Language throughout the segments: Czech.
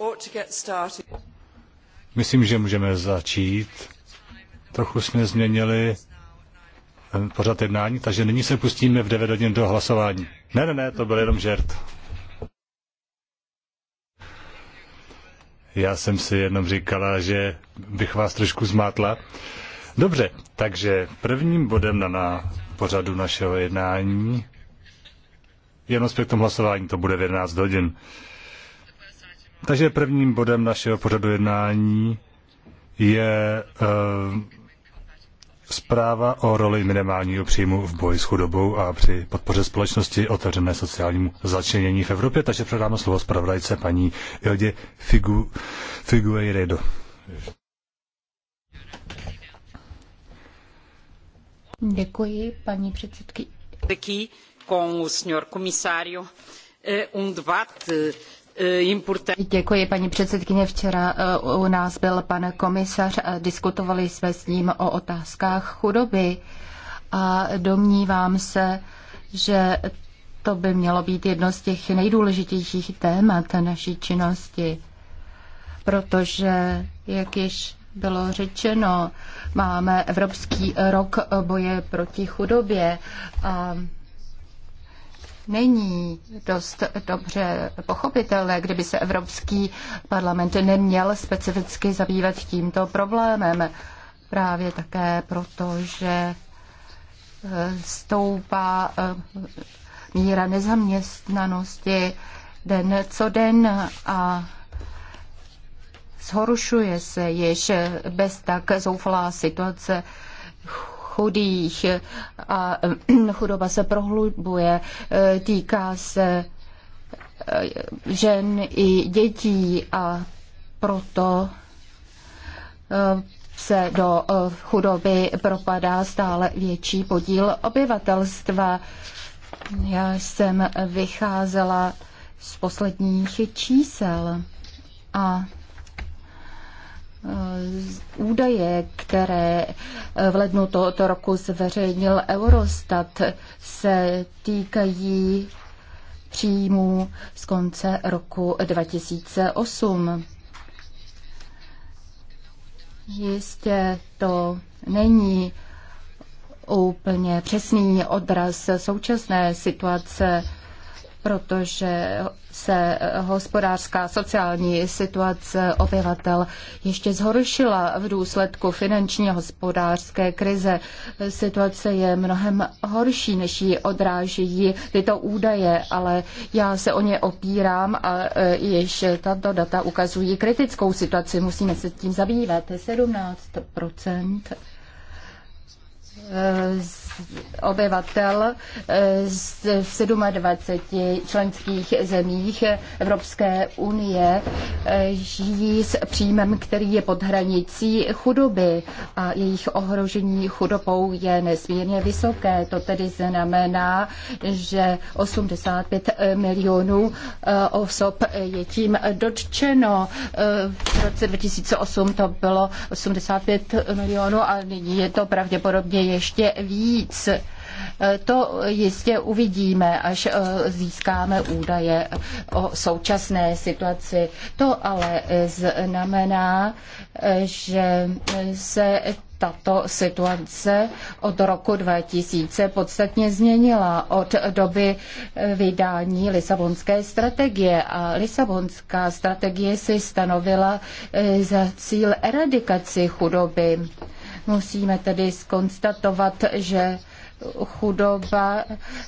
Uh, Myslím, že můžeme začít. Trochu jsme změnili eh, pořad jednání, takže nyní se pustíme v 9 hodin do hlasování. Ne, ne, ne, to byl jenom žert. Já jsem si jenom říkala, že bych vás trošku zmátla. Dobře, takže prvním bodem na, na pořadu našeho jednání, jenom zpět k tomu hlasování, to bude v 11 hodin. Takže prvním bodem našeho pořadu jednání je uh, zpráva o roli minimálního příjmu v boji s chudobou a při podpoře společnosti otevřené sociálnímu začlenění v Evropě. Takže předáme slovo zpravodajce paní Jodě Figu, Figueiredo. Děkuji, paní předsedky. Děkuji, com o senhor Eh, Děkuji, paní předsedkyně. Včera eh, u nás byl pan komisař a diskutovali jsme s ním o otázkách chudoby a domnívám se, že to by mělo být jedno z těch nejdůležitějších témat naší činnosti, protože, jak již bylo řečeno, máme Evropský rok boje proti chudobě a není dost dobře pochopitelné, kdyby se Evropský parlament neměl specificky zabývat tímto problémem. Právě také proto, že eh, stoupá eh, míra nezaměstnanosti den co den a zhoršuje se již bez tak zoufalá situace chudých a chudoba se prohlubuje, týká se eh, žen i dětí a proto eh, se do eh, chudoby propadá stále větší podíl obyvatelstva. Já jsem vycházela z posledních čísel a Eh, údaje, které eh, v lednu tohoto roku zveřejnil Eurostat, se týkají příjmů z konce roku 2008. Jistě to není úplně přesný odraz současné situace protože se hospodářská sociální situace obyvatel ještě zhoršila v důsledku finanční hospodářské krize. Situace je mnohem horší, než ji odrážejí tyto údaje, ale já se o ně opírám a e, již tato data ukazují kritickou situaci. Musíme se tím zabývat. 17 e, z obyvatel eh, z 27 členských zemích Evropské unie eh, žijí s příjmem, který je pod hranicí chudoby a jejich ohrožení chudobou je nesmírně vysoké. To tedy znamená, že 85 milionů eh, osob je tím dotčeno. V roce 2008 to bylo 85 milionů a nyní je to pravděpodobně ještě víc víc. E, to jistě uvidíme, až e, získáme údaje o současné situaci. To ale znamená, e, že se tato situace od roku 2000 podstatně změnila od doby vydání Lisabonské strategie a Lisabonská strategie si stanovila za cíl eradikaci chudoby Musíme tedy skonstatovat, že chudoba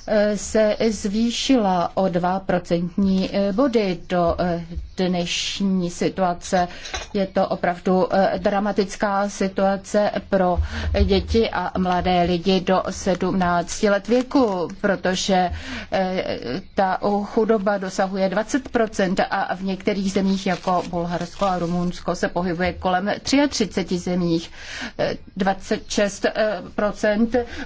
eh, se zvýšila o 2 procentní eh, body do eh, dnešní situace. Je to opravdu dramatická situace pro děti a mladé lidi do 17 let věku, protože ta chudoba dosahuje 20 a v některých zemích jako Bulharsko a Rumunsko se pohybuje kolem 33 zemích. 26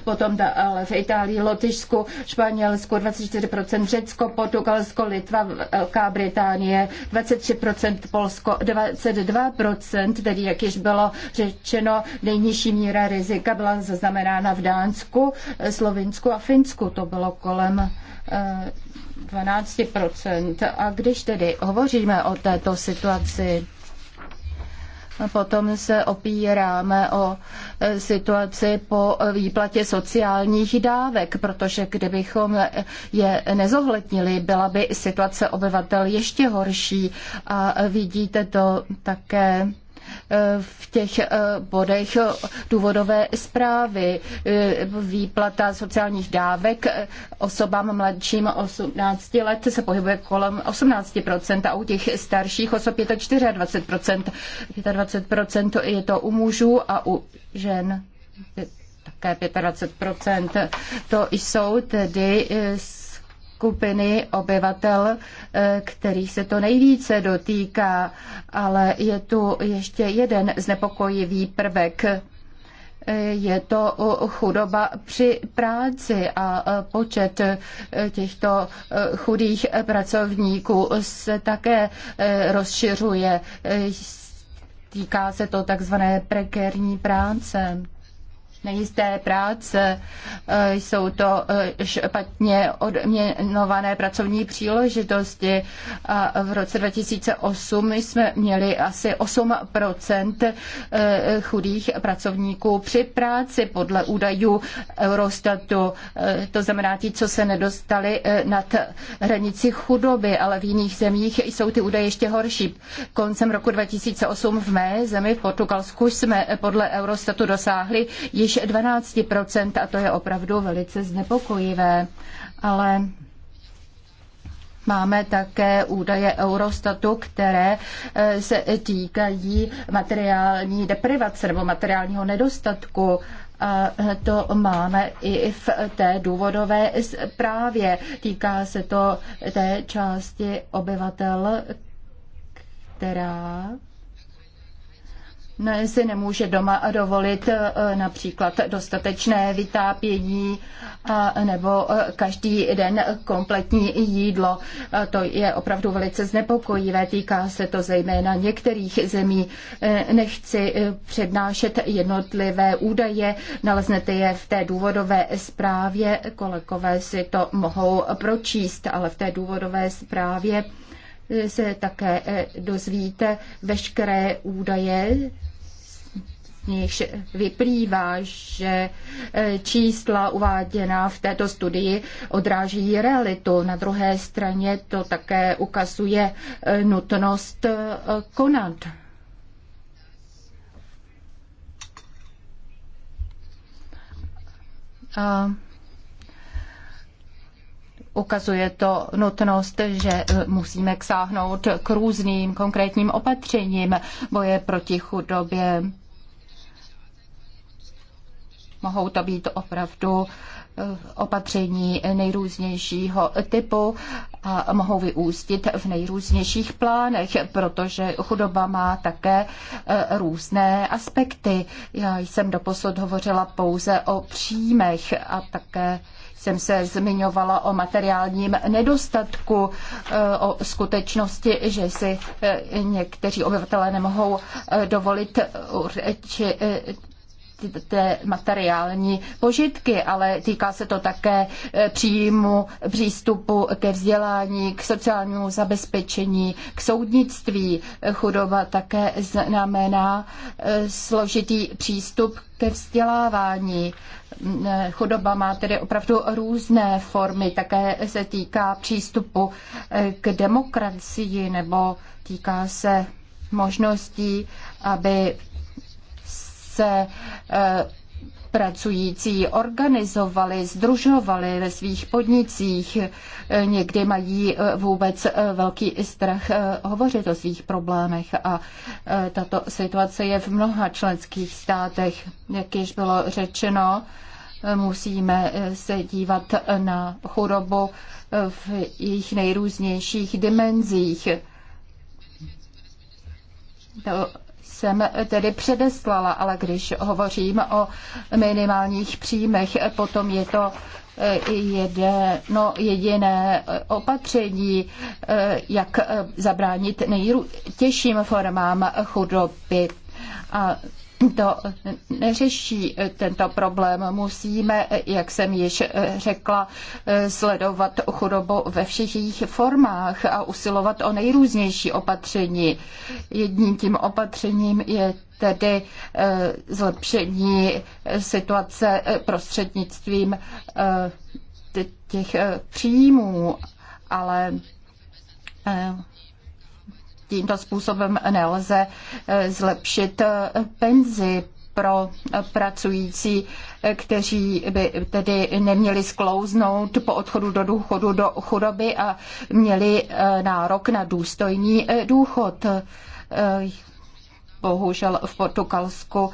potom ta ale v Itálii, Lotyšsku, Španělsku 24%, Řecko, Portugalsko, Litva, Velká Británie 23%, Polsko 22%, tedy jak již bylo řečeno, nejnižší míra rizika byla zaznamenána v Dánsku, Slovinsku a Finsku. To bylo kolem 12%. Eh, a když tedy hovoříme o této situaci, potom se opíráme o e, situaci po výplatě sociálních dávek, protože kdybychom je nezohlednili, byla by situace obyvatel ještě horší a vidíte to také v těch eh, bodech důvodové zprávy. Eh, výplata sociálních dávek eh, osobám mladším 18 let se pohybuje kolem 18% a u těch starších osob je to 24%. 25% je to u mužů a u žen také 25%. To jsou tedy skupiny obyvatel, eh, kterých se to nejvíce dotýká, ale je tu ještě jeden znepokojivý prvek. Eh, je to eh, chudoba při práci a počet těchto chudých pracovníků se také rozšiřuje. Týká se to takzvané prekérní práce nejisté práce, eh, jsou to eh, špatně odměnované pracovní příležitosti. A v roce 2008 jsme měli asi 8 eh, chudých pracovníků při práci podle údajů Eurostatu. To znamená ti, co se nedostali nad hranici chudoby, ale v jiných zemích jsou ty údaje ještě horší. Koncem roku 2008 v mé zemi v Portugalsku jsme podle Eurostatu dosáhli již níž 12 a to je opravdu velice znepokojivé. Ale Máme také údaje Eurostatu, které eh, se týkají materiální deprivace nebo materiálního nedostatku. A to máme i v té důvodové zprávě. Týká se to té části obyvatel, která si nemůže doma dovolit eh, například dostatečné vytápění nebo eh, každý den kompletní jídlo. To je opravdu velice znepokojivé, týká se to zejména některých zemí. Eh, nechci přednášet jednotlivé údaje, naleznete je v té důvodové zprávě, kolegové si to mohou pročíst, ale v té důvodové zprávě se také dozvíte veškeré údaje níž vyplývá, že e, čísla uváděná v této studii odráží realitu. Na druhé straně to také ukazuje e, nutnost e, konat. A ukazuje to nutnost, že musíme ksáhnout k různým konkrétním opatřením boje proti chudobě, mohou to být opravdu eh, opatření nejrůznějšího typu a mohou vyústit v nejrůznějších plánech, protože chudoba má také eh, různé aspekty. Já jsem doposud hovořila pouze o příjmech a také jsem se zmiňovala o materiálním nedostatku, eh, o skutečnosti, že si někteří obyvatelé nemohou dovolit té materiální požitky, ale týká se to také eh, příjmu, přístupu ke vzdělání, k sociálnímu zabezpečení, k soudnictví. Chudoba také znamená eh, složitý přístup ke vzdělávání. Mm, eh, chudoba má tedy opravdu různé formy, také se týká přístupu k demokracii nebo týká se možností, aby se eh, pracující organizovali, združovali ve svých podnicích. Eh, někdy mají eh, vůbec velký strach hovořit o svých problémech a tato situace je v mnoha členských státech. Jak již bylo řečeno, musíme se dívat na chorobu v jejich nejrůznějších dimenzích. To jsem tedy předeslala, ale když hovořím o minimálních příjmech, potom je to eh, jedno jediné eh, opatření, eh, jak zabránit nejtěžším formám chudoby. A to neřeší tento problém. Musíme, jak jsem již řekla, sledovat chudobu ve všech jejich formách a usilovat o nejrůznější opatření. Jedním tím opatřením je tedy eh, zlepšení situace eh, prostřednictvím eh, těch příjmů, ale tímto způsobem nelze eh, zlepšit eh, penzi pro eh, pracující, kteří by tedy neměli sklouznout po odchodu do důchodu do chudoby a měli nárok na důstojný důchod. Bohužel v Portugalsku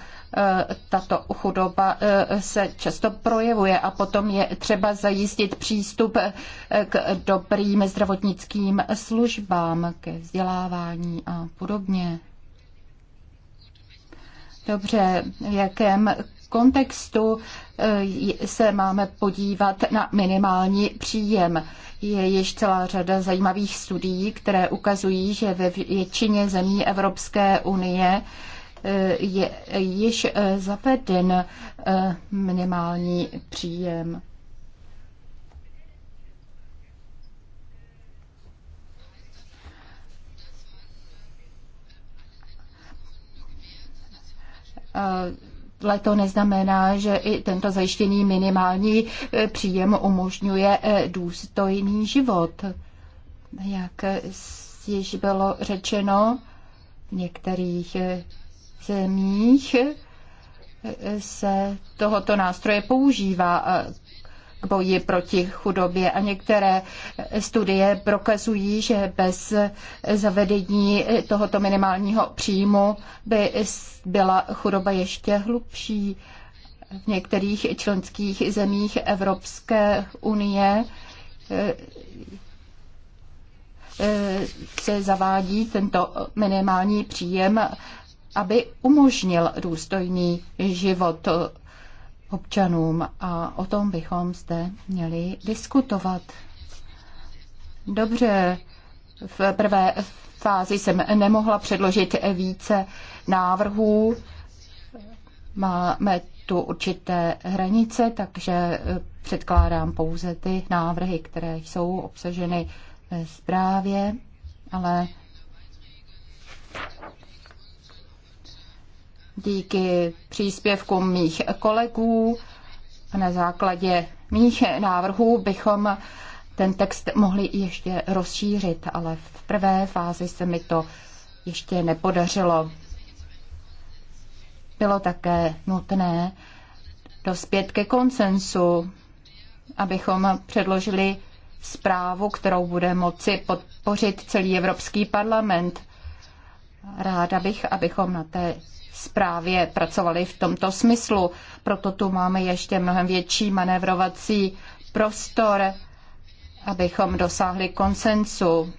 tato chudoba eh, se často projevuje a potom je třeba zajistit přístup eh, k dobrým zdravotnickým službám, ke vzdělávání a podobně. Dobře, v jakém kontextu eh, se máme podívat na minimální příjem. Je již celá řada zajímavých studií, které ukazují, že ve většině zemí Evropské unie je již eh, zaveden eh, minimální příjem. Eh, ale to neznamená, že i tento zajištěný minimální příjem umožňuje důstojný život. Jak již bylo řečeno v některých zemích se tohoto nástroje používá eh, k boji proti chudobě a některé studie prokazují, že bez zavedení tohoto minimálního příjmu by byla chudoba ještě hlubší. V některých členských zemích Evropské unie eh, eh, se zavádí tento minimální příjem aby umožnil důstojný život občanům a o tom bychom zde měli diskutovat. Dobře, v prvé fázi jsem nemohla předložit více návrhů. Máme tu určité hranice, takže předkládám pouze ty návrhy, které jsou obsaženy ve zprávě, ale díky příspěvkům mých kolegů a na základě mých návrhů bychom ten text mohli ještě rozšířit, ale v prvé fázi se mi to ještě nepodařilo. Bylo také nutné dospět ke konsensu, abychom předložili zprávu, kterou bude moci podpořit celý Evropský parlament. Ráda bych, abychom na té zprávě pracovali v tomto smyslu. Proto tu máme ještě mnohem větší manévrovací prostor, abychom dosáhli konsensu.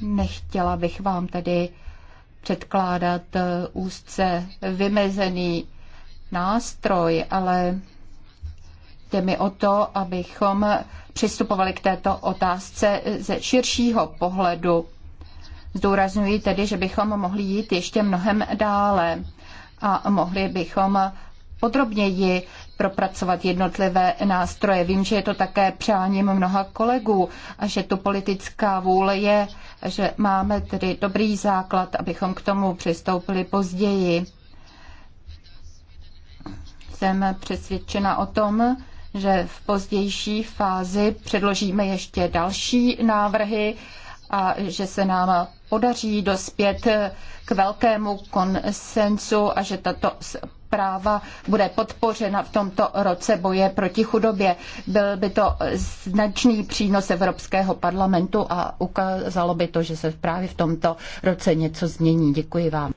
Nechtěla bych vám tedy předkládat eh, úzce vymezený nástroj, ale jde mi o to, abychom přistupovali k této otázce ze širšího pohledu. Zdůrazňuji tedy, že bychom mohli jít ještě mnohem dále a mohli bychom podrobněji propracovat jednotlivé nástroje. Vím, že je to také přáním mnoha kolegů a že tu politická vůle je, že máme tedy dobrý základ, abychom k tomu přistoupili později. Jsem přesvědčena o tom, že v pozdější fázi předložíme ještě další návrhy a že se nám podaří dospět k velkému konsensu a že tato práva bude podpořena v tomto roce boje proti chudobě. Byl by to značný přínos Evropského parlamentu a ukázalo by to, že se právě v tomto roce něco změní. Děkuji vám.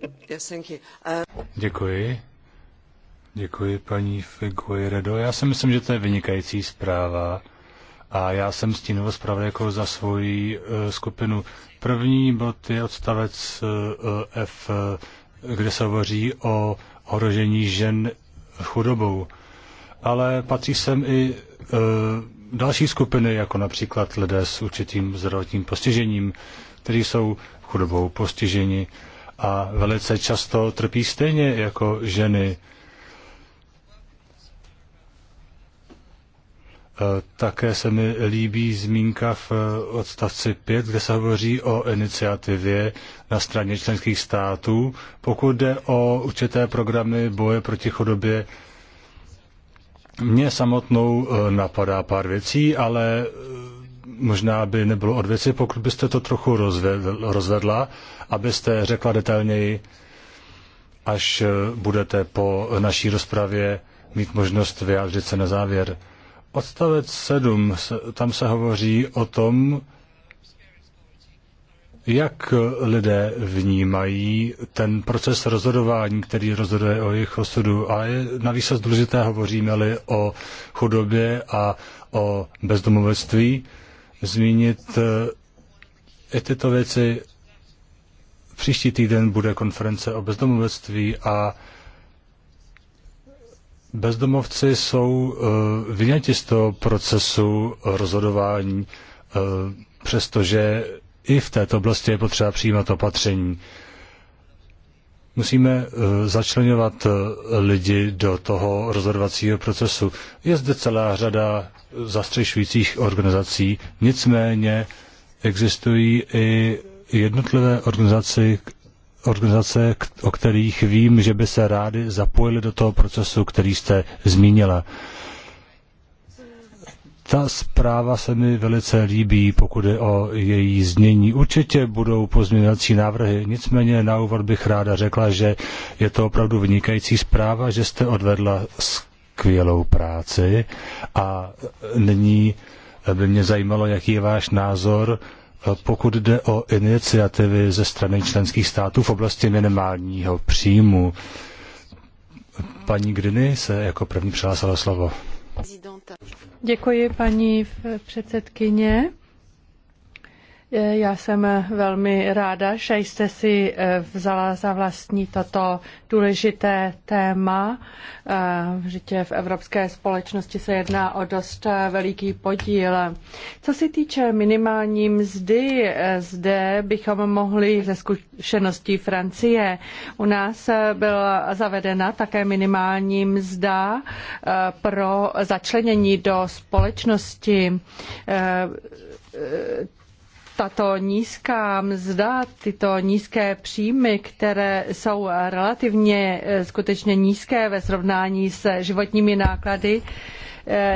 Uh, Děkuji. Děkuji paní Figueiredo. Já si myslím, že to je vynikající zpráva a já jsem stínovou zpravodajkou za svoji e, skupinu. První bod je odstavec e, F, kde se hovoří o ohrožení žen chudobou. Ale patří sem i e, další skupiny, jako například lidé s určitým zdravotním postižením, kteří jsou chudobou postiženi a velice často trpí stejně jako ženy. Eh, také se mi líbí zmínka v eh, odstavci 5, kde se hovoří o iniciativě na straně členských států, pokud jde o určité programy boje proti chudobě. Mě samotnou eh, napadá pár věcí, ale možná by nebylo od věci, pokud byste to trochu rozvedla, abyste řekla detailněji, až budete po naší rozpravě mít možnost vyjádřit se na závěr. Odstavec 7, tam se hovoří o tom, jak lidé vnímají ten proces rozhodování, který rozhoduje o jejich osudu. A je navíc důležité, hovoříme-li o chudobě a o bezdomovectví, zmínit eh, i tyto věci. Příští týden bude konference o bezdomovectví a Bezdomovci jsou eh, vyňati z toho procesu rozhodování, eh, přestože i v této oblasti je potřeba přijímat opatření. Musíme eh, začlenovat lidi do toho rozhodovacího procesu. Je zde celá řada zastřešujících organizací, nicméně existují i jednotlivé organizace organizace, o kterých vím, že by se rádi zapojili do toho procesu, který jste zmínila. Ta zpráva se mi velice líbí, pokud je o její znění. Určitě budou pozměňovací návrhy, nicméně na úvod bych ráda řekla, že je to opravdu vynikající zpráva, že jste odvedla skvělou práci a nyní by mě zajímalo, jaký je váš názor pokud jde o iniciativy ze strany členských států v oblasti minimálního příjmu. Paní Griny se jako první přihlásila slovo. Děkuji, paní předsedkyně. Já jsem velmi ráda, že jste si eh, vzala za vlastní toto důležité téma. Vždyť eh, v evropské společnosti se jedná o dost eh, veliký podíl. Co se týče minimální mzdy, zde bychom mohli ze zkušeností Francie. U nás byla zavedena také minimální mzda pro začlenění do společnosti tato nízká mzda, tyto nízké příjmy, které jsou relativně eh, skutečně nízké ve srovnání se životními náklady,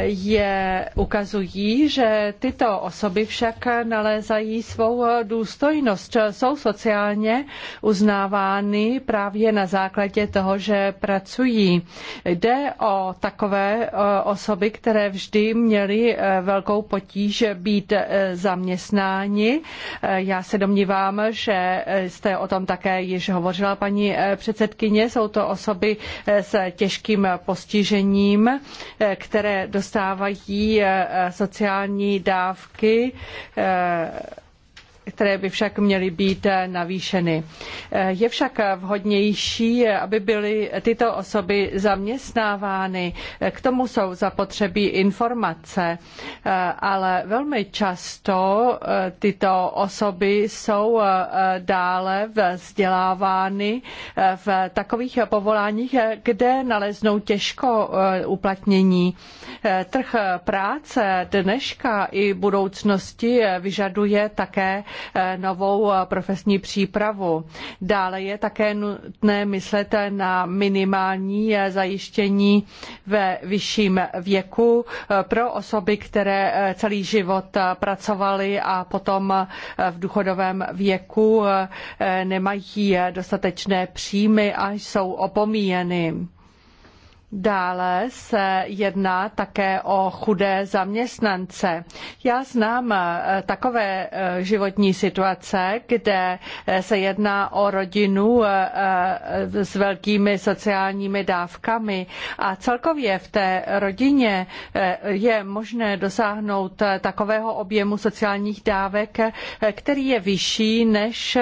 je ukazují, že tyto osoby však nalézají svou důstojnost. Jsou sociálně uznávány právě na základě toho, že pracují. Jde o takové e, osoby, které vždy měly e, velkou potíž být e, zaměstnáni. Já se domnívám, že jste o tom také již hovořila, paní předsedkyně. Jsou to osoby s těžkým postižením, které dostávají eh, sociální dávky eh, které by však měly být eh, navýšeny. Eh, je však vhodnější, eh, aby byly tyto osoby zaměstnávány. K tomu jsou zapotřebí informace, ale velmi často tyto osoby jsou dále vzdělávány v takových povoláních, kde naleznou těžko uplatnění. Trh práce dneška i budoucnosti vyžaduje také Eh, novou eh, profesní přípravu. Dále je také nutné myslet na minimální eh, zajištění ve vyšším věku pro osoby, které celý život pracovaly a potom v důchodovém věku nemají dostatečné příjmy a jsou opomíjeny. Dále se jedná také o chudé zaměstnance. Já znám eh, takové eh, životní situace, kde eh, se jedná o rodinu s velkými sociálními dávkami a celkově v té rodině je možné dosáhnout takového objemu sociálních dávek, který je vyšší než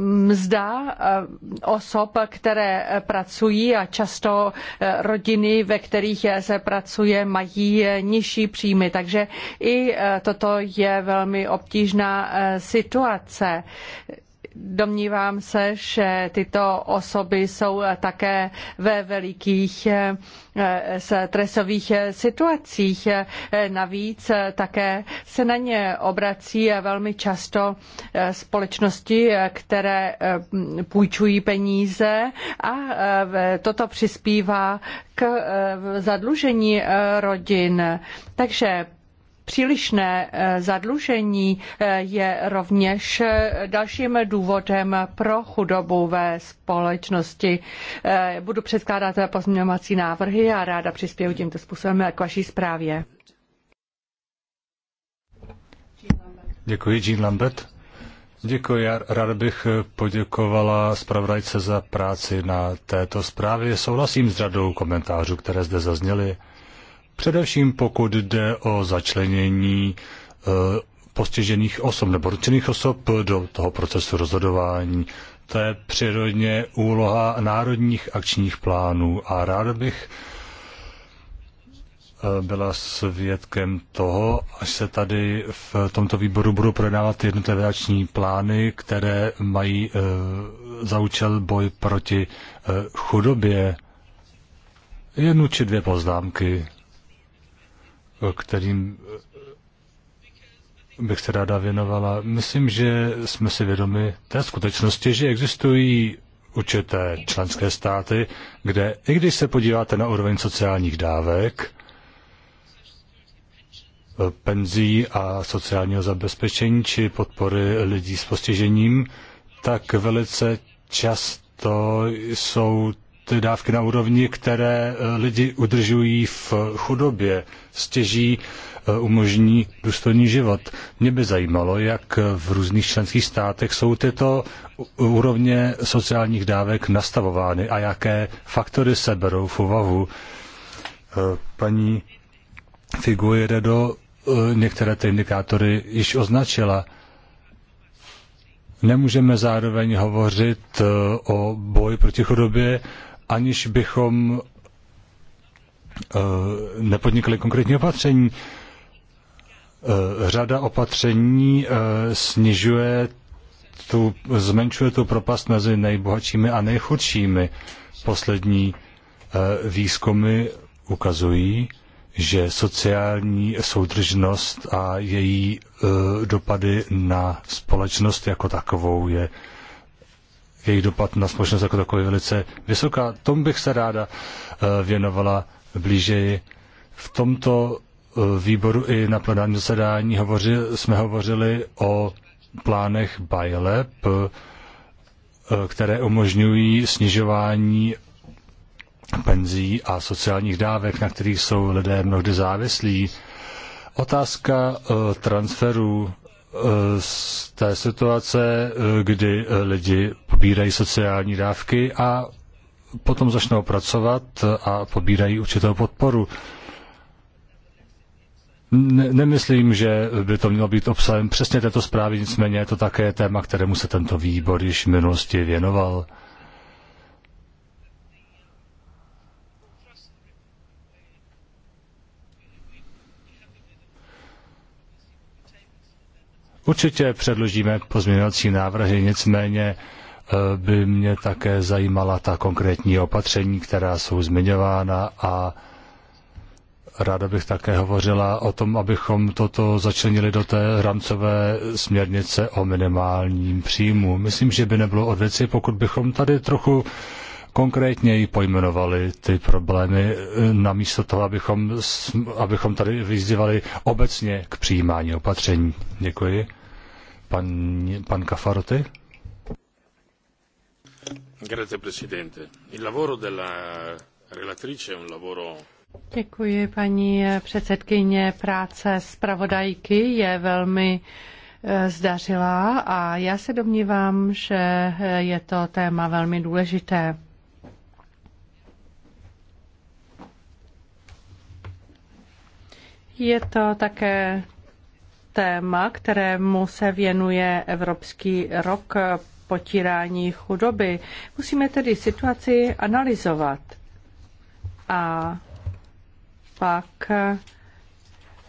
mzda eh, osob, které eh, pracují a často eh, rodiny, ve kterých se pracuje, mají nižší příjmy. Takže i toto je velmi obtížná situace domnívám se, že tyto osoby jsou také ve velikých eh, stresových situacích. Navíc také se na ně obrací velmi často eh, společnosti, které eh, půjčují peníze a toto přispívá k zadlužení rodin. Takže Přílišné eh, zadlužení eh, je rovněž eh, dalším důvodem pro chudobu ve společnosti. Budu předkládat pozměňovací návrhy a ráda přispěju tímto způsobem k vaší zprávě. Děkuji, Jean Lambert. Děkuji, já rád bych poděkovala zpravodajce za práci na této zprávě. Souhlasím s řadou komentářů, které zde zazněly. Především pokud jde o začlenění eh, postižených osob nebo ručených osob do toho procesu rozhodování. To je přirodně úloha národních akčních plánů a rád bych eh, byla svědkem toho, až se tady v tomto výboru budou projednávat jednotlivé akční plány, které mají e, za účel boj proti e, chudobě. Jednu či dvě poznámky kterým eh, bych se ráda věnovala. Myslím, že jsme si vědomi té skutečnosti, že existují určité členské státy, kde i když se podíváte na úroveň sociálních dávek, eh, penzí a sociálního zabezpečení či podpory lidí s postižením, tak velice často jsou ty dávky na úrovni, které eh, lidi udržují v chudobě, stěží, eh, umožní důstojný život. Mě by zajímalo, jak v různých členských státech jsou tyto úrovně sociálních dávek nastavovány a jaké faktory se berou v úvahu. Eh, paní Figueredo některé ty indikátory již označila. Nemůžeme zároveň hovořit o boji proti chudobě aniž bychom eh, nepodnikli konkrétní opatření. Eh, řada opatření eh, snižuje tu, zmenšuje tu propast mezi nejbohatšími a nejchudšími. Poslední výzkumy ukazují, že sociální soudržnost a její dopady na společnost jako takovou je jejich dopad na společnost jako takový velice vysoká. Tomu bych se ráda eh, věnovala blížeji. V tomto eh, výboru i na plenárním zasedání hovořil, jsme hovořili o plánech BioLab, eh, které umožňují snižování penzí a sociálních dávek, na kterých jsou lidé mnohdy závislí. Otázka transferu Eh, z té situace, eh, kdy eh, lidi pobírají sociální dávky a potom začnou pracovat a pobírají určitou podporu. nemyslím, že by to mělo být obsahem přesně této zprávy, nicméně je to také téma, kterému se tento výbor již v minulosti věnoval. Určitě předložíme pozměňovací návrhy, nicméně eh, by mě také zajímala ta konkrétní opatření, která jsou zmiňována a ráda bych také hovořila o tom, abychom toto začlenili do té rámcové směrnice o minimálním příjmu. Myslím, že by nebylo od věci, pokud bychom tady trochu konkrétněji pojmenovali ty problémy, e, namísto toho, abychom, abychom tady vyzývali obecně k přijímání opatření. Děkuji. Pan, pan Kafaroty? Grazie, presidente. Il lavoro della relatrice è un lavoro Děkuji, paní předsedkyně. Práce zpravodajky je velmi e, zdařilá a já se domnívám, že e, je to téma velmi důležité. Je to také téma, kterému se věnuje Evropský rok potírání chudoby. Musíme tedy situaci analyzovat a pak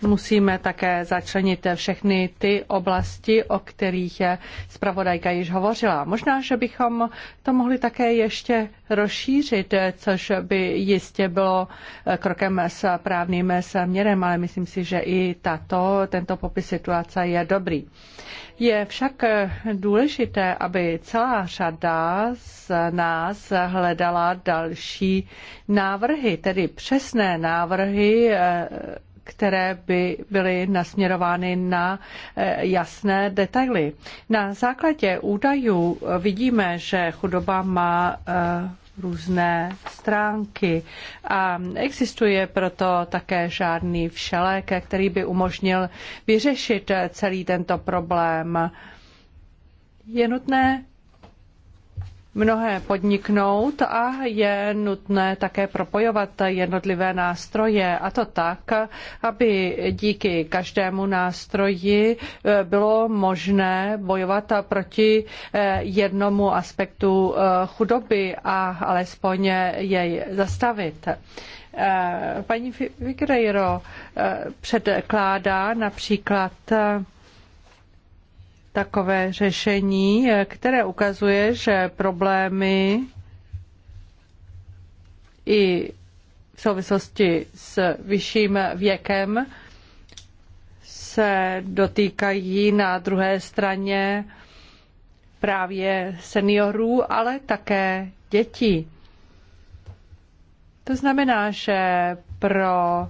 Musíme také začlenit všechny ty oblasti, o kterých zpravodajka již hovořila. Možná, že bychom to mohli také ještě rozšířit, což by jistě bylo eh, krokem s právným směrem, ale myslím si, že i tato, tento popis situace je dobrý. Je však eh, důležité, aby celá řada z nás hledala další návrhy, tedy přesné návrhy eh, které by byly nasměrovány na eh, jasné detaily. Na základě údajů vidíme, že chudoba má eh, různé stránky a existuje proto také žádný všelék, který by umožnil vyřešit celý tento problém. Je nutné mnohé podniknout a je nutné také propojovat jednotlivé nástroje a to tak, aby díky každému nástroji eh, bylo možné bojovat proti eh, jednomu aspektu eh, chudoby a alespoň jej zastavit. Paní Figueiredo předkládá například takové řešení, které ukazuje, že problémy i v souvislosti s vyšším věkem se dotýkají na druhé straně právě seniorů, ale také dětí. To znamená, že pro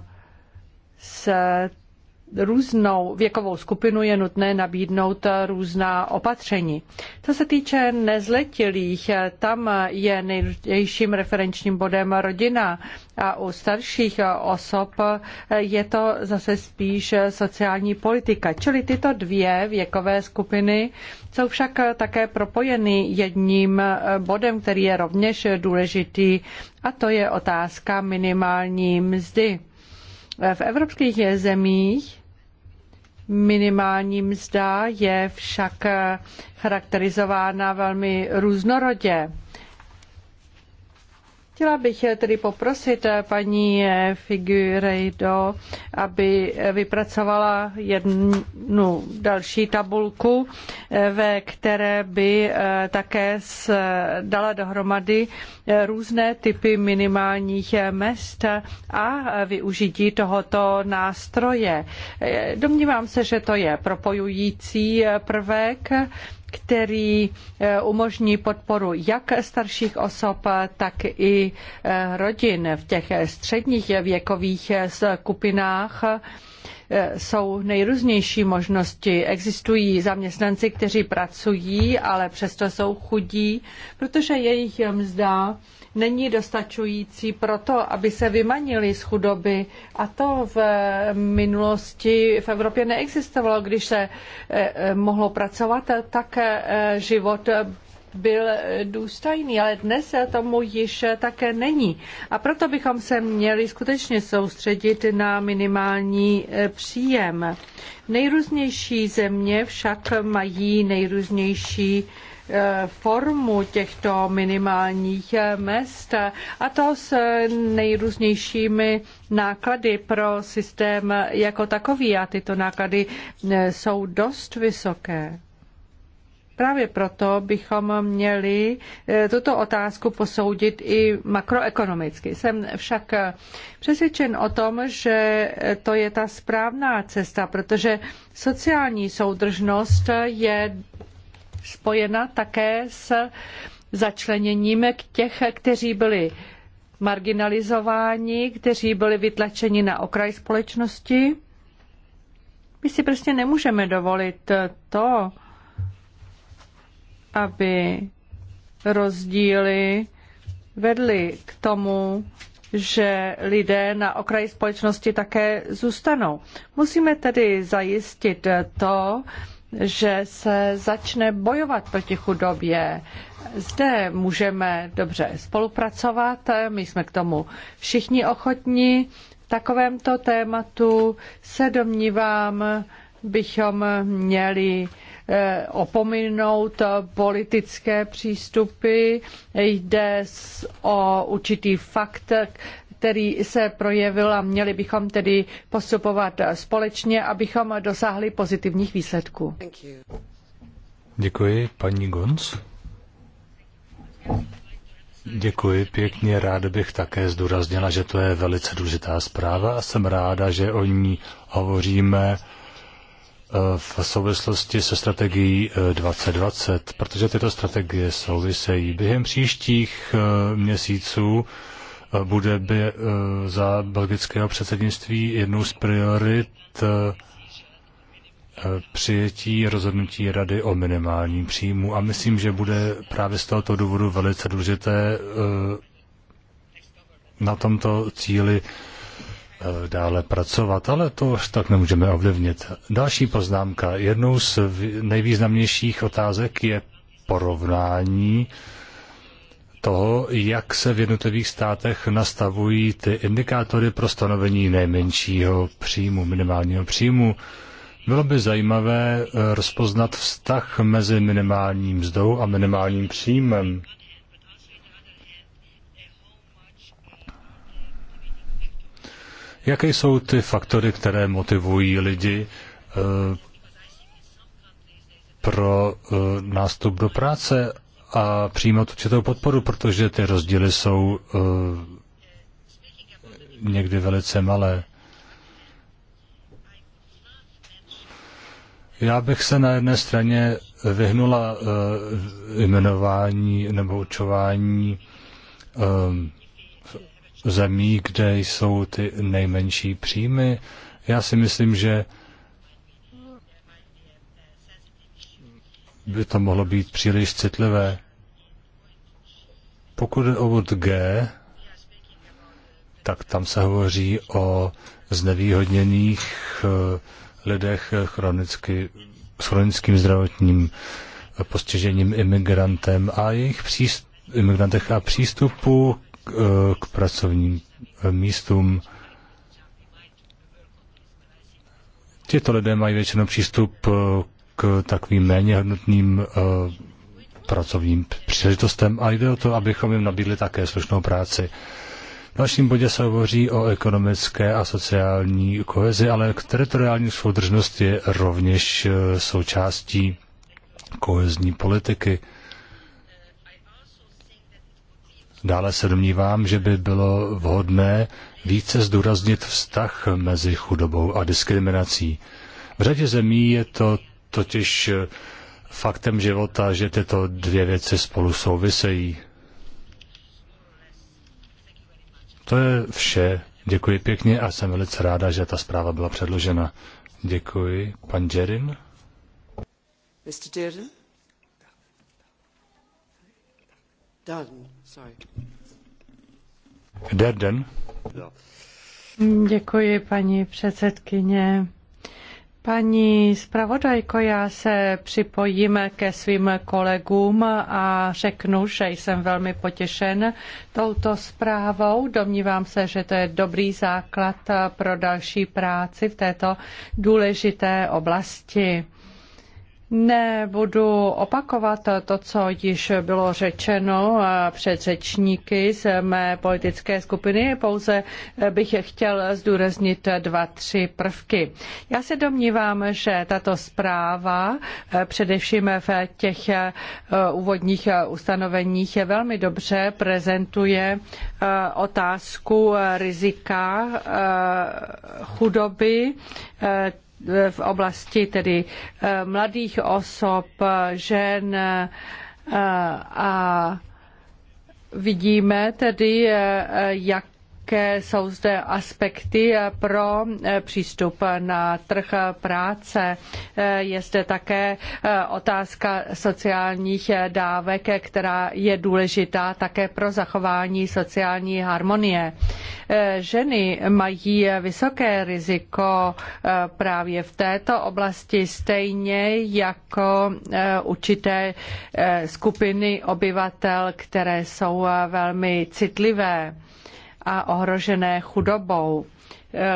různou věkovou skupinu je nutné nabídnout různá opatření. Co se týče nezletilých, tam je nejdůležitějším referenčním bodem rodina a u starších osob je to zase spíš sociální politika. Čili tyto dvě věkové skupiny jsou však také propojeny jedním bodem, který je rovněž důležitý, a to je otázka minimální mzdy. V evropských zemích Minimální mzda je však charakterizována velmi různorodě. Chtěla bych tedy poprosit eh, paní eh, Figurejdo, aby eh, vypracovala jednu další tabulku, ve které by také dala dohromady různé typy minimálních mest a využití tohoto nástroje. Domnívám se, že to je propojující prvek který eh, umožní podporu jak starších osob, tak i eh, rodin v těch středních věkových eh, skupinách jsou nejrůznější možnosti. Existují zaměstnanci, kteří pracují, ale přesto jsou chudí, protože jejich mzda není dostačující to, aby se vymanili z chudoby. A to v minulosti v Evropě neexistovalo. Když se eh, eh, mohlo pracovat, tak eh, život byl důstojný, ale dnes tomu již také není. A proto bychom se měli skutečně soustředit na minimální příjem. Nejrůznější země však mají nejrůznější Eh, formu těchto minimálních eh, mest a to s nejrůznějšími náklady pro systém jako takový a tyto náklady eh, jsou dost vysoké. Právě proto bychom měli tuto otázku posoudit i makroekonomicky. Jsem však přesvědčen o tom, že to je ta správná cesta, protože sociální soudržnost je spojena také s začleněním těch, kteří byli marginalizováni, kteří byli vytlačeni na okraj společnosti. My si prostě nemůžeme dovolit to, aby rozdíly vedly k tomu, že lidé na okraji společnosti také zůstanou. Musíme tedy zajistit to, že se začne bojovat proti chudobě. Zde můžeme dobře spolupracovat, my jsme k tomu všichni ochotní. V takovémto tématu se domnívám, bychom měli eh, opominout politické přístupy. Jde o určitý fakt, který se projevil a měli bychom tedy postupovat společně, abychom dosáhli pozitivních výsledků. Děkuji, paní Gons. Děkuji pěkně, ráda bych také zdůraznila, že to je velice důležitá zpráva a jsem ráda, že o ní hovoříme eh, v souvislosti se strategií 2020, eh, protože tyto strategie souvisejí. Během příštích eh, měsíců bude by eh, za belgického předsednictví jednou z priorit eh, přijetí rozhodnutí Rady o minimálním příjmu a myslím, že bude právě z tohoto důvodu velice důležité eh, na tomto cíli dále pracovat, ale to už tak nemůžeme ovlivnit. Další poznámka. Jednou z nejvýznamnějších otázek je porovnání toho, jak se v jednotlivých státech nastavují ty indikátory pro stanovení nejmenšího příjmu, minimálního příjmu. Bylo by zajímavé eh, rozpoznat vztah mezi minimálním mzdou a minimálním příjmem. Jaké jsou ty faktory, které motivují lidi eh, pro eh, nástup do práce a přijmout určitou podporu, protože ty rozdíly jsou uh, někdy velice malé. Já bych se na jedné straně vyhnula uh, jmenování nebo učování um, eh, zemí, kde jsou ty nejmenší příjmy. Já si myslím, že by to mohlo být příliš citlivé. Pokud je o bod G, tak tam se hovoří o znevýhodněných eh, lidech eh, chronicky, s chronickým zdravotním eh, postižením imigrantem a jejich příst, imigrantech a přístupu k, k pracovním místům. Tito lidé mají většinou přístup k takovým méně hodnotným pracovním příležitostem a jde o to, abychom jim nabídli také slušnou práci. V dalším bodě se hovoří o ekonomické a sociální kohezi, ale k teritoriální soudržnost je rovněž e, součástí kohezní politiky. Dále se domnívám, že by bylo vhodné více zdůraznit vztah mezi chudobou a diskriminací. V řadě zemí je to totiž e, faktem života, že tyto dvě věci spolu souvisejí. To je vše. Děkuji pěkně a jsem velice ráda, že ta zpráva byla předložena. Děkuji. Pan Jerin? Mr. Jerin? Darden, sorry. Derden? Děkuji, paní předsedkyně. Paní zpravodajko, já se připojím ke svým kolegům a řeknu, že jsem velmi potěšen touto zprávou. Domnívám se, že to je dobrý základ pro další práci v této důležité oblasti. Nebudu opakovat to, co již bylo řečeno před řečníky z mé politické skupiny, pouze bych chtěl zdůraznit dva, tři prvky. Já se domnívám, že tato zpráva především v těch e, úvodních ustanoveních velmi dobře prezentuje e, otázku rizika e, chudoby v oblasti tedy eh, mladých osob, žen eh, a vidíme tedy, eh, jak Jaké jsou zde aspekty pro eh, přístup na trh práce? Eh, je zde také eh, otázka sociálních dávek, která je důležitá také pro zachování sociální harmonie. Ženy mají vysoké riziko právě v této oblasti stejně jako určité skupiny obyvatel, které jsou velmi citlivé a ohrožené chudobou.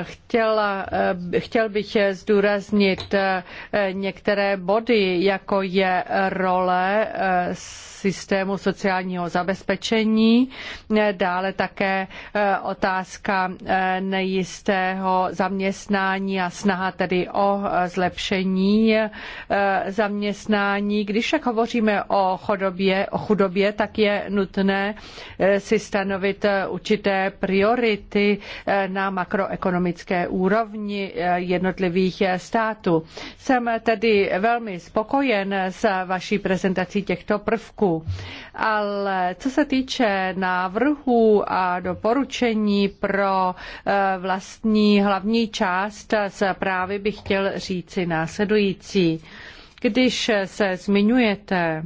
Chtěla, eh, chtěl bych zdůraznit eh, některé body, jako je role eh, systému sociálního zabezpečení, dále také otázka nejistého zaměstnání a snaha tedy o zlepšení zaměstnání. Když však hovoříme o chudobě, o chudobě tak je nutné si stanovit určité priority na makroekonomické ekonomické úrovni eh, jednotlivých eh, států. Jsem tedy velmi spokojen s vaší prezentací těchto prvků, ale co se týče návrhů a doporučení pro eh, vlastní hlavní část zprávy, bych chtěl říci následující. Když se zmiňujete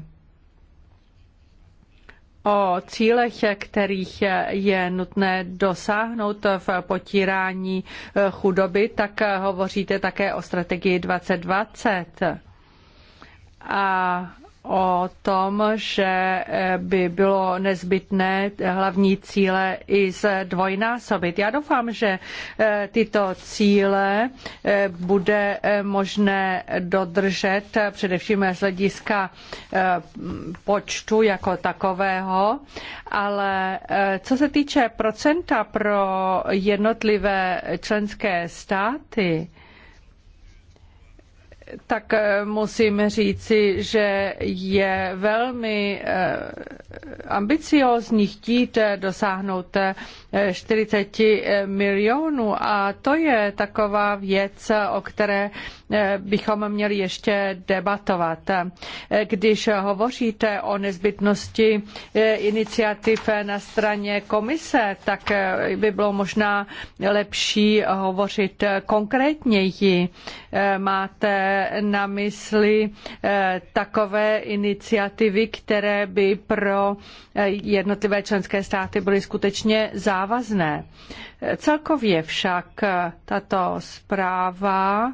o cílech, kterých je nutné dosáhnout v potírání chudoby, tak hovoříte také o strategii 2020. A o tom, že eh, by bylo nezbytné eh, hlavní cíle i zdvojnásobit. Já doufám, že eh, tyto cíle bude možné dodržet především z hlediska počtu jako takového, ale co se týče procenta pro jednotlivé členské státy, tak eh, musím říci, že je velmi eh, ambiciózní chtít eh, dosáhnout 40 milionů a to je taková věc, o které eh, bychom měli ještě debatovat. Když hovoříte o nezbytnosti eh, iniciativ na straně komise, tak eh, by bylo možná lepší hovořit konkrétněji. Máte na mysli takové iniciativy, které by pro jednotlivé členské státy byly skutečně zá závazné. Celkově však tato zpráva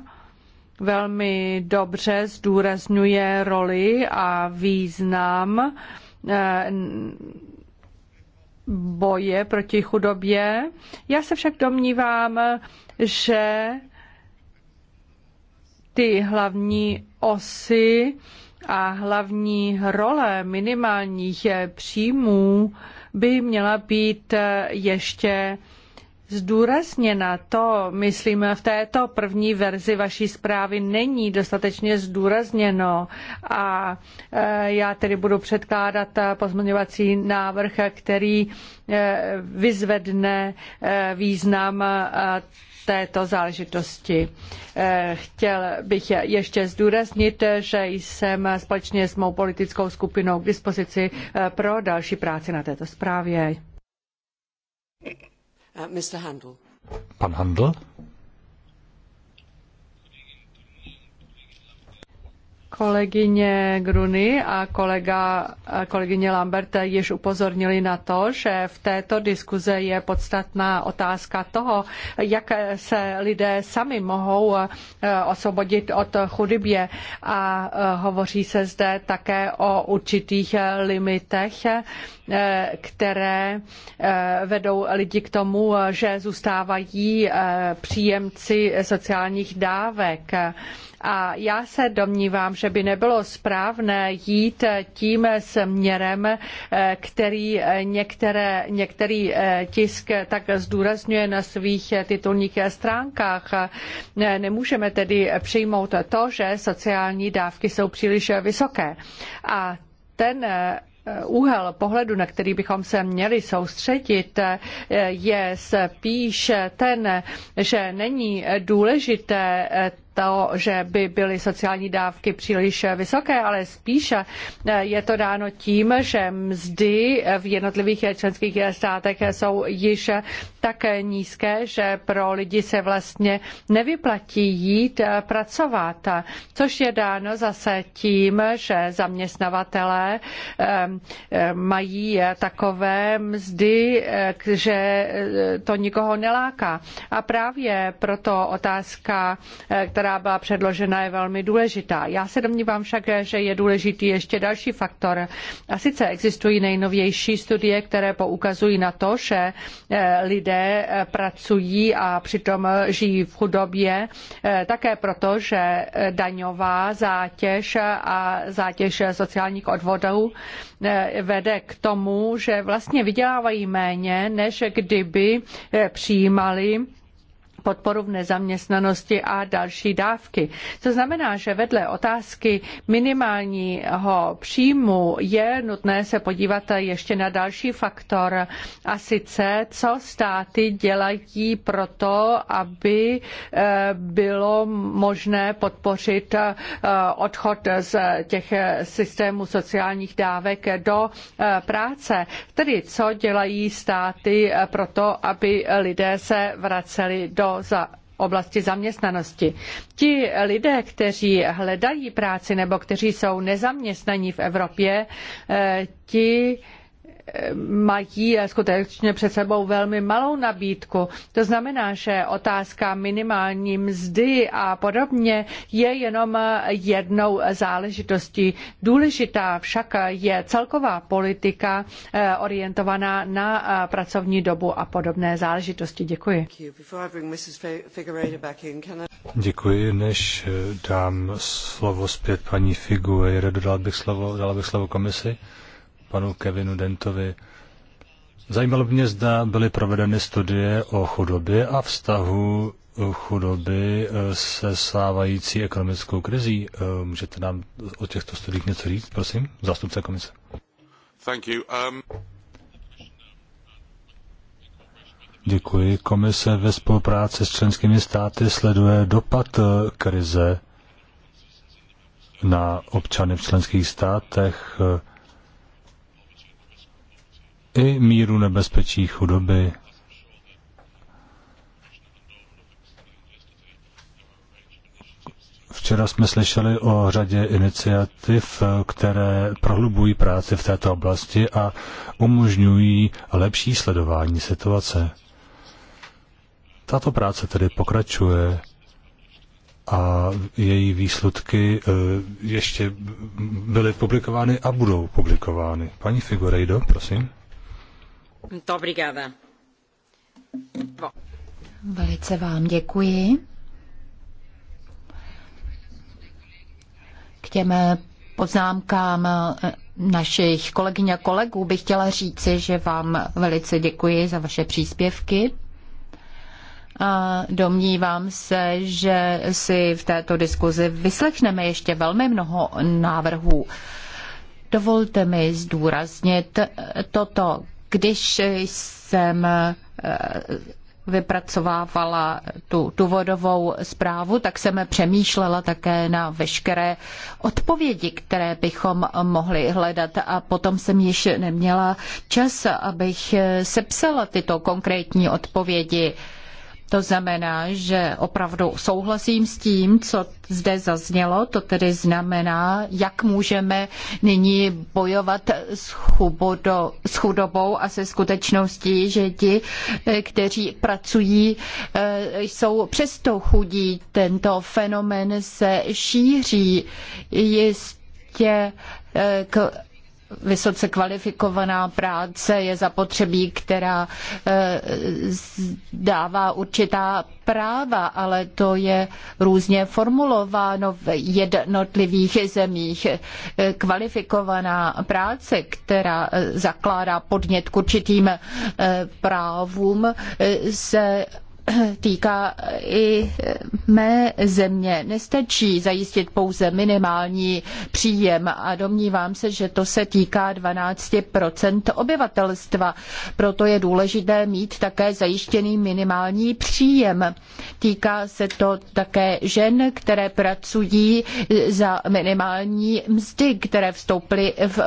velmi dobře zdůrazňuje roli a význam eh, boje proti chudobě. Já se však domnívám, že ty hlavní osy a hlavní role minimálních příjmů by měla být eh, ještě zdůrazněna. To, myslím, v této první verzi vaší zprávy není dostatečně zdůrazněno a eh, já tedy budu předkládat eh, pozměňovací návrh, který vyzvedne význam této záležitosti. Eh, chtěl bych ještě zdůraznit, že jsem společně s mou politickou skupinou k dispozici eh, pro další práci na této zprávě. Eh, Pan Handl? Kolegyně Gruny a kolega, kolegyně Lambert již upozornili na to, že v této diskuzi je podstatná otázka toho, jak se lidé sami mohou e, osvobodit od chudybě a e, hovoří se zde také o určitých limitech, e, které vedou lidi k tomu, že zůstávají příjemci sociálních dávek. A já se domnívám, že by nebylo správné jít tím směrem, eh, který eh, některé, některý eh, tisk tak zdůrazňuje na svých titulních stránkách. Nemůžeme tedy přijmout to, že sociální dávky jsou příliš vysoké. A ten úhel pohledu, na který bychom se měli soustředit, je spíš ten, že není důležité to, že by byly sociální dávky příliš vysoké, ale spíše eh, je to dáno tím, že mzdy v jednotlivých členských státech jsou již tak nízké, že pro lidi se vlastně nevyplatí jít eh, pracovat, což je dáno zase tím, že zaměstnavatelé eh, mají takové mzdy, že to nikoho neláká. A právě proto otázka, která která byla předložena, je velmi důležitá. Já se domnívám však, že je důležitý ještě další faktor. A sice existují nejnovější studie, které poukazují na to, že eh, lidé eh, pracují a přitom žijí v chudobě eh, také proto, že daňová zátěž a zátěž sociálních odvodů vede k tomu, že vlastně vydělávají méně, než kdyby přijímali podporu v nezaměstnanosti a další dávky. To znamená, že vedle otázky minimálního příjmu je nutné se podívat ještě na další faktor, a sice co státy dělají pro to, aby eh, bylo možné podpořit eh, odchod z těch systémů sociálních dávek do eh, práce. Tedy co dělají státy pro to, aby lidé se vraceli do za oblasti zaměstnanosti. Ti lidé, kteří hledají práci nebo kteří jsou nezaměstnaní v Evropě, eh, ti mají skutečně před sebou velmi malou nabídku. To znamená, že otázka minimální mzdy a podobně je jenom jednou záležitostí. Důležitá však je celková politika eh, orientovaná na eh, pracovní dobu a podobné záležitosti. Děkuji. Děkuji. Než eh, dám slovo zpět paní Figueiredo, dodal bych slovo, dala bych slovo komisi panu Kevinu Dentovi. Zajímalo by mě, zda byly provedeny studie o chudobě a vztahu chudoby e, se sávající ekonomickou krizí. E, můžete nám o těchto studiích něco říct, prosím, zástupce komise? Thank you. Um... Děkuji. Komise ve spolupráci s členskými státy sleduje dopad e, krize na občany v členských státech i míru nebezpečí chudoby. Včera jsme slyšeli o řadě iniciativ, které prohlubují práci v této oblasti a umožňují lepší sledování situace. Tato práce tedy pokračuje a její výsledky eh, ještě byly publikovány a budou publikovány. Paní Figurejdo, prosím. Velice vám děkuji. K těm poznámkám eh, našich kolegyň a kolegů bych chtěla říci, že vám velice děkuji za vaše příspěvky. A domnívám se, že si v této diskuzi vyslechneme ještě velmi mnoho návrhů. Dovolte mi zdůraznit toto. Když jsem eh, vypracovávala tu důvodovou zprávu, tak jsem přemýšlela také na veškeré odpovědi, které bychom mohli hledat a potom jsem již neměla čas, abych eh, sepsala tyto konkrétní odpovědi. To znamená, že opravdu souhlasím s tím, co zde zaznělo. To tedy znamená, jak můžeme nyní bojovat s, chubodo, s chudobou a se skutečností, že ti, eh, kteří pracují, eh, jsou přesto chudí. Tento fenomén se šíří. Jistě eh, k vysoce kvalifikovaná práce je zapotřebí, která eh, dává určitá práva, ale to je různě formulováno v jednotlivých zemích. Eh, kvalifikovaná práce, která eh, zakládá podnět k určitým právům, se týká i mé země. Nestačí zajistit pouze minimální příjem a domnívám se, že to se týká 12 obyvatelstva. Proto je důležité mít také zajištěný minimální příjem. Týká se to také žen, které pracují za minimální mzdy, které vstoupily v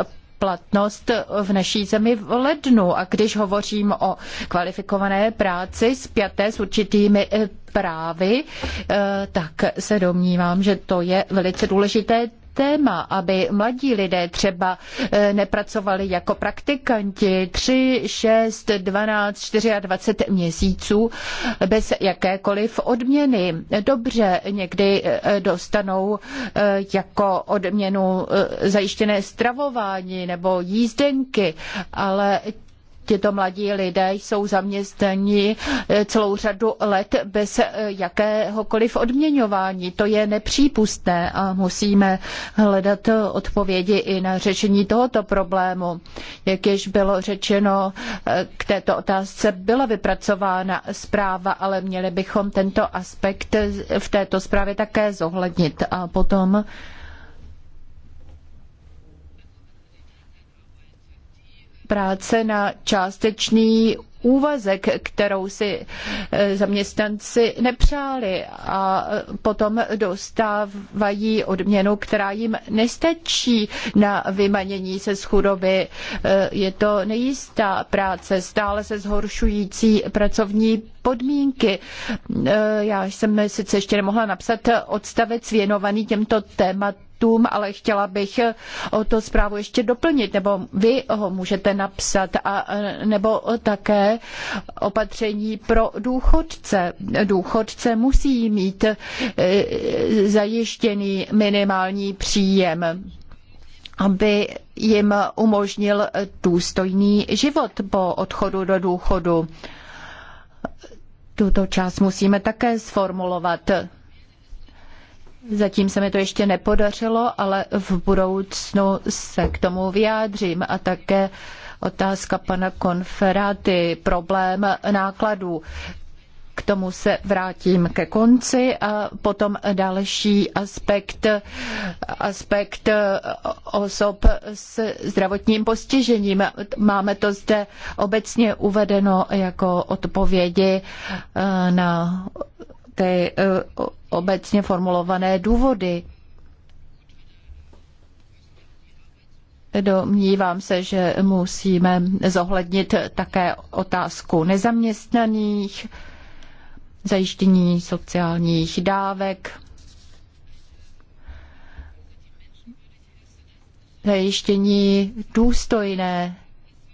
platnost v naší zemi v lednu. A když hovořím o kvalifikované práci spjaté s určitými eh, právy, eh, tak se domnívám, že to je velice důležité téma, aby mladí lidé třeba eh, nepracovali jako praktikanti 3, 6, 12, 24 měsíců bez jakékoliv odměny. Dobře, někdy eh, dostanou eh, jako odměnu zajištěné stravování nebo jízdenky, ale tito mladí lidé jsou zaměstnaní eh, celou řadu let bez eh, jakéhokoliv odměňování. To je nepřípustné a musíme hledat eh, odpovědi i na řešení tohoto problému. Jak již bylo řečeno, k této otázce byla vypracována zpráva, ale měli bychom tento aspekt v této zprávě také zohlednit. A potom práce na částečný úvazek, kterou si eh, zaměstnanci nepřáli a eh, potom dostávají odměnu, která jim nestačí na vymanění se z chudoby. Eh, je to nejistá práce, stále se zhoršující pracovní podmínky. Já jsem sice ještě nemohla napsat odstavec věnovaný těmto tématům, aktům, ale chtěla bych o to zprávu ještě doplnit, nebo vy ho můžete napsat, a, nebo také opatření pro důchodce. Důchodce musí mít e, zajištěný minimální příjem aby jim umožnil důstojný život po odchodu do důchodu. Tuto část musíme také sformulovat. Zatím se mi to ještě nepodařilo, ale v budoucnu se k tomu vyjádřím. A také otázka pana Konferáty, problém nákladů. K tomu se vrátím ke konci a potom další aspekt, aspekt osob s zdravotním postižením. Máme to zde obecně uvedeno jako odpovědi na ty eh, obecně formulované důvody. Domnívám se, že musíme zohlednit také otázku nezaměstnaných, zajištění sociálních dávek, zajištění důstojné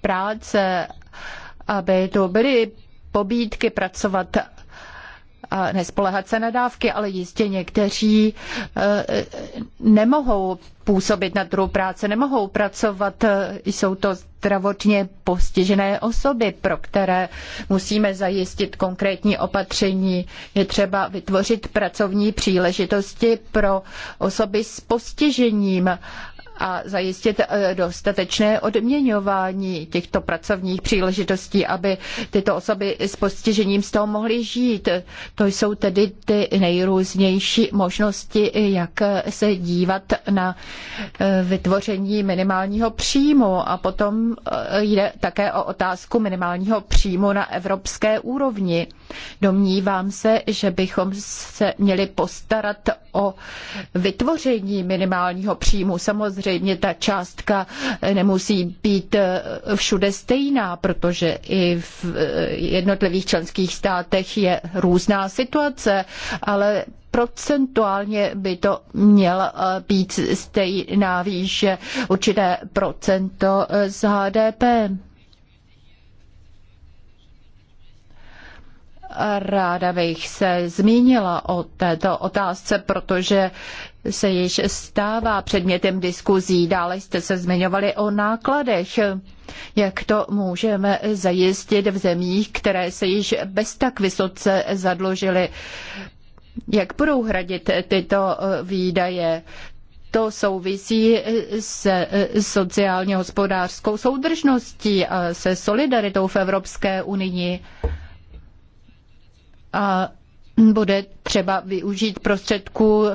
práce, aby to byly pobídky pracovat a nespolehat se na dávky, ale jistě někteří eh, nemohou působit na trhu práce, nemohou pracovat, eh, jsou to zdravotně postižené osoby, pro které musíme zajistit konkrétní opatření. Je třeba vytvořit pracovní příležitosti pro osoby s postižením a zajistit eh, dostatečné odměňování těchto pracovních příležitostí, aby tyto osoby s postižením z toho mohly žít. To jsou tedy ty nejrůznější možnosti, jak se dívat na eh, vytvoření minimálního příjmu. A potom eh, jde také o otázku minimálního příjmu na evropské úrovni. Domnívám se, že bychom se měli postarat o vytvoření minimálního příjmu. Samozřejmě Samozřejmě ta částka nemusí být eh, všude stejná, protože i v eh, jednotlivých členských státech je různá situace, ale procentuálně by to měla eh, být stejná výše určité procento z HDP. Ráda bych se zmínila o této otázce, protože se již stává předmětem diskuzí. Dále jste se zmiňovali o nákladech. Jak to můžeme zajistit v zemích, které se již bez tak vysoce zadložily? Jak budou hradit tyto výdaje? to souvisí se sociálně hospodářskou soudržností a se solidaritou v Evropské unii. A bude třeba využít prostředků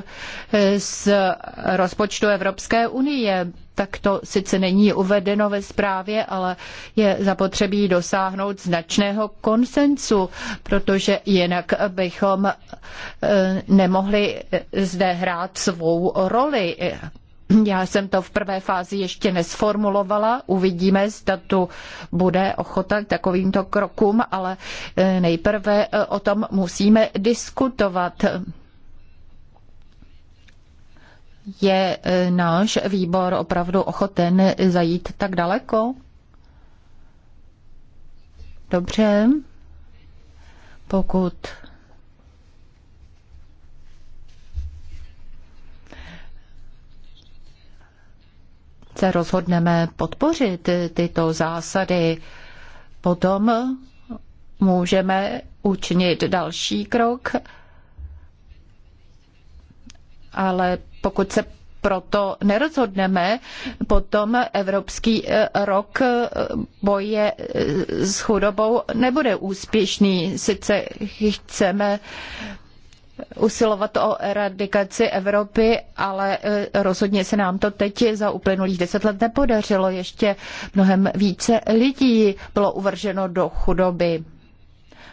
eh, z rozpočtu Evropské unie. Tak to sice není uvedeno ve zprávě, ale je zapotřebí dosáhnout značného konsensu, protože jinak bychom eh, nemohli eh, zde hrát svou roli já jsem to v prvé fázi ještě nesformulovala. Uvidíme, zda tu bude ochota k takovýmto krokům, ale eh, nejprve eh, o tom musíme diskutovat. Je eh, náš výbor opravdu ochoten zajít tak daleko? Dobře. Pokud se rozhodneme podpořit tyto zásady, potom můžeme učinit další krok, ale pokud se proto nerozhodneme, potom Evropský eh, rok eh, boje eh, s chudobou nebude úspěšný. Sice chceme usilovat o eradikaci Evropy, ale e, rozhodně se nám to teď za uplynulých deset let nepodařilo. Ještě mnohem více lidí bylo uvrženo do chudoby.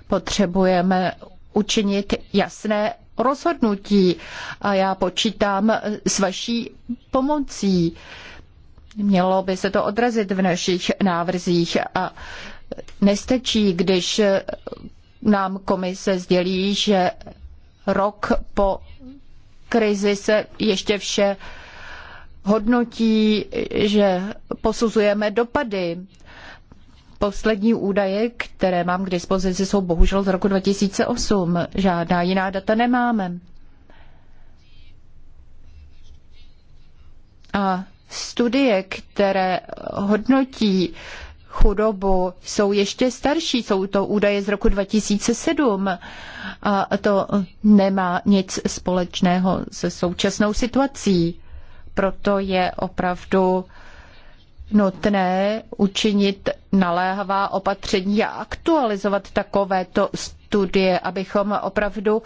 Potřebujeme učinit jasné rozhodnutí a já počítám s vaší pomocí. Mělo by se to odrazit v našich návrzích a nestačí, když nám komise sdělí, že rok po krizi se ještě vše hodnotí, že posuzujeme dopady. Poslední údaje, které mám k dispozici, jsou bohužel z roku 2008. Žádná jiná data nemáme. A studie, které hodnotí chudobu jsou ještě starší, jsou to údaje z roku 2007 a to nemá nic společného se současnou situací. Proto je opravdu nutné učinit naléhavá opatření a aktualizovat takovéto studie, abychom opravdu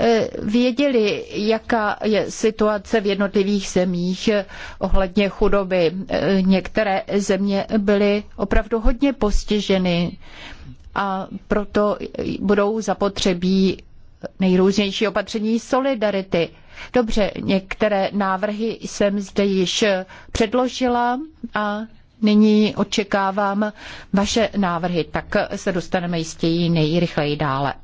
eh, věděli, jaká je situace v jednotlivých zemích eh, ohledně chudoby. Eh, některé země byly opravdu hodně postiženy a proto budou zapotřebí nejrůznější opatření solidarity. Dobře, některé návrhy jsem zde již předložila a nyní očekávám vaše návrhy, tak se dostaneme jistě nejrychleji dále.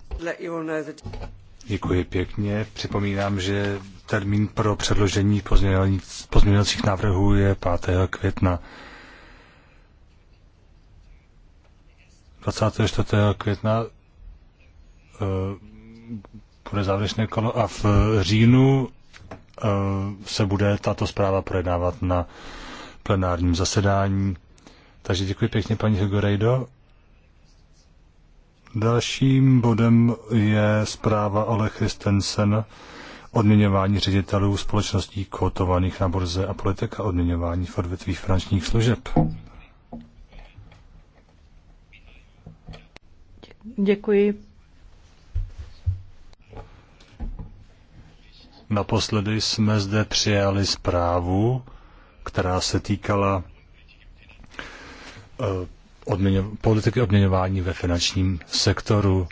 Děkuji pěkně. Připomínám, že termín pro předložení pozměňovacích návrhů je 5. května. 24. května eh, bude závěrečné kolo a v říjnu eh, se bude tato zpráva projednávat na plenárním zasedání. Takže děkuji pěkně, paní Hegorejdo. Dalším bodem je zpráva Ole Christensen odměňování ředitelů společností kotovaných na burze a politika odměňování v odvětví finančních služeb. Děkuji. Naposledy jsme zde přijali zprávu která se týkala eh, odměňo, politiky odměňování ve finančním sektoru.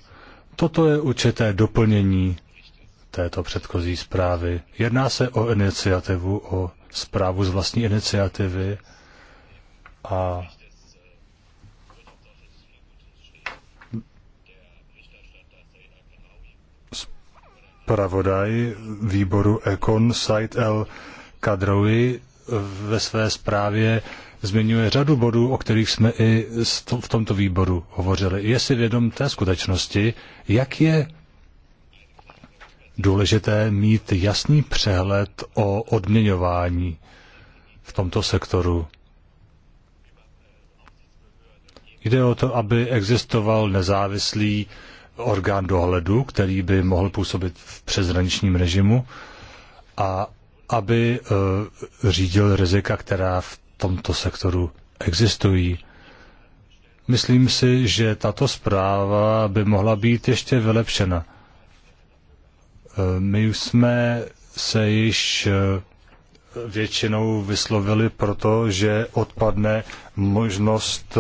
Toto je určité doplnění této předchozí zprávy. Jedná se o iniciativu, o zprávu z vlastní iniciativy a zpravodaj výboru Econ Site L Kadrovi ve své zprávě zmiňuje řadu bodů, o kterých jsme i v tomto výboru hovořili. Je si vědom té skutečnosti, jak je důležité mít jasný přehled o odměňování v tomto sektoru. Jde o to, aby existoval nezávislý orgán dohledu, který by mohl působit v přezraničním režimu a aby eh, řídil rizika, která v tomto sektoru existují. Myslím si, že tato zpráva by mohla být ještě vylepšena. Eh, my jsme se již eh, většinou vyslovili proto, že odpadne možnost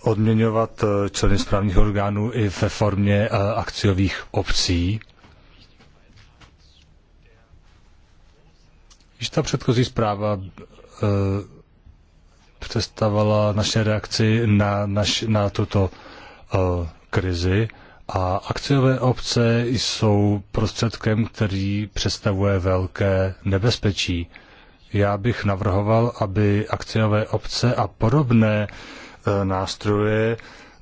odměňovat členy správních orgánů i ve formě akciových obcí. Když ta předchozí zpráva eh, představovala naše reakci na, naš, na tuto uh, krizi a akciové obce jsou prostředkem, který představuje velké nebezpečí. Já bych navrhoval, aby akciové obce a podobné uh, nástroje,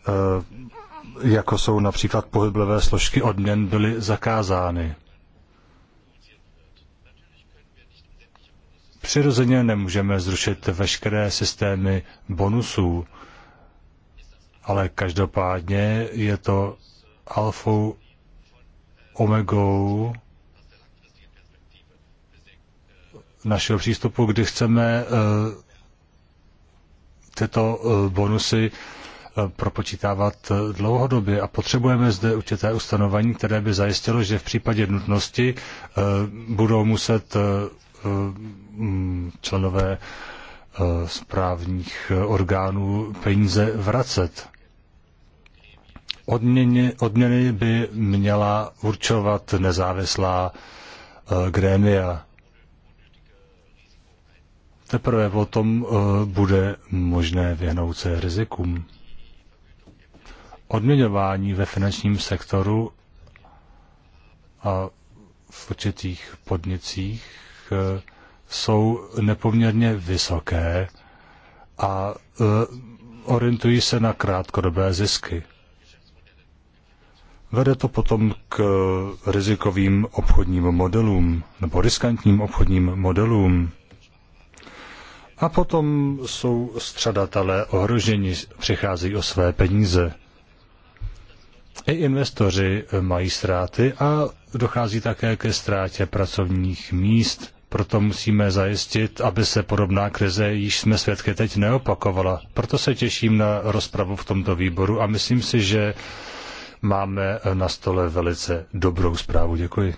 uh, jako jsou například pohyblivé složky odměn, byly zakázány. Přirozeně nemůžeme zrušit veškeré systémy bonusů, ale každopádně je to alfou omegou našeho přístupu, kdy chceme eh, tyto eh, bonusy eh, propočítávat dlouhodobě a potřebujeme zde určité ustanovení, které by zajistilo, že v případě nutnosti budou muset Mm, členové eh, správních eh, orgánů peníze vracet. Odměny, odměny by měla určovat nezávislá eh, grémia. Teprve potom bude možné vyhnout se rizikům. Odměňování ve finančním sektoru a v určitých podnicích jsou nepoměrně vysoké a e, orientují se na krátkodobé zisky. Vede to potom k rizikovým obchodním modelům nebo riskantním obchodním modelům. A potom jsou střadatelé ohroženi, přicházejí o své peníze. I investoři mají ztráty a dochází také ke ztrátě pracovních míst. Proto musíme zajistit, aby se podobná krize, již jsme svědky teď, neopakovala. Proto se těším na rozpravu v tomto výboru a myslím si, že máme na stole velice dobrou zprávu. Děkuji.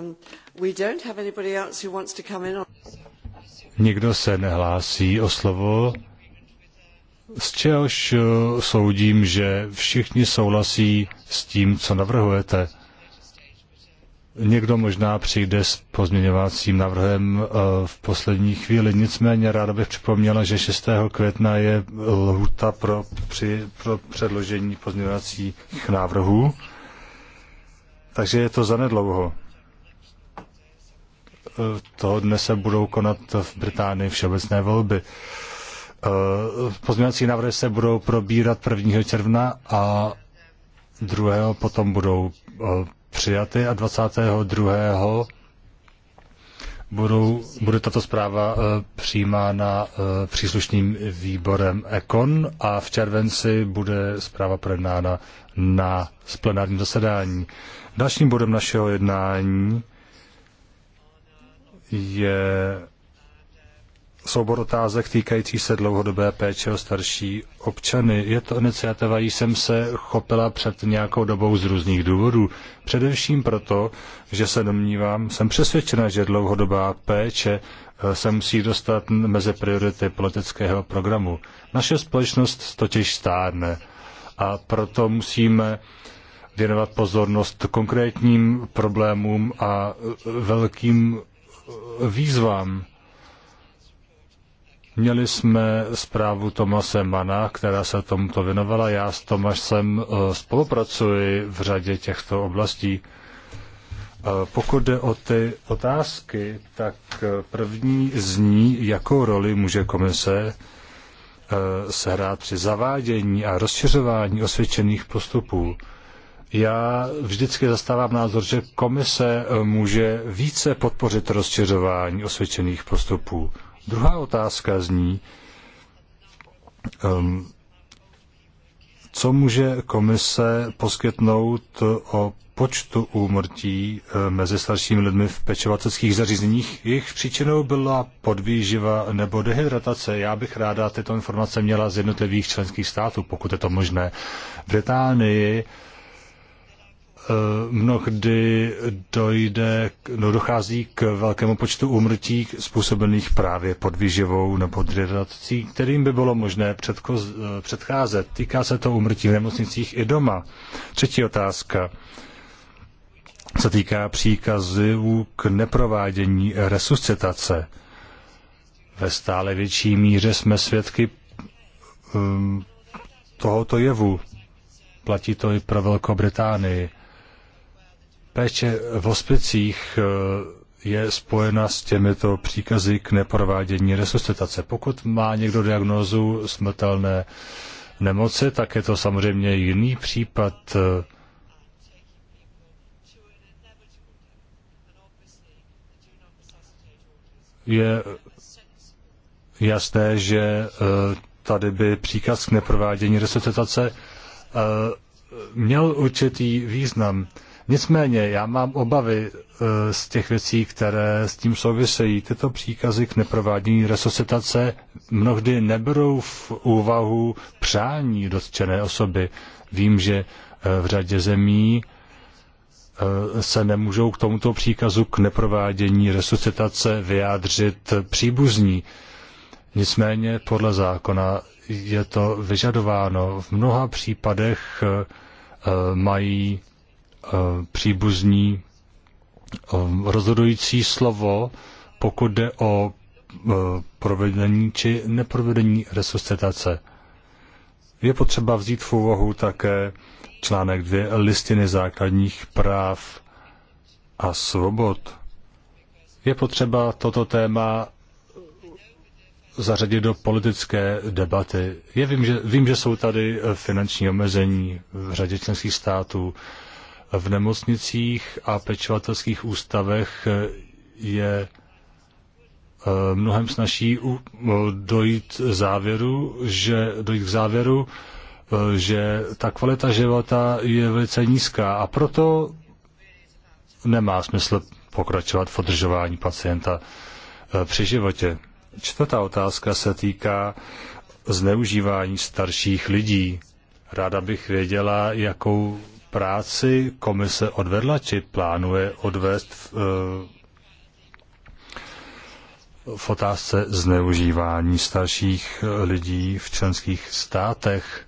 Um, Nikdo se nehlásí o slovo, z čehož eh, soudím, že všichni souhlasí s tím, co navrhujete. Někdo možná přijde s pozměňovacím návrhem eh, v poslední chvíli. Nicméně ráda bych připomněla, že 6. května je lhuta pro, při, pro předložení pozměňovacích návrhů. Takže je to zanedlouho. Eh, toho dne se budou konat v Británii všeobecné volby. Eh, pozměňovací návrhy se budou probírat 1. června a 2. potom budou eh, přijaty a 22. Budou, bude tato zpráva eh, přijímána příslušným výborem ECON a v červenci bude zpráva projednána na plenárním zasedání. Dalším bodem našeho jednání je soubor otázek týkající se dlouhodobé péče o starší občany. Je to iniciativa, jí jsem se chopila před nějakou dobou z různých důvodů. Především proto, že se domnívám, jsem přesvědčena, že dlouhodobá péče eh, se musí dostat mezi priority politického programu. Naše společnost totiž stárne a proto musíme věnovat pozornost konkrétním problémům a eh, velkým eh, výzvám. Měli jsme zprávu Tomase Mana, která se tomuto věnovala. Já s Tomasem eh, spolupracuji v řadě těchto oblastí. Eh, pokud jde o ty otázky, tak eh, první zní, jakou roli může komise sehrát při zavádění a rozšiřování osvědčených postupů. Já vždycky zastávám názor, že komise může více podpořit rozšiřování osvědčených postupů. Druhá otázka zní, um, co může komise poskytnout o počtu úmrtí eh, mezi staršími lidmi v pečovatelských zařízeních. Jejich příčinou byla podvýživa nebo dehydratace. Já bych ráda tyto informace měla z jednotlivých členských států, pokud je to možné. V Británii Eh, mnohdy dojde, no dochází k velkému počtu úmrtí způsobených právě podvýživou nebo degradací, kterým by bylo možné předko, eh, předcházet. Týká se to úmrtí v nemocnicích i doma. Třetí otázka se týká příkazů k neprovádění resuscitace. Ve stále větší míře jsme svědky um, tohoto jevu platí to i pro Velkou Británii. Péče v hospicích eh, je spojena s těmito příkazy k neprovádění resuscitace. Pokud má někdo diagnózu smrtelné nemoci, tak je to samozřejmě jiný případ. Eh, je jasné, že eh, tady by příkaz k neprovádění resuscitace měl určitý význam. Nicméně já mám obavy eh, z těch věcí, které s tím souvisejí. Tyto příkazy k neprovádění resuscitace mnohdy neberou v úvahu přání dotčené osoby. Vím, že eh, v řadě zemí eh, se nemůžou k tomuto příkazu k neprovádění resuscitace vyjádřit příbuzní. Nicméně podle zákona je to vyžadováno. V mnoha případech mají Eh, příbuzní eh, rozhodující slovo, pokud jde o eh, provedení či neprovedení resuscitace. Je potřeba vzít v úvahu také článek 2 listiny základních práv a svobod. Je potřeba toto téma zařadit do politické debaty. Je, vím, že, vím, že jsou tady finanční omezení v řadě členských států. V nemocnicích a pečovatelských ústavech je eh, mnohem snaží eh, dojít závěru, že dojít k závěru, eh, že ta kvalita života je velice nízká a proto nemá smysl pokračovat v održování pacienta při životě. Čtvrtá otázka se týká zneužívání starších lidí. Ráda bych věděla, jakou práci komise odvedla, či plánuje odvést v, eh, v otázce zneužívání starších eh, lidí v členských státech.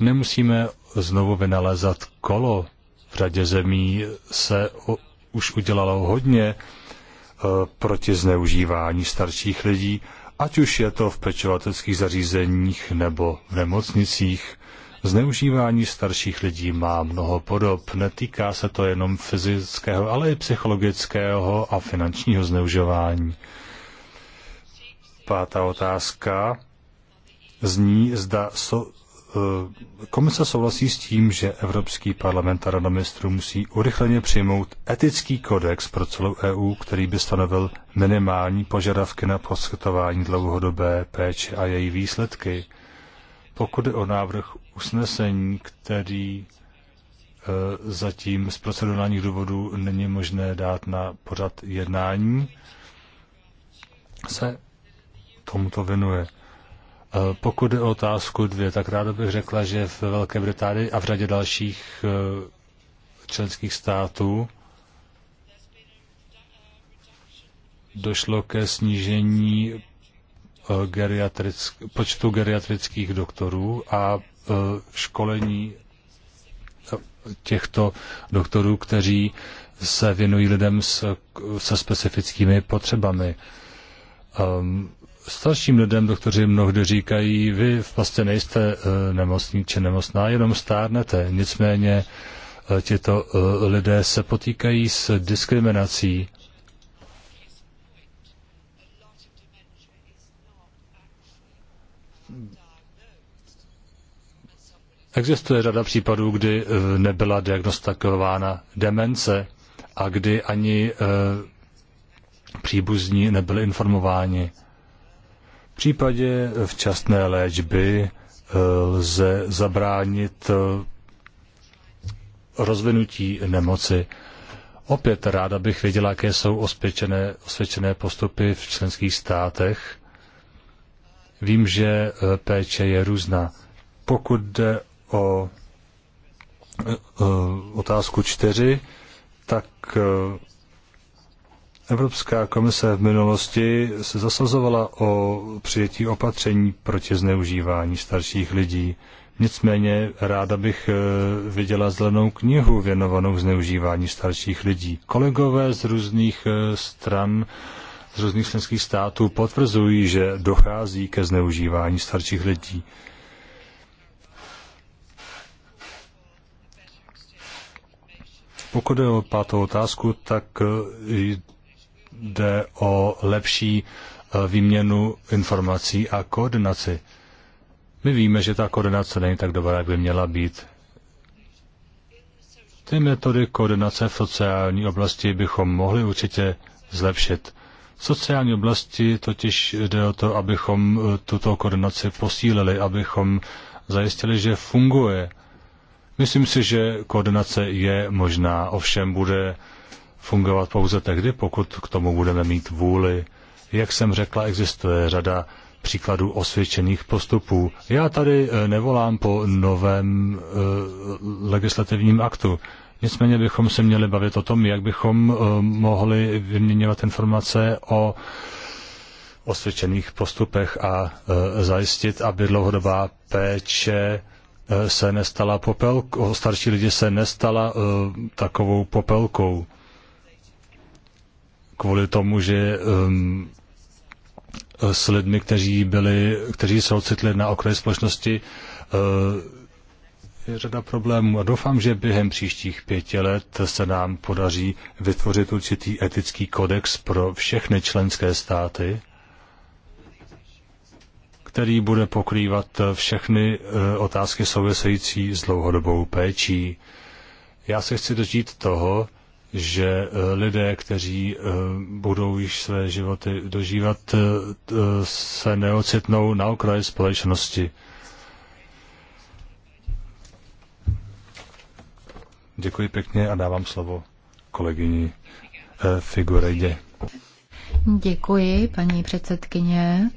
Nemusíme znovu vynalézat kolo. V řadě zemí se o, už udělalo hodně eh, proti zneužívání starších lidí, ať už je to v pečovatelských zařízeních nebo v nemocnicích. Zneužívání starších lidí má mnoho podob. Netýká se to jenom fyzického, ale i psychologického a finančního zneužívání. Pátá otázka zní, zda so, eh, komise souhlasí s tím, že Evropský parlament a rada ministrů musí urychleně přijmout etický kodex pro celou EU, který by stanovil minimální požadavky na poskytování dlouhodobé péče a její výsledky. Pokud je o návrh usnesení, který e, zatím z procedurálních důvodů není možné dát na pořad jednání, se tomuto věnuje. E, pokud je o otázku dvě, tak ráda bych řekla, že v Velké Británii a v řadě dalších e, členských států došlo ke snížení počtu geriatrických doktorů a e, školení e, těchto doktorů, kteří se věnují lidem s, se specifickými potřebami. Um, starším lidem doktoři mnohdy říkají, vy vlastně nejste uh, nemocní či nemocná, jenom stárnete. Nicméně uh, těto uh, lidé se potýkají s diskriminací Existuje řada případů, kdy eh, nebyla diagnostikována demence a kdy ani eh, příbuzní nebyli informováni. V případě včasné léčby eh, lze zabránit rozvinutí nemoci. Opět ráda bych věděla, jaké jsou osvědčené, osvědčené postupy v členských státech. Vím, že péče je různá. Pokud jde o otázku čtyři, tak e, Evropská komise v minulosti se zasazovala o přijetí opatření proti zneužívání starších lidí. Nicméně ráda bych e, viděla zelenou knihu věnovanou zneužívání starších lidí. Kolegové z různých e, stran, z různých členských států potvrzují, že dochází ke zneužívání starších lidí. Pokud je o pátou otázku, tak eh, jde o lepší eh, výměnu informací a koordinaci. My víme, že ta koordinace není tak dobrá, jak by měla být. Ty metody koordinace v sociální oblasti bychom mohli určitě zlepšit. V sociální oblasti totiž jde o to, abychom eh, tuto koordinaci posílili, abychom zajistili, že funguje Myslím si, že koordinace je možná, ovšem bude fungovat pouze tehdy, pokud k tomu budeme mít vůli. Jak jsem řekla, existuje řada příkladů osvědčených postupů. Já tady eh, nevolám po novém e, legislativním aktu. Nicméně bychom se měli bavit o tom, jak bychom e, mohli vyměňovat informace o osvědčených postupech a e, zajistit, aby dlouhodobá péče se nestala popelkou, starší lidi se nestala eh, takovou popelkou. Kvůli tomu, že ehm, s lidmi, kteří, byli, kteří se ocitli na okraji společnosti, eh, je řada problémů a doufám, že během příštích pěti let se nám podaří vytvořit určitý etický kodex pro všechny členské státy, který bude pokrývat eh, všechny eh, otázky související s dlouhodobou péčí. Já se chci dožít toho, že eh, lidé, kteří budou již své životy dožívat, se neocitnou na okraji společnosti. Děkuji pěkně a dávám slovo kolegyni Figurejdě. Děkuji, paní předsedkyně.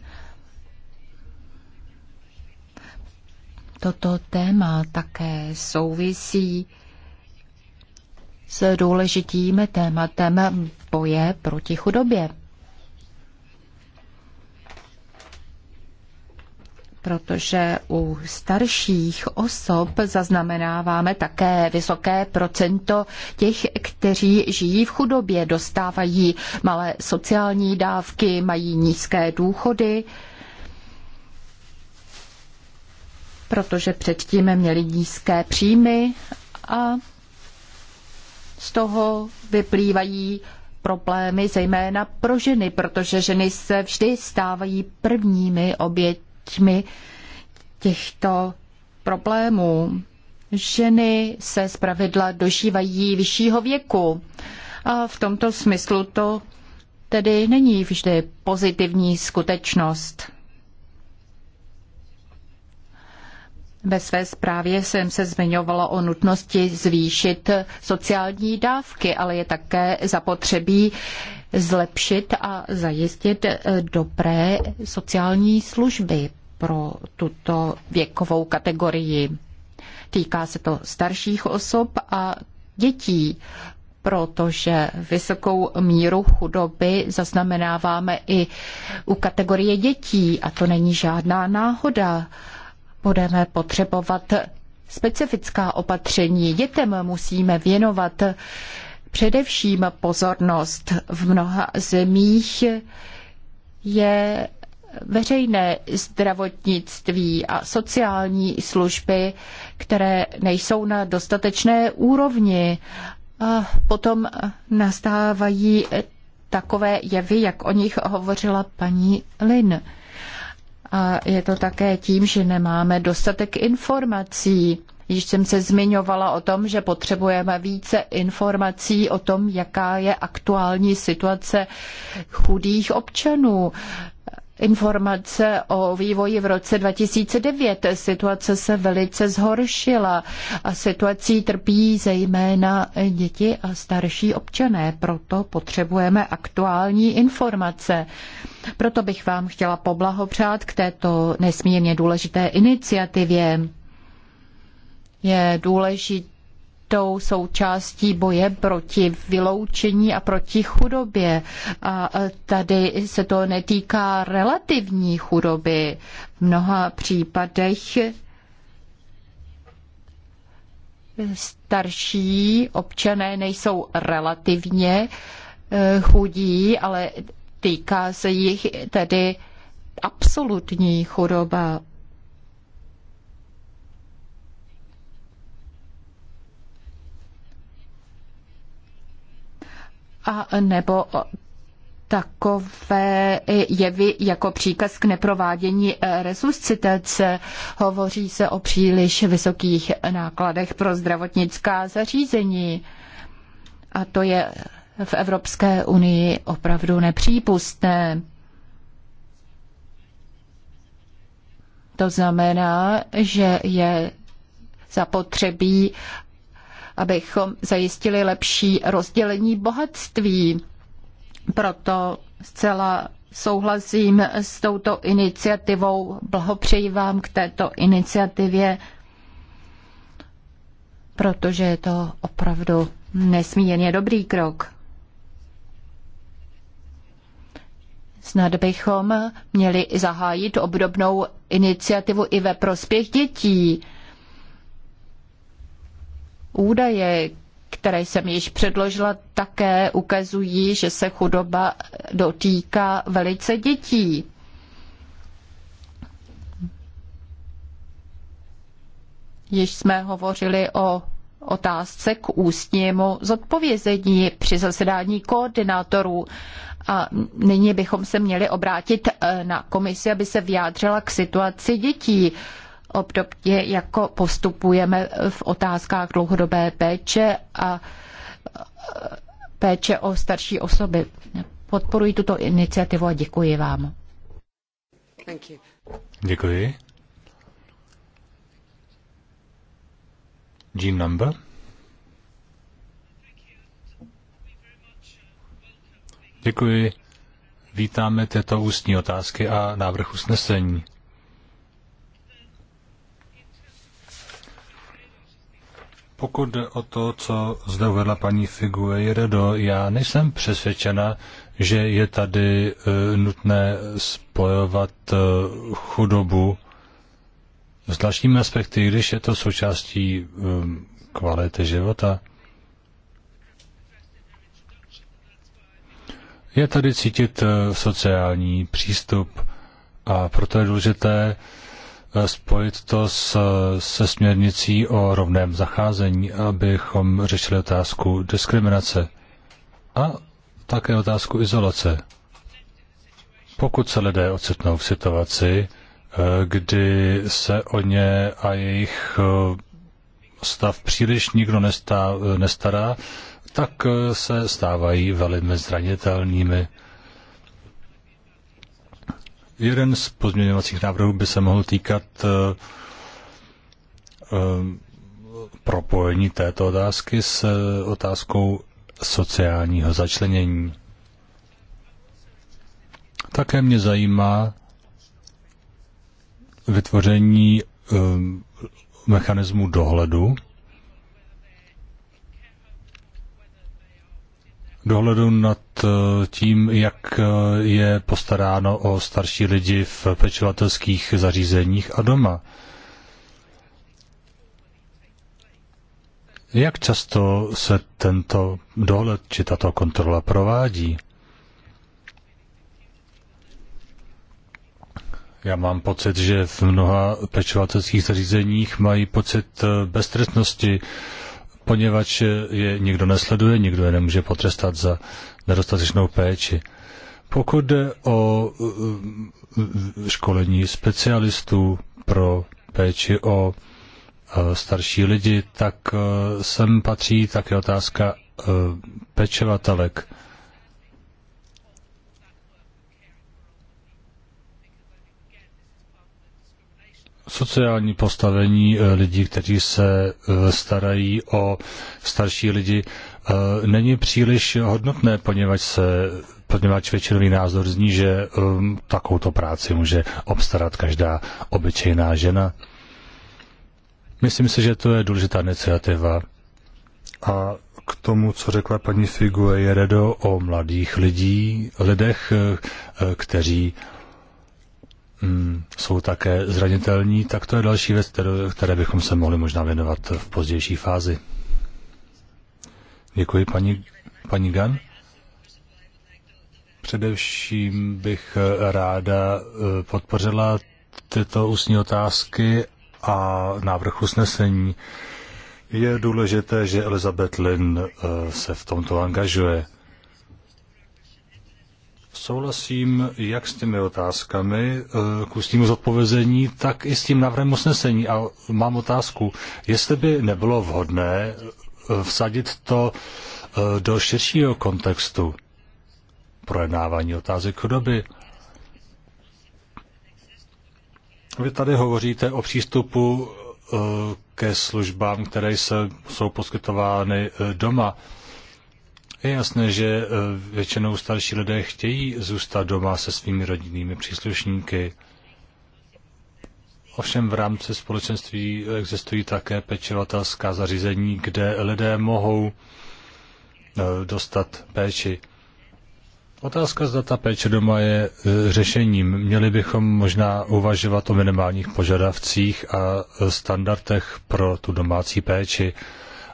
Toto téma také souvisí s důležitým tématem boje proti chudobě. protože u starších osob zaznamenáváme také vysoké procento těch, kteří žijí v chudobě, dostávají malé sociální dávky, mají nízké důchody. protože předtím měli nízké příjmy a z toho vyplývají problémy zejména pro ženy, protože ženy se vždy stávají prvními oběťmi těchto problémů. Ženy se zpravidla dožívají vyššího věku a v tomto smyslu to tedy není vždy pozitivní skutečnost. Ve své zprávě jsem se zmiňovala o nutnosti zvýšit sociální dávky, ale je také zapotřebí zlepšit a zajistit eh, dobré sociální služby pro tuto věkovou kategorii. Týká se to starších osob a dětí, protože vysokou míru chudoby zaznamenáváme i u kategorie dětí a to není žádná náhoda budeme potřebovat specifická opatření. Dětem musíme věnovat především pozornost. V mnoha zemích je veřejné zdravotnictví a sociální služby, které nejsou na dostatečné úrovni. A potom nastávají takové jevy, jak o nich hovořila paní Lin. A je to také tím, že nemáme dostatek informací. Již jsem se zmiňovala o tom, že potřebujeme více informací o tom, jaká je aktuální situace chudých občanů informace o vývoji v roce 2009. Situace se velice zhoršila a situací trpí zejména děti a starší občané. Proto potřebujeme aktuální informace. Proto bych vám chtěla poblahopřát k této nesmírně důležité iniciativě. Je důležité, důležitou součástí boje proti vyloučení a proti chudobě. A tady se to netýká relativní chudoby. V mnoha případech starší občané nejsou relativně eh, chudí, ale týká se jich tedy absolutní chudoba. a nebo takové jevy jako příkaz k neprovádění resuscitace. Hovoří se o příliš vysokých nákladech pro zdravotnická zařízení. A to je v Evropské unii opravdu nepřípustné. To znamená, že je zapotřebí, abychom zajistili lepší rozdělení bohatství. Proto zcela souhlasím s touto iniciativou. Blahopřeji vám k této iniciativě, protože je to opravdu nesmírně dobrý krok. Snad bychom měli zahájit obdobnou iniciativu i ve prospěch dětí. Údaje, které jsem již předložila, také ukazují, že se chudoba dotýká velice dětí. Již jsme hovořili o otázce k ústnímu zodpovězení při zasedání koordinátorů. A nyní bychom se měli obrátit eh, na komisi, aby se vyjádřila k situaci dětí obdobně jako postupujeme v otázkách dlouhodobé péče a péče o starší osoby. Podporuji tuto iniciativu a děkuji vám. Děkuji. Jean Number. Děkuji. Vítáme této ústní otázky a návrh usnesení. Pokud jde o to, co zde uvedla paní Figueiredo, já nejsem přesvědčena, že je tady e, nutné spojovat e, chudobu s dalšími aspekty, když je to součástí e, kvality života. Je tady cítit sociální přístup a proto je důležité spojit to s, se směrnicí o rovném zacházení, abychom řešili otázku diskriminace a také otázku izolace. Pokud se lidé ocitnou v situaci, eh, kdy se o ně a jejich eh, stav příliš nikdo nestá, nestará, tak eh, se stávají velmi zranitelnými. Jeden z pozměňovacích návrhů by se mohl týkat eh, eh, propojení této otázky s eh, otázkou sociálního začlenění. Také mě zajímá vytvoření mechanismu dohledu dohledu nad eh, tím, jak eh, je postaráno o starší lidi v pečovatelských zařízeních a doma. Jak často se tento dohled či tato kontrola provádí? Já mám pocit, že v mnoha pečovatelských zařízeních mají pocit eh, beztrestnosti poněvadž je nikdo nesleduje, nikdo je nemůže potrestat za nedostatečnou péči. Pokud jde o eh, školení specialistů pro péči o eh, starší lidi, tak eh, sem patří také otázka pečovatelek. sociální postavení eh, lidí, kteří se eh, starají o starší lidi, eh, není příliš hodnotné, poněvadž se poněvadž většinový názor zní, že um, takovouto práci může obstarat každá obyčejná žena. Myslím si, že to je důležitá iniciativa. A k tomu, co řekla paní Figueredo o mladých lidí, lidech, kteří mm, jsou také zranitelní, tak to je další věc, které, které bychom se mohli možná věnovat v pozdější fázi. Děkuji, paní, paní Gan. Především bych eh, ráda eh, podpořila tyto ústní otázky a návrh usnesení. Je důležité, že Elizabeth Lynn eh, se v tomto angažuje. Souhlasím jak s těmi otázkami eh, k ústnímu zodpovězení, tak i s tím návrhem usnesení. A mám otázku, jestli by nebylo vhodné eh, vsadit to eh, do širšího kontextu projednávání otázek chudoby. Vy tady hovoříte o přístupu ke službám, které jsou poskytovány doma. Je jasné, že eh, většinou starší lidé chtějí zůstat doma se svými rodinnými příslušníky. Ovšem v rámci společenství existují také pečovatelská zařízení, kde lidé mohou eh, dostat péči. Otázka, zda ta péče doma je eh, řešením. Měli bychom možná uvažovat o minimálních požadavcích a standardech pro tu domácí péči.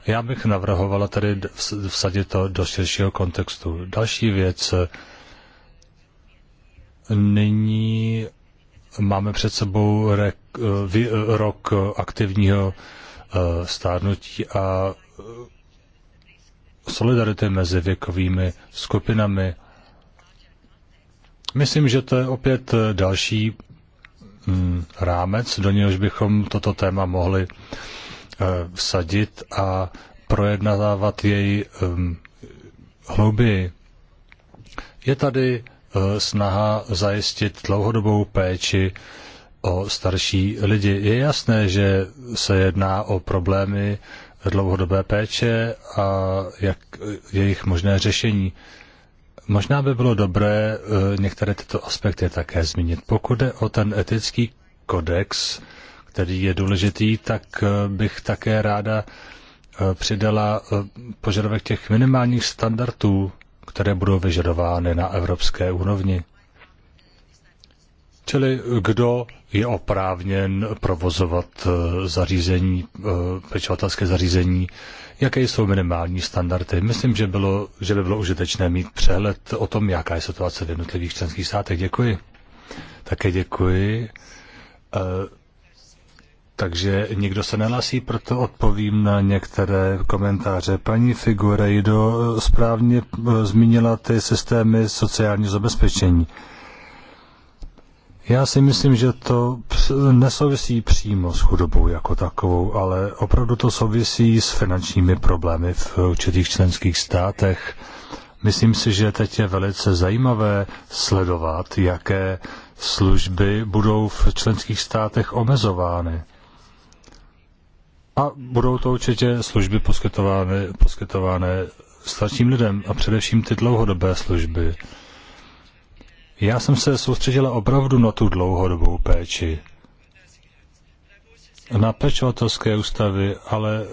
Já bych navrhovala tady vsadit to do širšího kontextu. Další věc. Nyní máme před sebou rek, rok aktivního eh, stárnutí a eh, solidarity mezi věkovými skupinami. Myslím, že to je opět eh, další mm, rámec, do něhož bychom toto téma mohli Eh, vsadit a projednávat jej hlouběji. Je tady eh, snaha zajistit dlouhodobou péči o starší lidi. Je jasné, že se jedná o problémy dlouhodobé péče a jak eh, jejich možné řešení. Možná by bylo dobré některé tyto aspekty také zmínit. Pokud jde o ten etický kodex, který je důležitý, tak eh, bych také ráda eh, přidala eh, požadavek těch minimálních standardů, které budou vyžadovány na evropské úrovni. Čili kdo je oprávněn provozovat zařízení, pečovatelské zařízení, jaké jsou minimální standardy. Myslím, že, bylo, že by bylo užitečné mít přehled o tom, jaká je situace v jednotlivých členských státech. Děkuji. Také děkuji. Takže nikdo se nelasí, proto odpovím na některé komentáře. Paní Figurejdo správně e, zmínila ty systémy sociálního zabezpečení. Já si myslím, že to nesouvisí přímo s chudobou jako takovou, ale opravdu to souvisí s finančními problémy v určitých členských státech. Myslím si, že teď je velice zajímavé sledovat, jaké služby budou v členských státech omezovány. A budou to určitě služby poskytovány, poskytovány starším lidem a především ty dlouhodobé služby. Já jsem se soustředila opravdu na tu dlouhodobou péči. Na pečovatelské ústavy, ale e,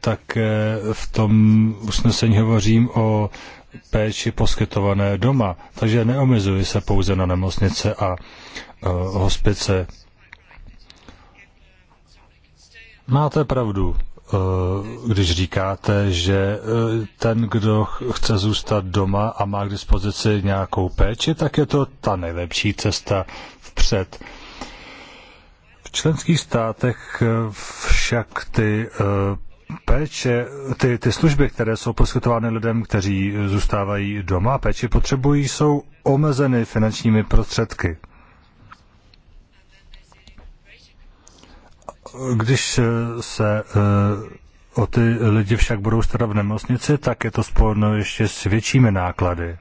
také v tom usnesení hovořím o péči poskytované doma. Takže neomezuji se pouze na nemocnice a e, hospice. Máte pravdu, eh, když říkáte, že eh, ten, kdo chce zůstat doma a má k dispozici nějakou péči, tak je to ta nejlepší cesta vpřed. V členských státech eh, však ty péče, ty, ty služby, které jsou poskytovány lidem, kteří zůstávají doma, péči potřebují, jsou omezeny finančními prostředky. Když se eh, o ty lidi však budou starat v nemocnici, tak je to spojeno ještě s většími náklady.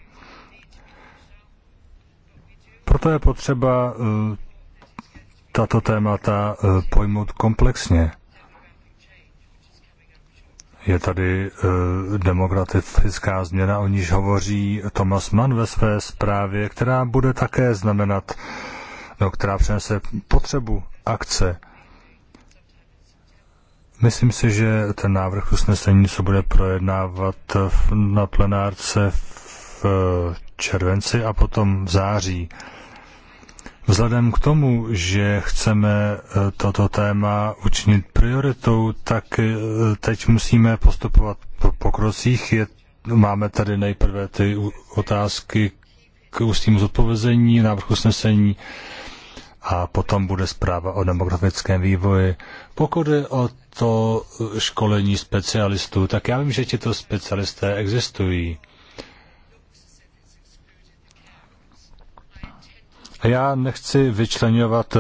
Proto je potřeba eh, tato témata eh, pojmout komplexně. Je tady demokratická změna, o níž hovoří Thomas Mann ve své zprávě, která bude také znamenat, no, která přinese potřebu akce Myslím si, že ten návrh usnesení se bude projednávat na plenárce v eh, červenci a potom v září. Vzhledem k tomu, že chceme eh, toto téma učinit prioritou, tak eh, teď musíme postupovat po pokrocích. Je, máme tady nejprve ty otázky k ústnímu zodpovězení, návrh usnesení a potom bude zpráva o demografickém vývoji. Pokud je o to školení specialistů, tak já vím, že tito specialisté existují. A já nechci vyčlenovat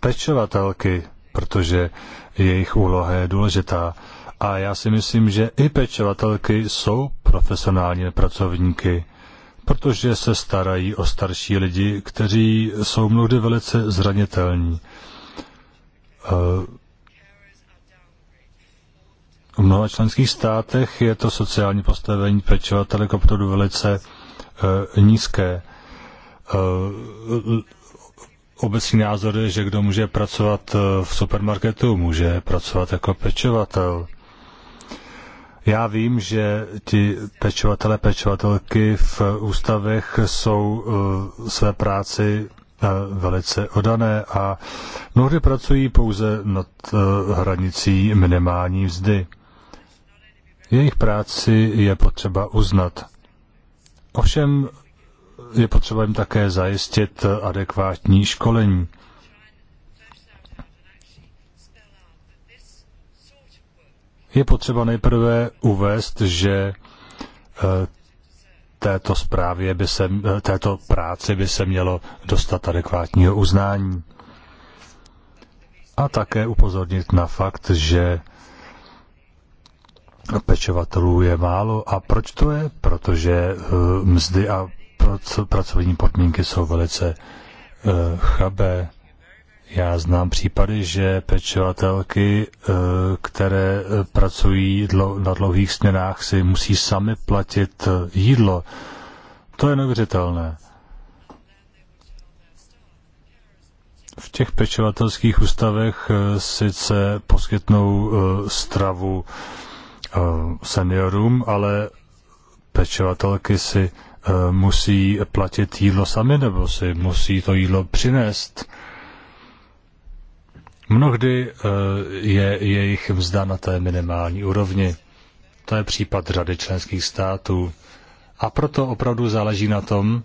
pečovatelky, protože jejich úloha je důležitá. A já si myslím, že i pečovatelky jsou profesionální pracovníky protože se starají o starší lidi, kteří jsou mnohdy velice zranitelní. V mnoha členských státech je to sociální postavení pečovatele k velice eh, nízké. Eh, obecný názor je, že kdo může pracovat eh, v supermarketu, může pracovat jako pečovatel. Já vím, že ti pečovatelé, pečovatelky v ústavech jsou eh, své práci eh, velice odané a mnohdy pracují pouze nad eh, hranicí minimální mzdy. Jejich práci je potřeba uznat. Ovšem je potřeba jim také zajistit adekvátní školení. Je potřeba nejprve uvést, že eh, této zprávě by se, eh, této práci by se mělo dostat adekvátního uznání. A také upozornit na fakt, že pečovatelů je málo. A proč to je? Protože eh, mzdy a pracovní podmínky jsou velice chabé. Já znám případy, že pečovatelky, eh, které eh, pracují na dlouhých směnách, si musí sami platit eh, jídlo. To je neuvěřitelné. V těch pečovatelských ústavech sice poskytnou stravu seniorům, ale pečovatelky si musí platit jídlo sami nebo si musí to jídlo přinést Mnohdy eh, je jejich mzda na té minimální úrovni. To je případ řady členských států. A proto opravdu záleží na tom,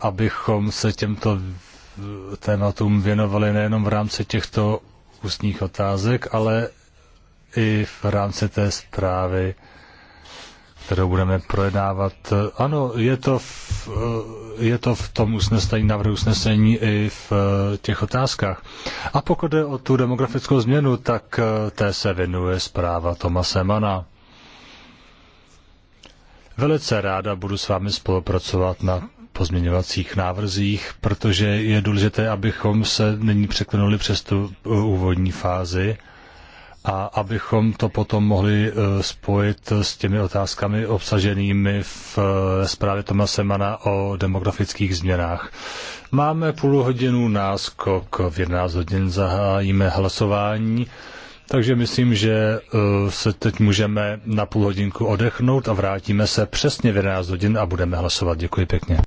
abychom se těmto eh, tématům věnovali nejenom v rámci těchto ústních otázek, ale i v rámci té zprávy kterou budeme projednávat. Ano, je to v, eh, je to v tom usnesení, návrhu usnesení i v eh, těch otázkách. A pokud jde o tu demografickou změnu, tak eh, té se věnuje zpráva Tomase Mana. Velice ráda budu s vámi spolupracovat na pozměňovacích návrzích, protože je důležité, abychom se nyní překlenuli přes tu úvodní fázi a abychom to potom mohli e, spojit s těmi otázkami obsaženými v e, zprávě Tomase Mana o demografických změnách. Máme půl hodinu náskok, v 11 hodin zahájíme hlasování, takže myslím, že e, se teď můžeme na půl hodinku odechnout a vrátíme se přesně v 11 hodin a budeme hlasovat. Děkuji pěkně.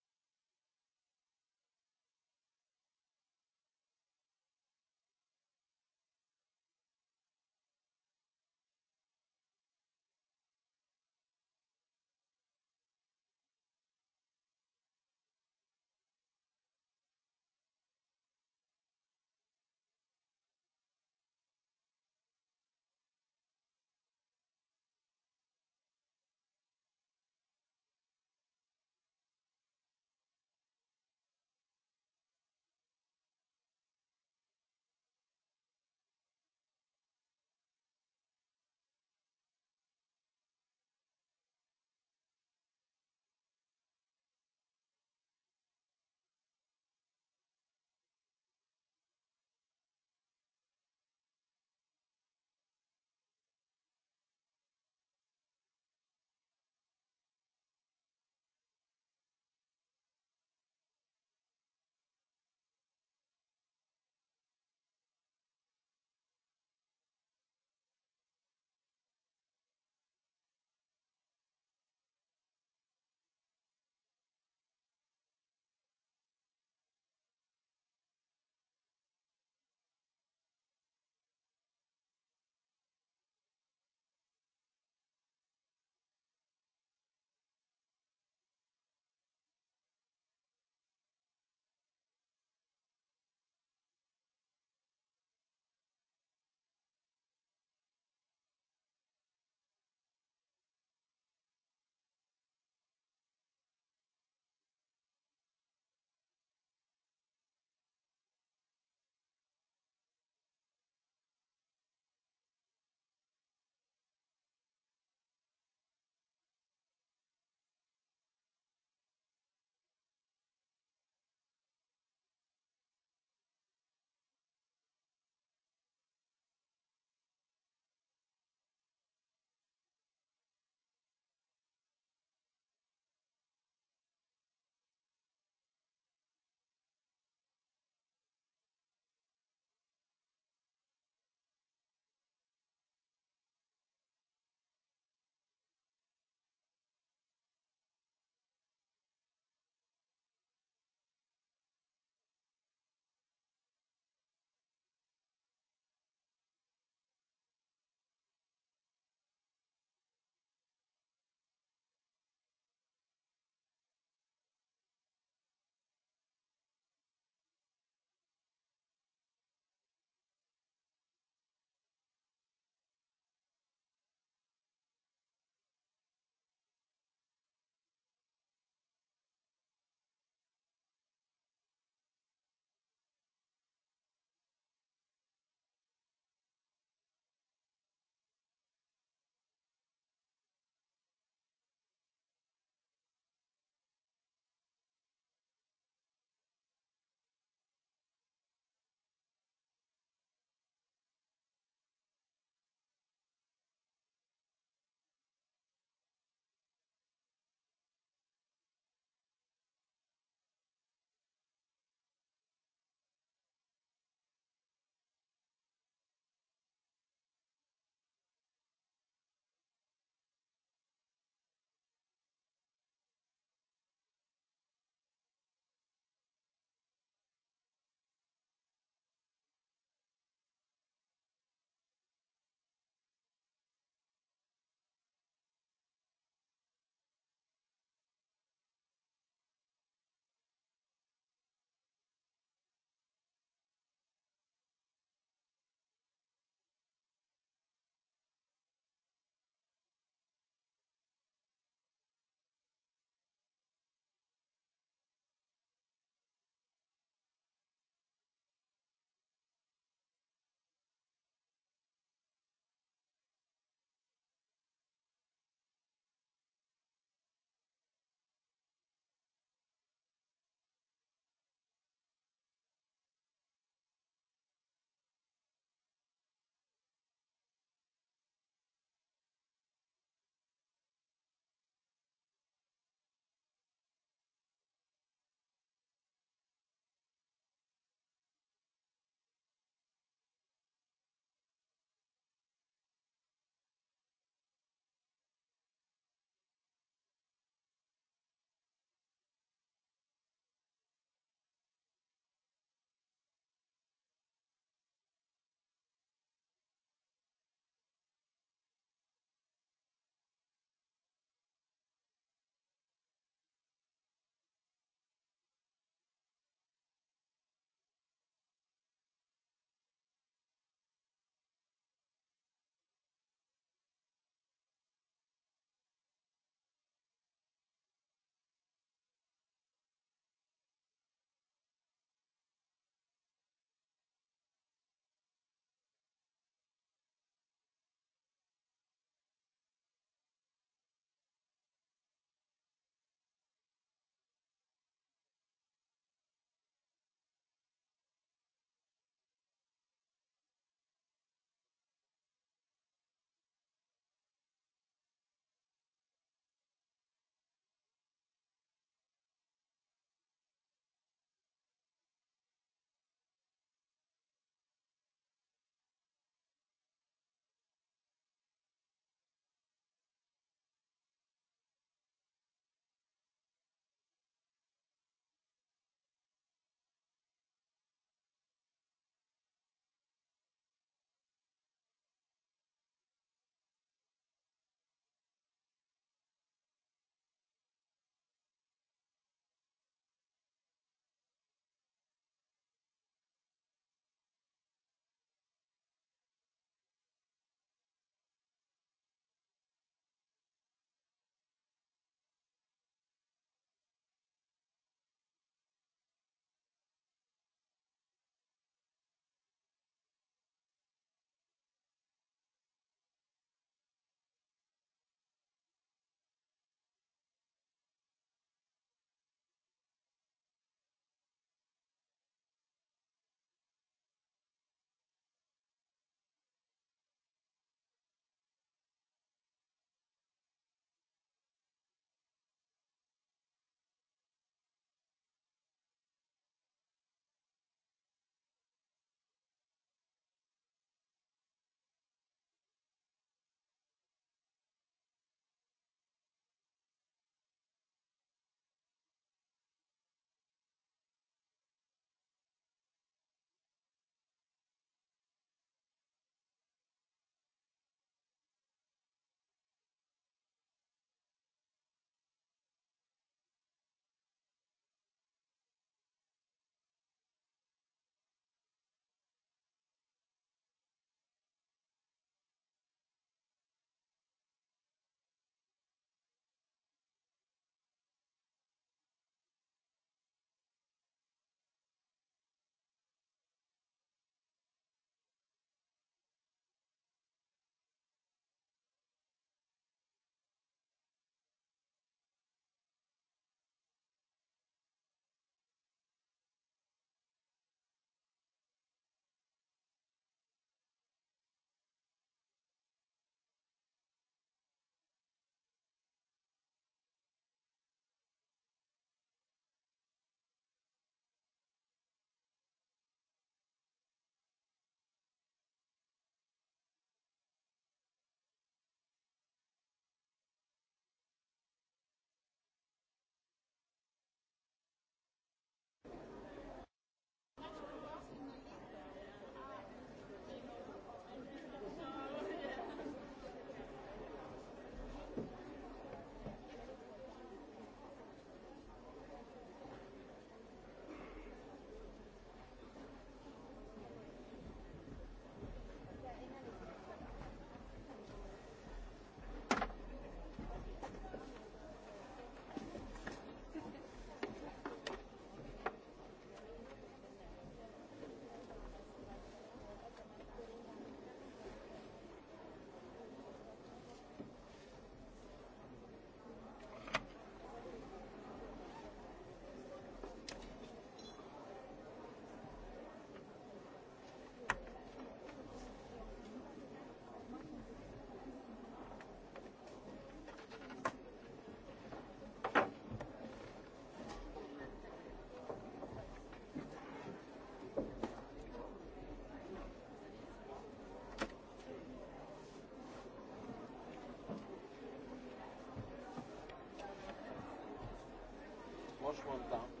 Roche one down.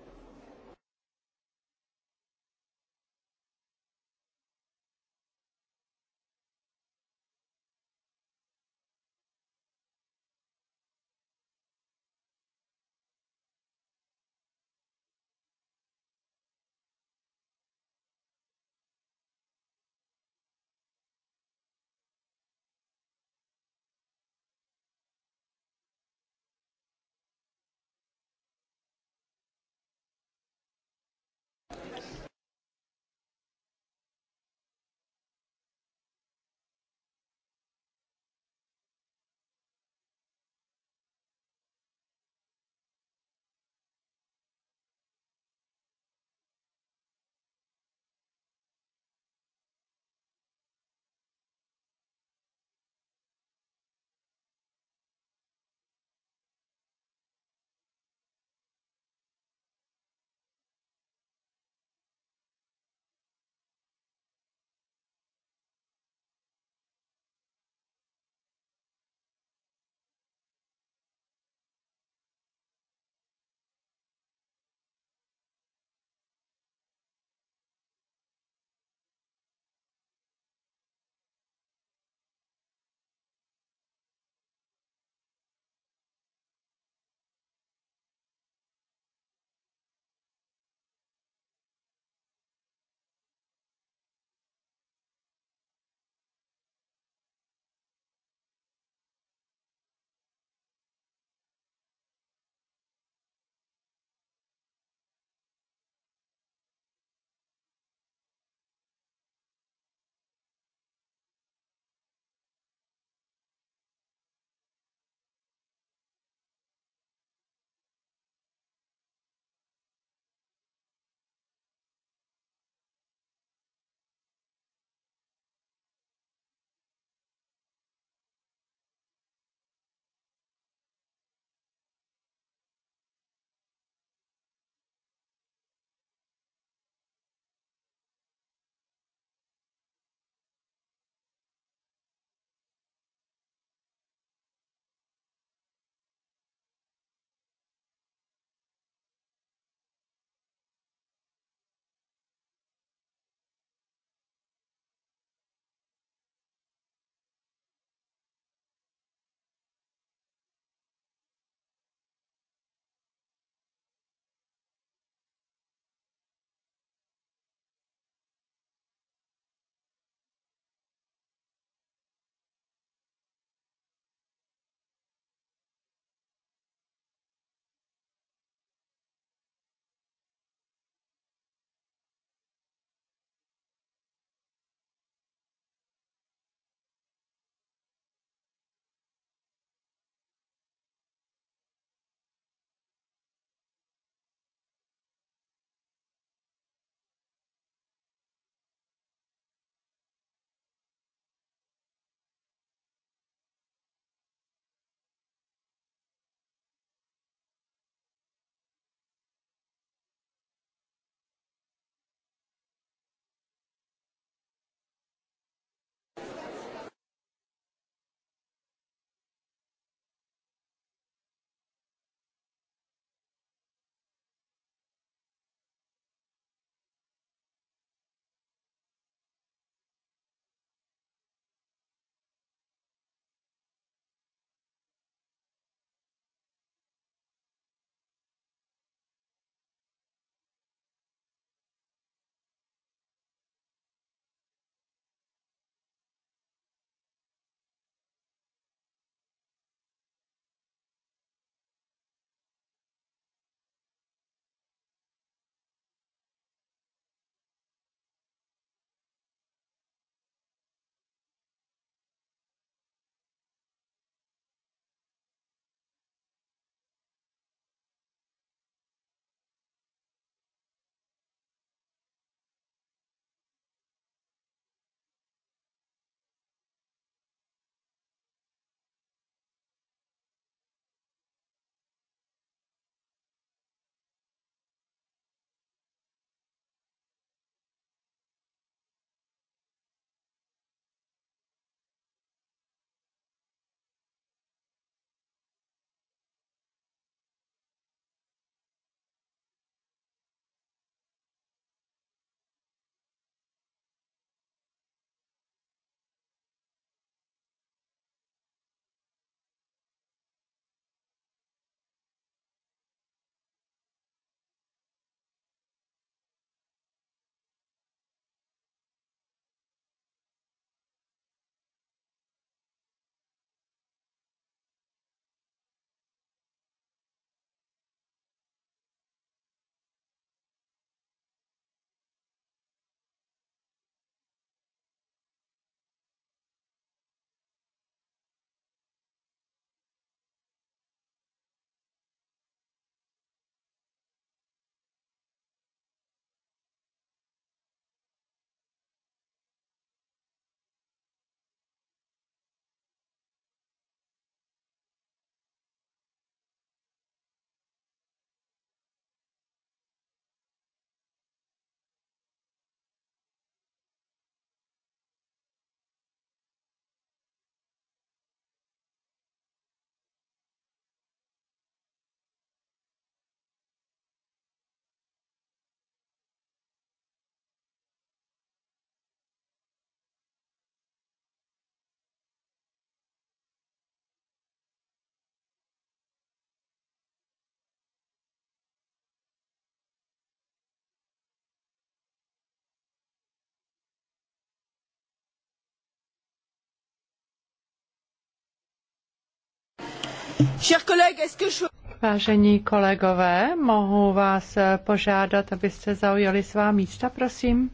Vážení kolegové, mohu vás eh, požádat, abyste zaujali svá místa, prosím?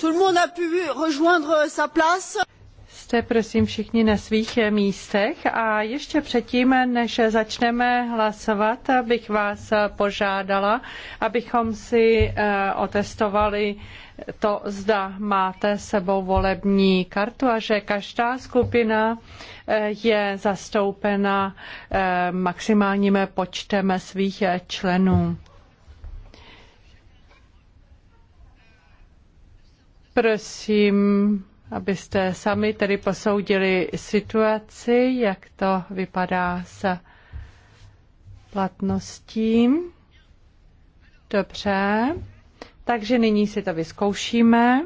Tout le monde a pu rejoindre sa place. Jste prosím všichni na svých místech a ještě předtím, než začneme hlasovat, bych vás požádala, abychom si eh, otestovali to, zda máte sebou volební kartu a že každá skupina eh, je zastoupena eh, maximálním počtem svých členů. Prosím, abyste sami tedy posoudili situaci, jak to vypadá s platností. Dobře, takže nyní si to vyzkoušíme.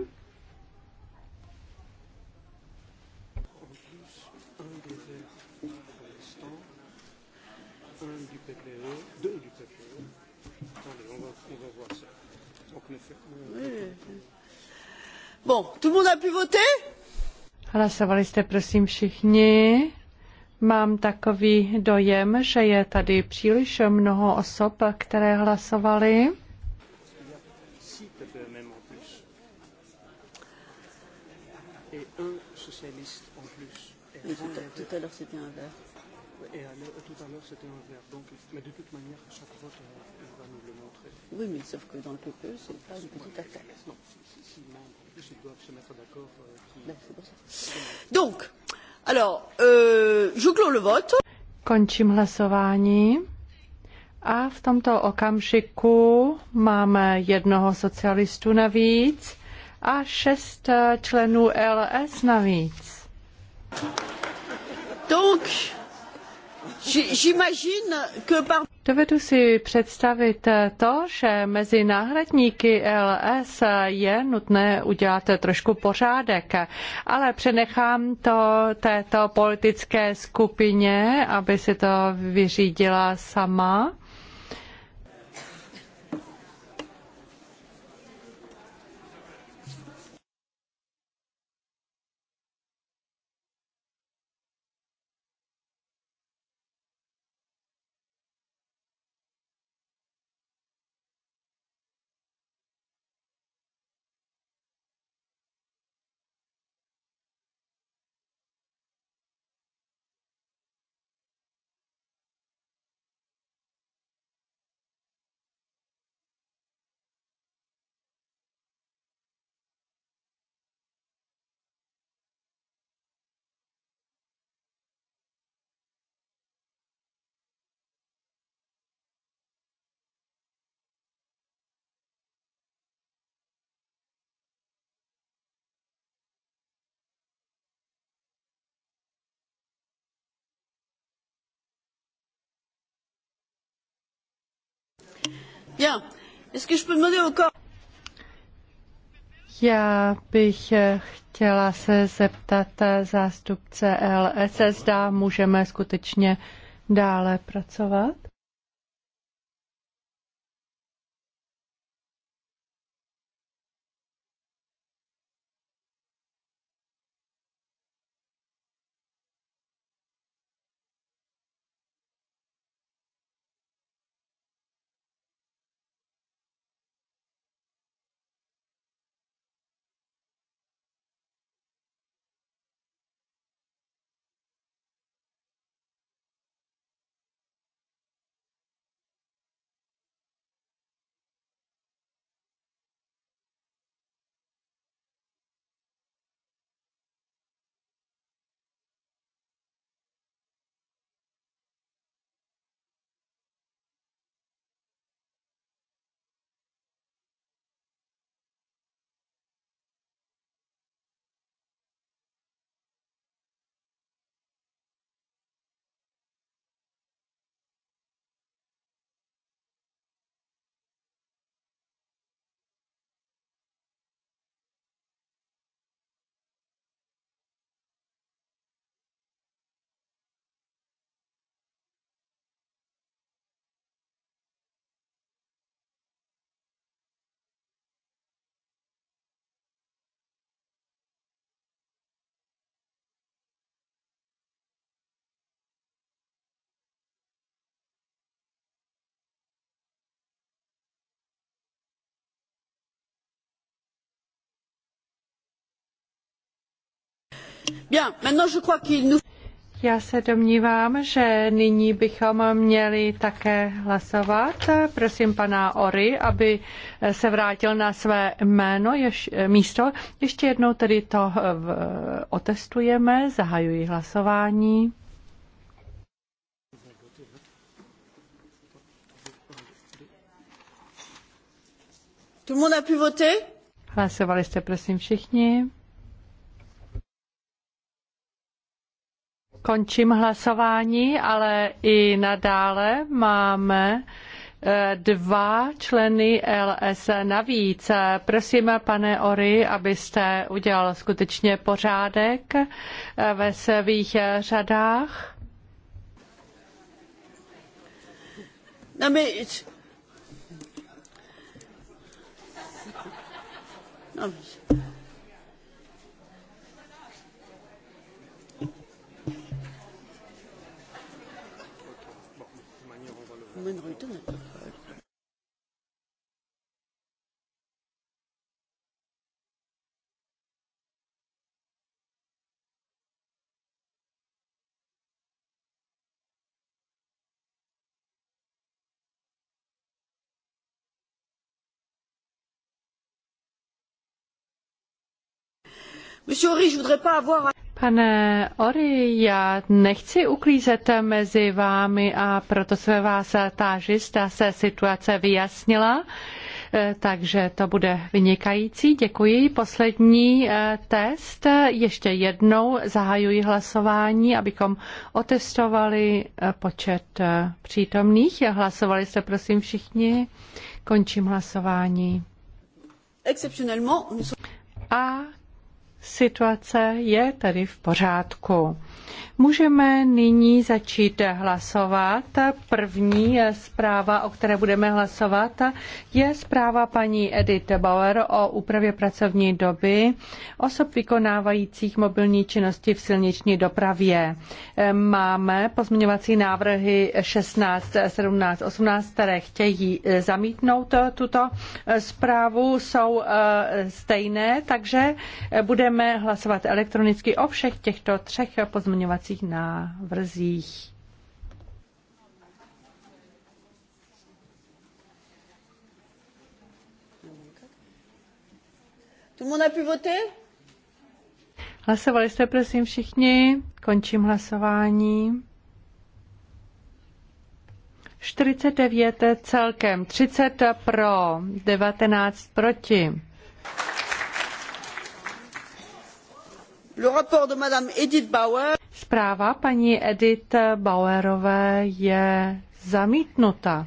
Bon, tout le monde a pu voter? Hlasovali jste prosím všichni. Mám takový dojem, že je tady příliš mnoho osob, které hlasovali. Tout à l'heure, c'était un Et à tout à l'heure, c'était un verre. Donc, mais de toute manière, chaque vote, on euh, va nous le montrer. Oui, mais sauf que dans le PPE, n'est pas une petite attaque. Non, c'est, Donc, alors, euh, je clôt le vote. Končím hlasování. A v tomto okamžiku máme jednoho socialistu navíc a šest členů LS navíc. Donc, Dovedu si představit to, že mezi náhradníky LS je nutné udělat trošku pořádek, ale přenechám to této politické skupině, aby si to vyřídila sama. Já bych chtěla se zeptat zástupce LSS, zda můžeme skutečně dále pracovat. Já se domnívám, že nyní bychom měli také hlasovat. Prosím pana Ory, aby se vrátil na své jméno, ješ, místo. Ještě jednou tedy to v, otestujeme. Zahajuji hlasování. Tout le monde a pu voter? Hlasovali jste, prosím, všichni. Končím hlasování, ale i nadále máme eh, dva členy LS navíc. Prosím, pane Ory, abyste udělal skutečně pořádek eh, ve svých eh, řadách. No, my... No, my... men rydden het Monsieur Horry, je voudrais pas avoir... Pane Ory, já nechci uklízet mezi vámi a proto se vás táži, zda se situace vyjasnila. Eh, takže to bude vynikající. Děkuji. Poslední eh, test. Ještě jednou zahajuji hlasování, abychom otestovali eh, počet přítomných. Hlasovali jste, prosím, všichni. Končím hlasování. A Situace je tedy v pořádku. Můžeme nyní začít hlasovat. První zpráva, o které budeme hlasovat, je zpráva paní Edith Bauer o úpravě pracovní doby osob vykonávajících mobilní činnosti v silniční dopravě. Máme pozměňovací návrhy 16, 17, 18, které chtějí zamítnout tuto zprávu, jsou eh, stejné, takže budeme budeme hlasovat elektronicky o všech těchto třech pozměňovacích návrzích. Hlasovali jste prosím všichni. Končím hlasování. 49 celkem, 30 pro, 19 proti. Zpráva paní Edith Bauerové je zamítnuta.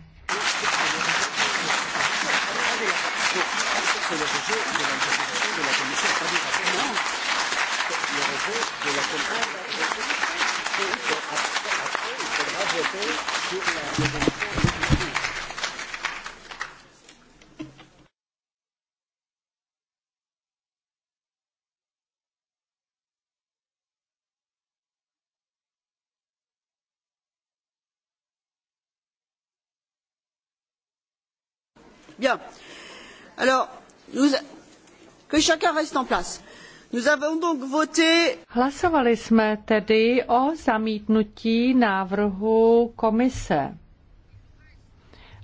Hlasovali jsme tedy o zamítnutí návrhu komise.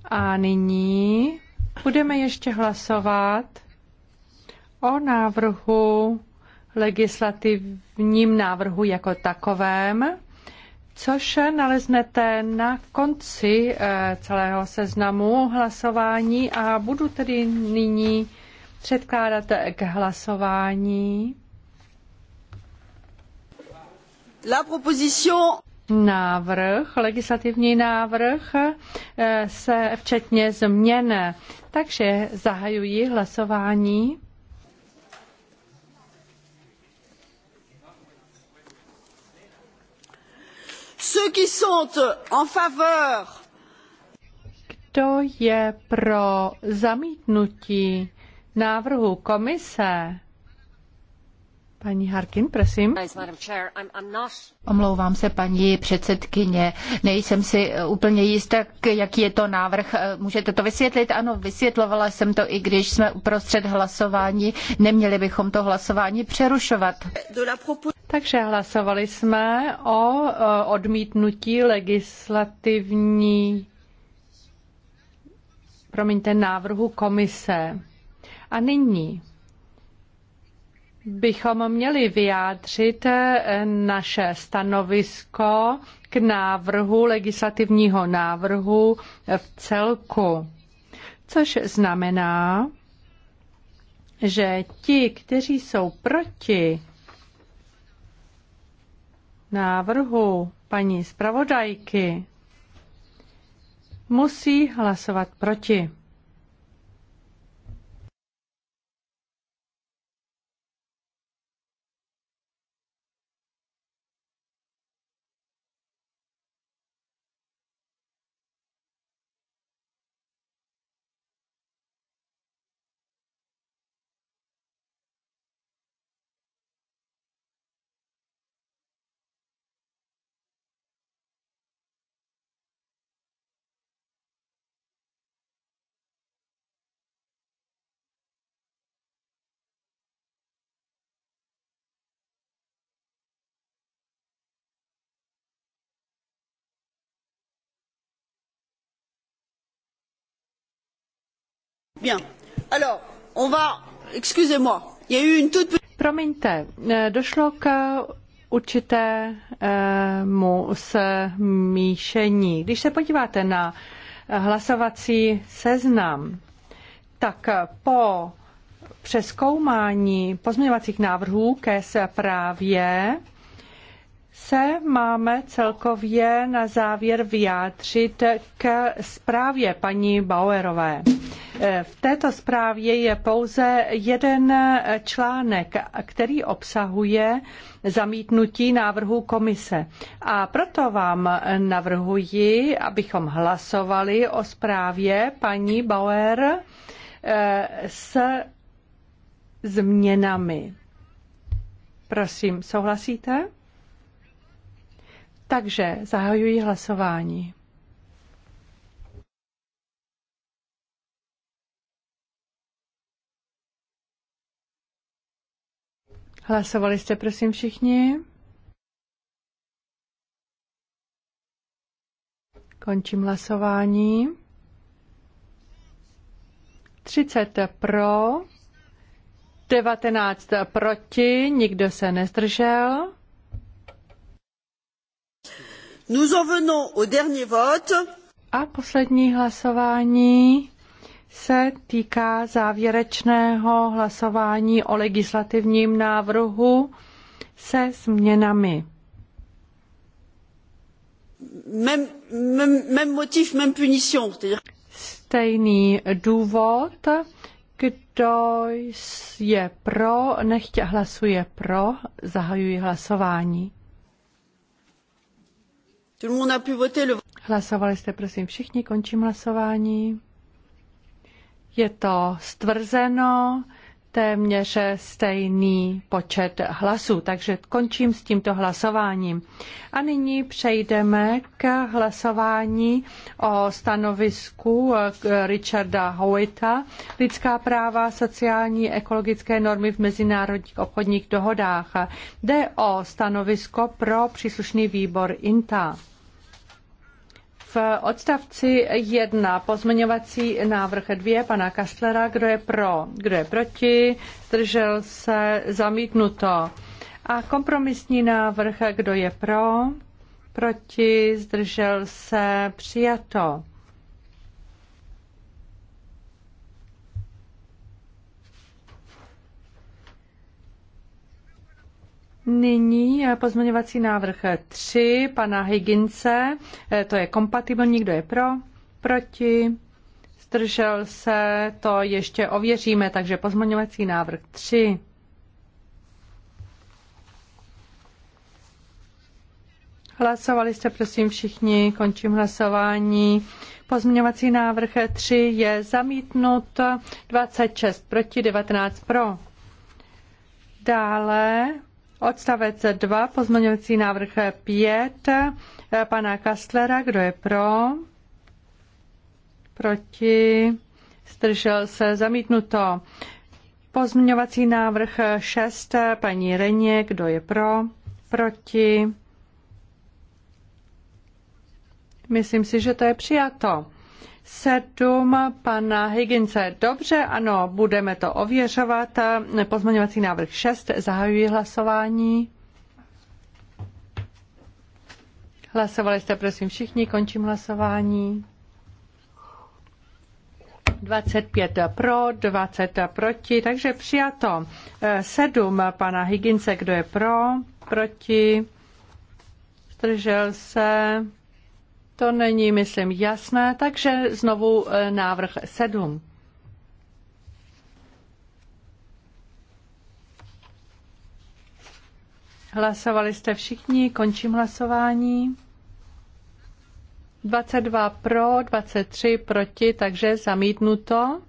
A nyní budeme ještě hlasovat o návrhu legislativním návrhu jako takovém což naleznete na konci eh, celého seznamu hlasování a budu tedy nyní předkládat k hlasování La proposition návrh, legislativní návrh eh, se včetně změn. Takže zahajuji hlasování. Ceux qui sont en faveur. Kdo je pro zamítnutí návrhu komise? Paní Harkin, prosím. Omlouvám se, paní předsedkyně. Nejsem si úplně jistá, jaký je to návrh. Můžete to vysvětlit? Ano, vysvětlovala jsem to, i když jsme uprostřed hlasování. Neměli bychom to hlasování přerušovat. Takže hlasovali jsme o eh, odmítnutí legislativní, promiňte, návrhu komise. A nyní bychom měli vyjádřit eh, naše stanovisko k návrhu legislativního návrhu v celku. Což znamená, že ti, kteří jsou proti návrhu paní zpravodajky musí hlasovat proti. Promiňte, eh, došlo k určitému smíšení. Když se podíváte na hlasovací seznam, tak po přeskoumání pozměňovacích návrhů ke zprávě se máme celkově na závěr vyjádřit k zprávě paní Bauerové. V této zprávě je pouze jeden článek, který obsahuje zamítnutí návrhu komise. A proto vám navrhuji, abychom hlasovali o zprávě paní Bauer eh, s změnami. Prosím, souhlasíte? Takže zahajuji hlasování. Hlasovali jste prosím všichni? Končím hlasování. 30 pro, 19 proti, nikdo se nezdržel. Nous en venons au dernier vote. A poslední hlasování se týká závěrečného hlasování o legislativním návrhu se změnami. Même, même, même même punition. Stejný důvod, kdo je pro, nechť hlasuje pro, zahajuji hlasování. Hlasovali jste prosím všichni, končím hlasování. Je to stvrzeno téměř stejný počet hlasů, takže končím s tímto hlasováním. A nyní přejdeme k hlasování o stanovisku eh, Richarda Howita, lidská práva, sociální, ekologické normy v mezinárodních obchodních dohodách. Jde o stanovisko pro příslušný výbor INTA. V odstavci 1 pozměňovací návrh 2 pana Kastlera, kdo je pro, kdo je proti, zdržel se, zamítnuto. A kompromisní návrh, kdo je pro, proti, zdržel se, přijato. Nyní pozměňovací návrh 3 pana Higince. Eh, to je kompatibilní. Kdo je pro? Proti? Zdržel se? To ještě ověříme, takže pozměňovací návrh 3. Hlasovali jste prosím všichni, končím hlasování. Pozměňovací návrh 3 je zamítnut 26 proti 19 pro. Dále Odstavec 2, pozměňovací návrh 5 eh, pana Kastlera, kdo je pro? Proti? Zdržel se zamítnuto. Pozměňovací návrh 6, paní Reně, kdo je pro? Proti? Myslím si, že to je přijato. 7 pana Higgince. Dobře, ano, budeme to ověřovat. Pozměňovací návrh 6, zahajuji hlasování. Hlasovali jste, prosím, všichni, končím hlasování. 25 pro, 20 proti, takže přijato 7 pana Higince, kdo je pro, proti, zdržel se, to není, myslím, jasné, takže znovu eh, návrh 7. Hlasovali jste všichni, končím hlasování. 22 pro, 23 proti, takže zamítnuto.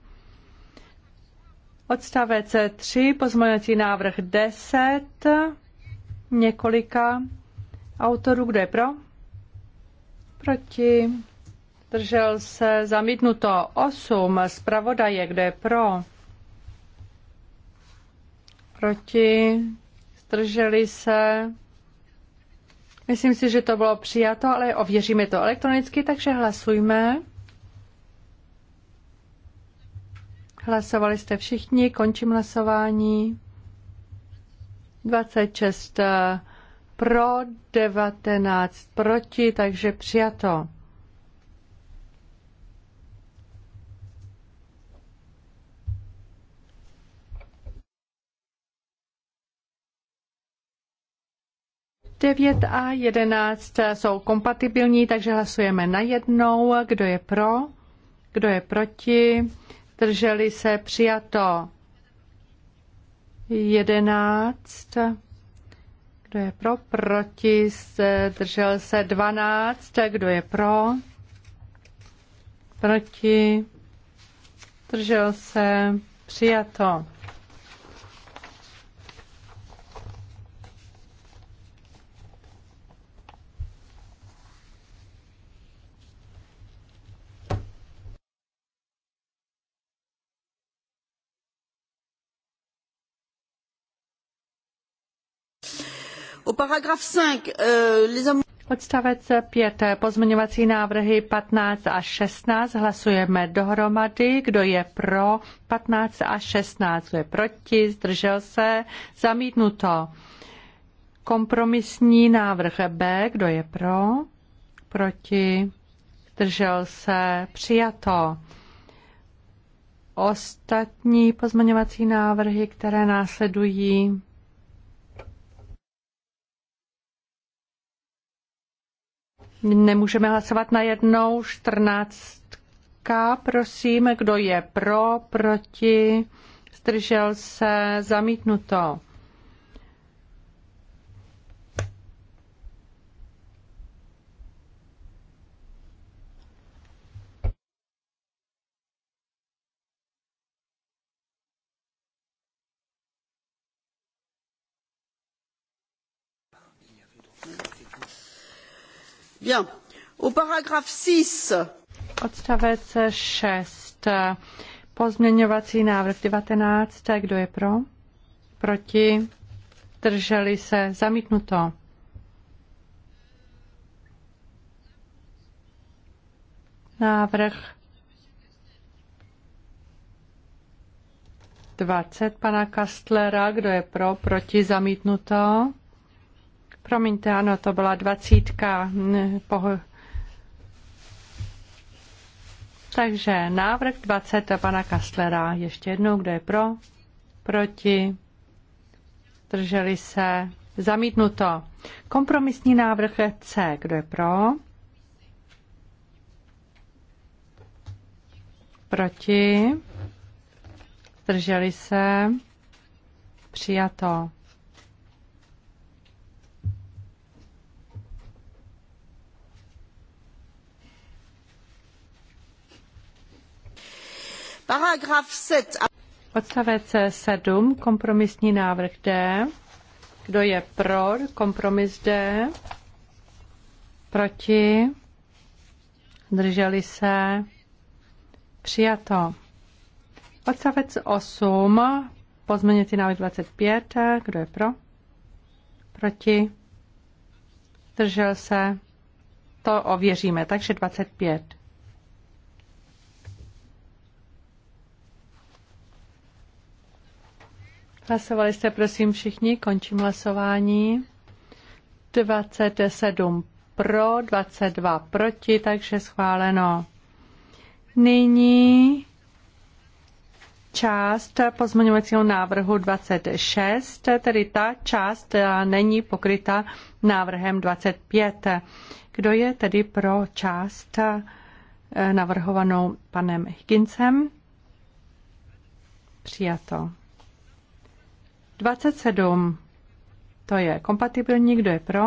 Odstavec 3, pozměňovací návrh 10, několika autorů, kdo je pro? Proti. Držel se zamítnuto 8. Zpravodaje, kde je pro? Proti. Zdrželi se. Myslím si, že to bylo přijato, ale ověříme to elektronicky, takže hlasujme. Hlasovali jste všichni, končím hlasování. 26 pro, 19 proti, takže přijato. Devět a jedenáct jsou kompatibilní, takže hlasujeme na jednou. Kdo je pro? Kdo je proti? Drželi se přijato jedenáct. Kdo je pro? Proti Se držel se 12. Kdo je pro? Proti Držel se přijato. paragraf 5, euh, les Odstavec 5, pozměňovací návrhy 15 a 16, hlasujeme dohromady. Kdo je pro 15 a 16, kdo je proti, zdržel se, zamítnuto. Kompromisní návrh B, kdo je pro, proti, zdržel se, přijato. Ostatní pozměňovací návrhy, které následují, Nemůžeme hlasovat na jednou. 14. Prosím, kdo je pro, proti, zdržel se, zamítnuto. Bien. Au paragraphe 6. Odstavec 6. Pozměňovací návrh 19. Kdo je pro? Proti? Drželi se? Zamítnuto. Návrh 20 pana Kastlera. Kdo je pro? Proti? Zamítnuto. Promiňte, ano, to byla dvacítka. Mm, Takže návrh 20 pana Kastlera. Ještě jednou, kdo je pro? Proti? Drželi se? Zamítnuto. Kompromisní návrh C. Kdo je pro? Proti? Drželi se? Přijato. Odstavec 7, kompromisní návrh D. Kdo je pro kompromis D? Proti? Drželi se? Přijato. Odstavec 8, pozměněný návrh 25. Kdo je pro? Proti? Držel se? To ověříme, takže 25. Hlasovali jste prosím všichni, končím hlasování. 27 pro, 22 proti, takže schváleno. Nyní část pozměňovacího návrhu 26, tedy ta část, která eh, není pokryta návrhem 25. Kdo je tedy pro část eh, navrhovanou panem Higgincem? Přijato. 27. To je kompatibilní. Kdo je pro?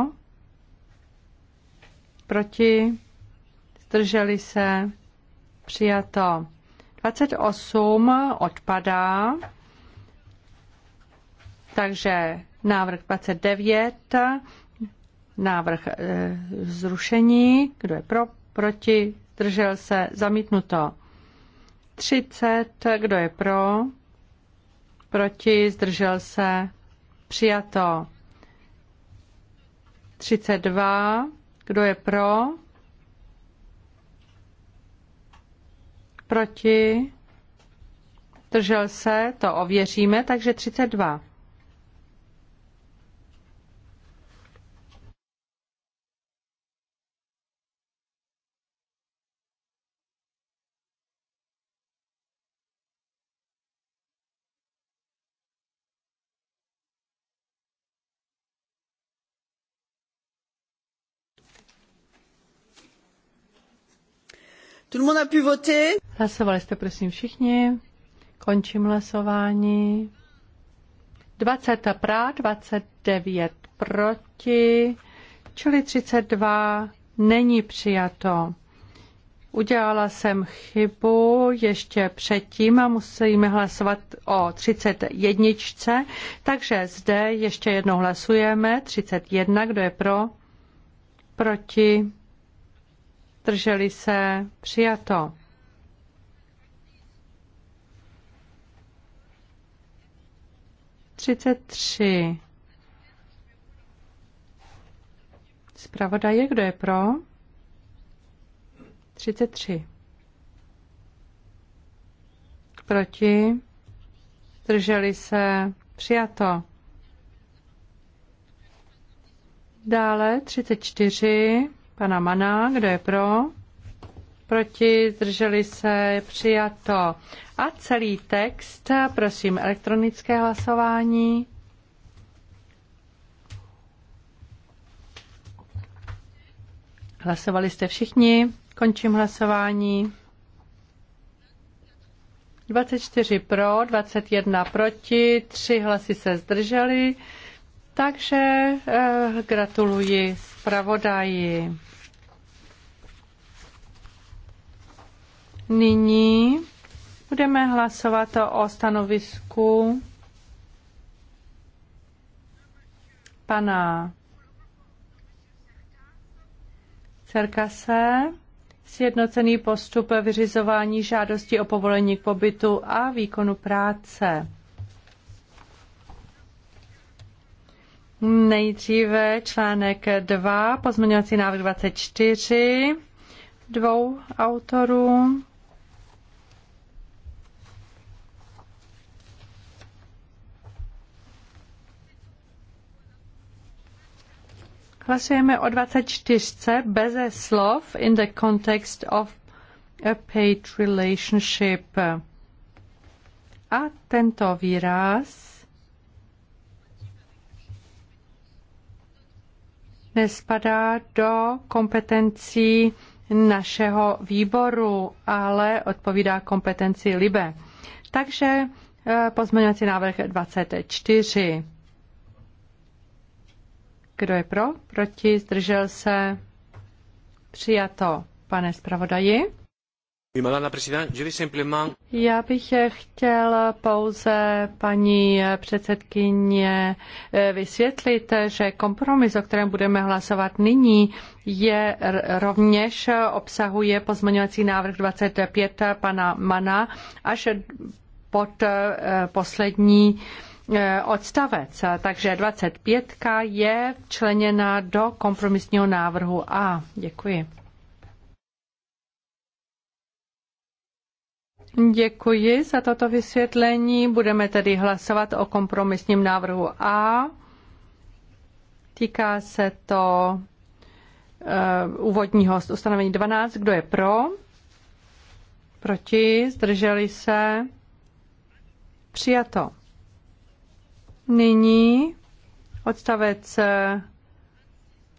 Proti? Zdrželi se? Přijato. 28 odpadá. Takže návrh 29, návrh eh, zrušení, kdo je pro, proti, držel se, zamítnuto. 30, kdo je pro, proti, zdržel se, přijato. 32, kdo je pro, proti, zdržel se, to ověříme, takže 32. Tout le monde a pu voter? Hlasovali jste prosím všichni. Končím hlasování. 20 prá, 29 proti, čili 32 není přijato. Udělala jsem chybu ještě předtím a musíme hlasovat o 31, takže zde ještě jednou hlasujeme. 31, kdo je pro? Proti? Drželi se? Přijato. Třicet tři. Zpravodaje, kdo je pro? 33. Proti? Drželi se? Přijato. Dále 34 pana Maná, kdo je pro? Proti, zdrželi se, přijato. A celý text, prosím, elektronické hlasování. Hlasovali jste všichni, končím hlasování. 24 pro, 21 proti, 3 hlasy se zdrželi. Takže eh, gratuluji zpravodaji. Nyní budeme hlasovat o stanovisku pana Cerkase, sjednocený postup vyřizování žádosti o povolení k pobytu a výkonu práce. Nejdříve článek 2, pozměňovací návrh 24 dvou autorů. Hlasujeme o 24. beze slov in the context of a paid relationship. A tento výraz nespadá do kompetencí našeho výboru, ale odpovídá kompetenci LIBE. Takže eh, pozměňovací návrh 24. Kdo je pro? Proti? Zdržel se? Přijato, pane zpravodaji. Já bych chtěl pouze paní předsedkyně eh, vysvětlit, že kompromis, o kterém budeme hlasovat nyní, je rovněž obsahuje pozměňovací návrh 25 pana Mana až pod eh, poslední eh, odstavec. Takže 25 je včleněna do kompromisního návrhu A. Děkuji. Děkuji za toto vysvětlení. Budeme tedy hlasovat o kompromisním návrhu A. Týká se to uh, úvodního ustanovení 12. Kdo je pro? Proti? Zdrželi se? Přijato. Nyní odstavec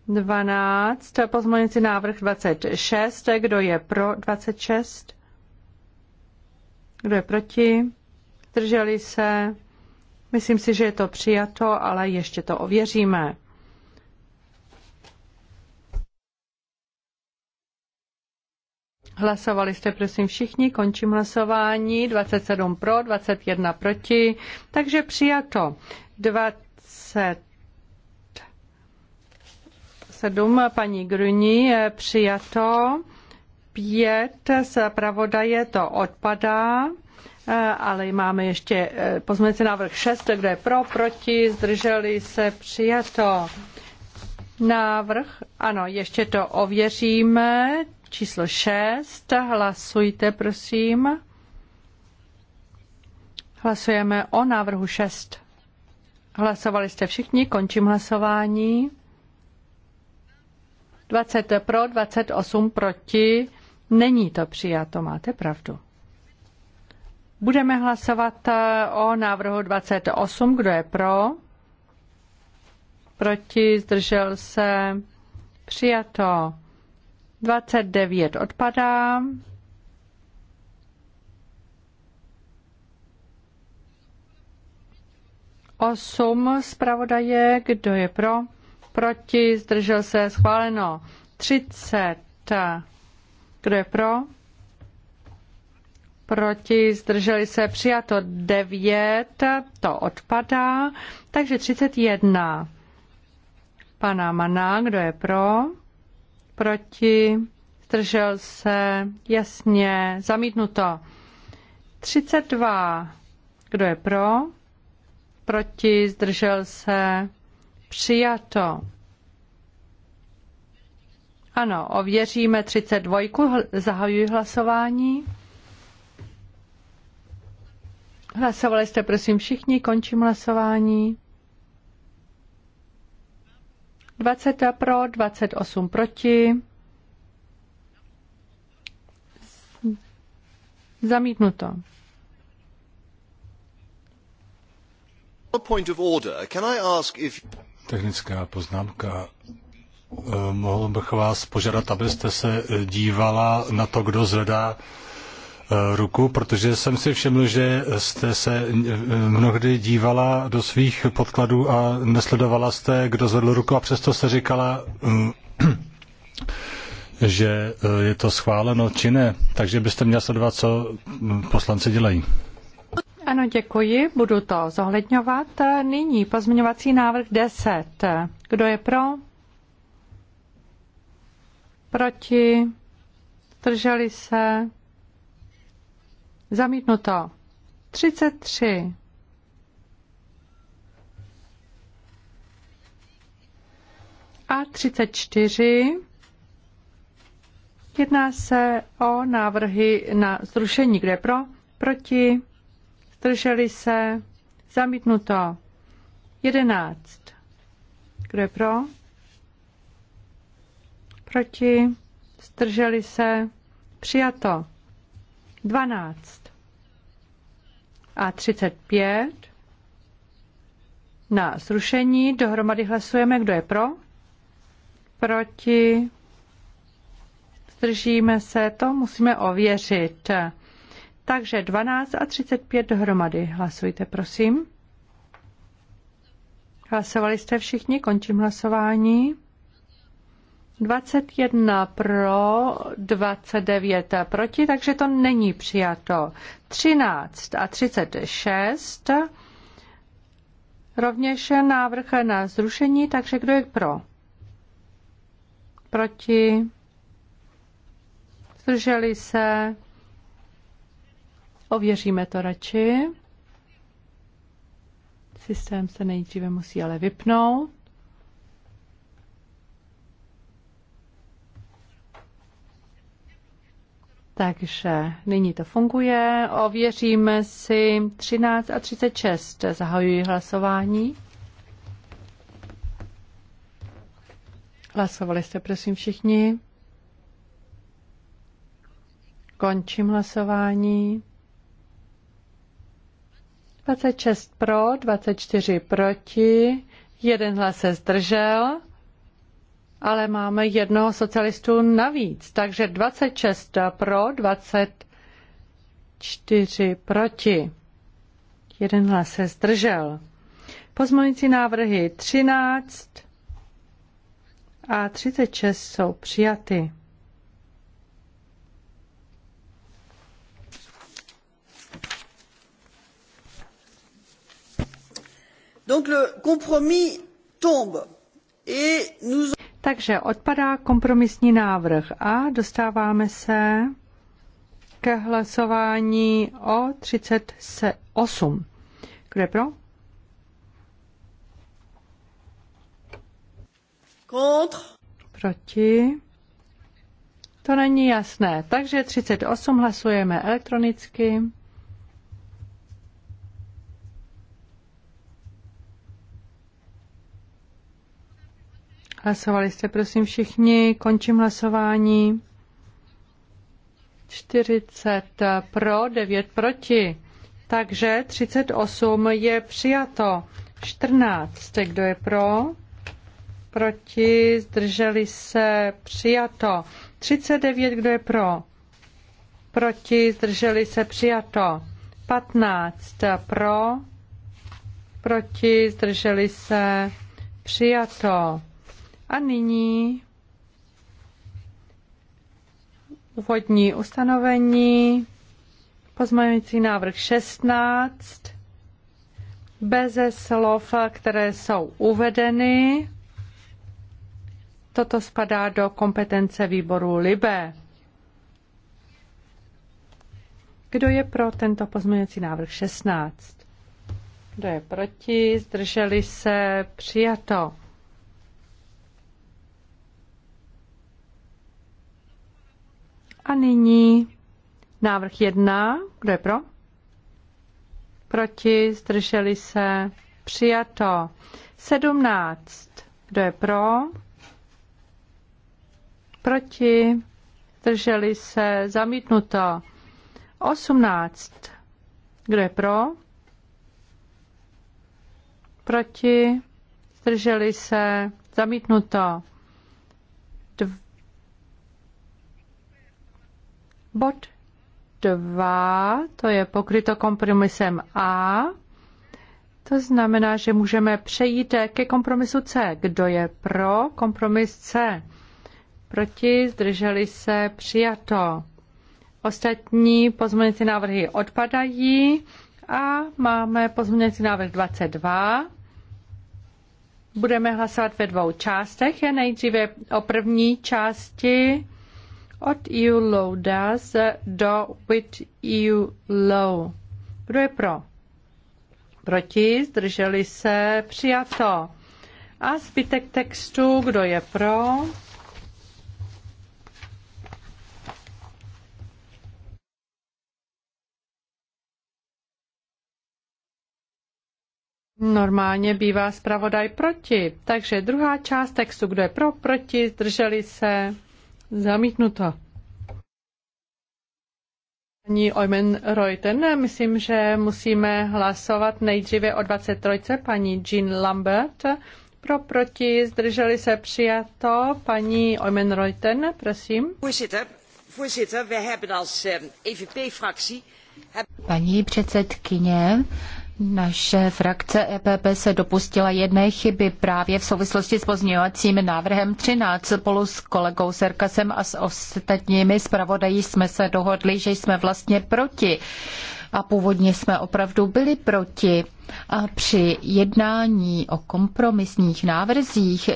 12, pozměňující návrh 26. Kdo je pro 26? Kdo je proti? Drželi se? Myslím si, že je to přijato, ale ještě to ověříme. Hlasovali jste prosím všichni, končím hlasování, 27 pro, 21 proti, takže přijato 27 paní Gruní přijato 5 z pravodaje to odpadá, eh, ale máme ještě eh, pozměňovací návrh 6, kde je pro, proti, zdrželi se, přijato. Návrh, ano, ještě to ověříme, číslo 6, hlasujte, prosím. Hlasujeme o návrhu 6. Hlasovali jste všichni, končím hlasování. 20 pro, 28 proti. Není to přijato, máte pravdu. Budeme hlasovat eh, o návrhu 28. Kdo je pro? Proti? Zdržel se? Přijato. 29 odpadá. Osm zpravodaje, kdo je pro? Proti, zdržel se, schváleno. 30 kdo je pro? Proti zdrželi se přijato 9, to odpadá, takže 31. Pana Maná, kdo je pro? Proti zdržel se, jasně, zamítnuto. 32. Kdo je pro? Proti zdržel se, přijato. Ano, ověříme 32. Zahajuji hlasování. Hlasovali jste, prosím, všichni. Končím hlasování. 20 pro, 28 proti. Zamítnuto. Technická poznámka. Eh, mohl bych vás požádat, abyste se eh, dívala na to, kdo zvedá eh, ruku, protože jsem si všiml, že jste se mnohdy dívala do svých podkladů a nesledovala jste, kdo zvedl ruku a přesto se říkala, že je to schváleno či ne. Takže byste měla sledovat, co hm, poslanci dělají. Ano, děkuji, budu to zohledňovat. Nyní pozměňovací návrh 10. Kdo je pro? proti, zdrželi se, zamítnuto. 33. A 34. Jedná se o návrhy na zrušení, kde pro, proti, zdrželi se, zamítnuto. 11. Kde pro? Proti? Zdrželi se? Přijato. 12 a 35 na zrušení. Dohromady hlasujeme, kdo je pro. Proti? Zdržíme se? To musíme ověřit. Takže 12 a 35 dohromady. Hlasujte, prosím. Hlasovali jste všichni, končím hlasování. 21 pro, 29 proti, takže to není přijato. 13 a 36 rovněž návrh na zrušení, takže kdo je pro? Proti? Zdrželi se? Ověříme to radši. Systém se nejdříve musí ale vypnout. Takže nyní to funguje. Ověříme si 13 a 36. Zahajuji hlasování. Hlasovali jste, prosím, všichni. Končím hlasování. 26 pro, 24 proti, jeden hlas se zdržel ale máme jednoho socialistu navíc, takže 26 pro, 24 proti. Jeden hlas se zdržel. Pozmojící návrhy 13 a 36 jsou přijaty. Donc le compromis tombe. Takže odpadá kompromisní návrh a dostáváme se k hlasování o 38. Kdo je pro? Contre. Proti. To není jasné. Takže 38 hlasujeme elektronicky. Hlasovali jste prosím všichni, končím hlasování. 40 pro, 9 proti. Takže 38 je přijato. 14, kdo je pro? Proti, zdrželi se, přijato. 39, kdo je pro? Proti, zdrželi se, přijato. 15 pro, proti, zdrželi se, přijato. A nyní úvodní ustanovení, pozměňující návrh 16, bez slov, které jsou uvedeny. Toto spadá do kompetence výboru LIBE. Kdo je pro tento pozměňující návrh 16? Kdo je proti? Zdrželi se? Přijato. A nyní návrh 1. Kdo je pro? Proti? Zdrželi se? Přijato. 17. Kdo je pro? Proti? Zdrželi se? Zamítnuto. 18. Kdo je pro? Proti? Zdrželi se? Zamítnuto. Dv- Bod 2, to je pokryto kompromisem A. To znamená, že můžeme přejít ke kompromisu C. Kdo je pro kompromis C? Proti zdrželi se přijato. Ostatní pozměnící návrhy odpadají a máme pozměnící návrh 22. Budeme hlasovat ve dvou částech. Nejdříve o první části od you Low Does do With you Low. Kdo je pro? Proti? Zdrželi se? Přijato. A zbytek textu, kdo je pro? Normálně bývá zpravodaj proti. Takže druhá část textu, kdo je pro, proti, zdrželi se, Zamítnuto. Paní Oymen Reuten, myslím, že musíme hlasovat nejdříve o 23. paní Jean Lambert. Pro, proti, zdrželi se přijato. Paní Oymen Reuten, prosím. Eh, e paní předsedkyně, naše frakce EPP se dopustila jedné chyby právě v souvislosti s pozměňovacím návrhem 13. Spolu s kolegou Serkasem a s ostatními zpravodaji jsme se dohodli, že jsme vlastně proti. A původně jsme opravdu byli proti. A při jednání o kompromisních návrzích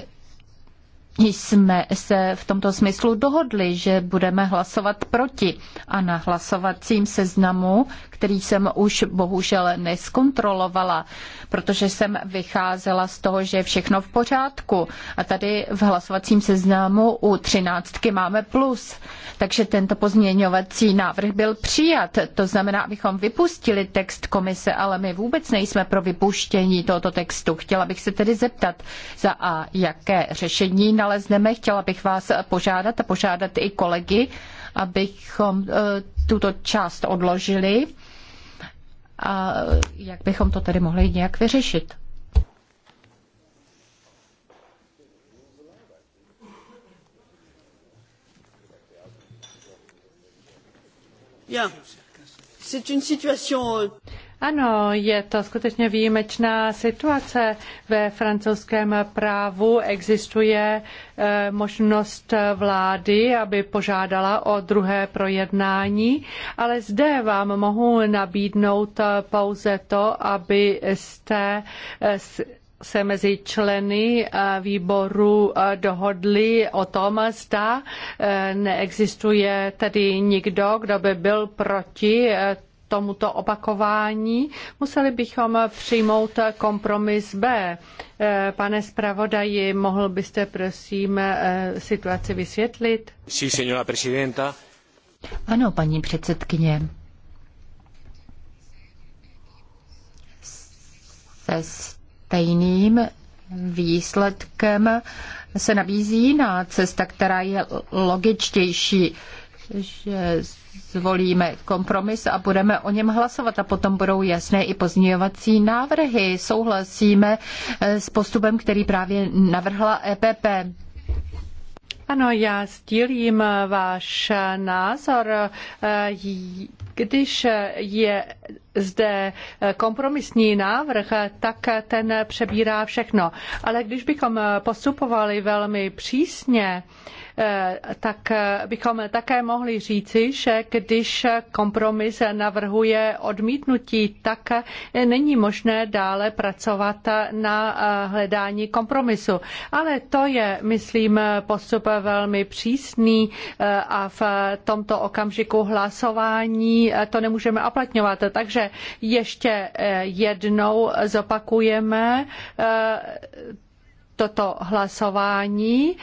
jsme se v tomto smyslu dohodli, že budeme hlasovat proti a na hlasovacím seznamu, který jsem už bohužel neskontrolovala, protože jsem vycházela z toho, že je všechno v pořádku. A tady v hlasovacím seznamu u třináctky máme plus. Takže tento pozměňovací návrh byl přijat. To znamená, abychom vypustili text komise, ale my vůbec nejsme pro vypuštění tohoto textu. Chtěla bych se tedy zeptat za a jaké řešení na vynalezneme. Chtěla bych vás požádat a požádat i kolegy, abychom e, tuto část odložili a jak bychom to tedy mohli nějak vyřešit. Yeah. C'est une situation euh, ano, je to skutečně výjimečná situace. Ve francouzském právu existuje eh, možnost vlády, aby požádala o druhé projednání, ale zde vám mohu nabídnout eh, pouze to, aby jste eh, se mezi členy výboru dohodli o tom, zda neexistuje tedy nikdo, kdo by byl proti tomuto opakování, museli bychom přijmout kompromis B. Eh, pane zpravodaji, mohl byste prosím eh, situaci vysvětlit? Sí, señora presidenta. Ano, paní předsedkyně. Se stejným výsledkem se nabízí jiná cesta, která je logičtější že zvolíme kompromis a budeme o něm hlasovat a potom budou jasné i pozměňovací návrhy. Souhlasíme eh, s postupem, který právě navrhla EPP. Ano, já sdílím eh, váš eh, názor. Když je zde kompromisní návrh, tak ten přebírá všechno. Ale když bychom postupovali velmi přísně, Eh, tak eh, bychom také mohli říci, že když kompromis navrhuje odmítnutí, tak eh, není možné dále pracovat na hledání kompromisu. Ale to je, myslím, postup velmi přísný a v tomto okamžiku hlasování to nemůžeme aplatňovat. Takže ještě jednou zopakujeme toto hlasování.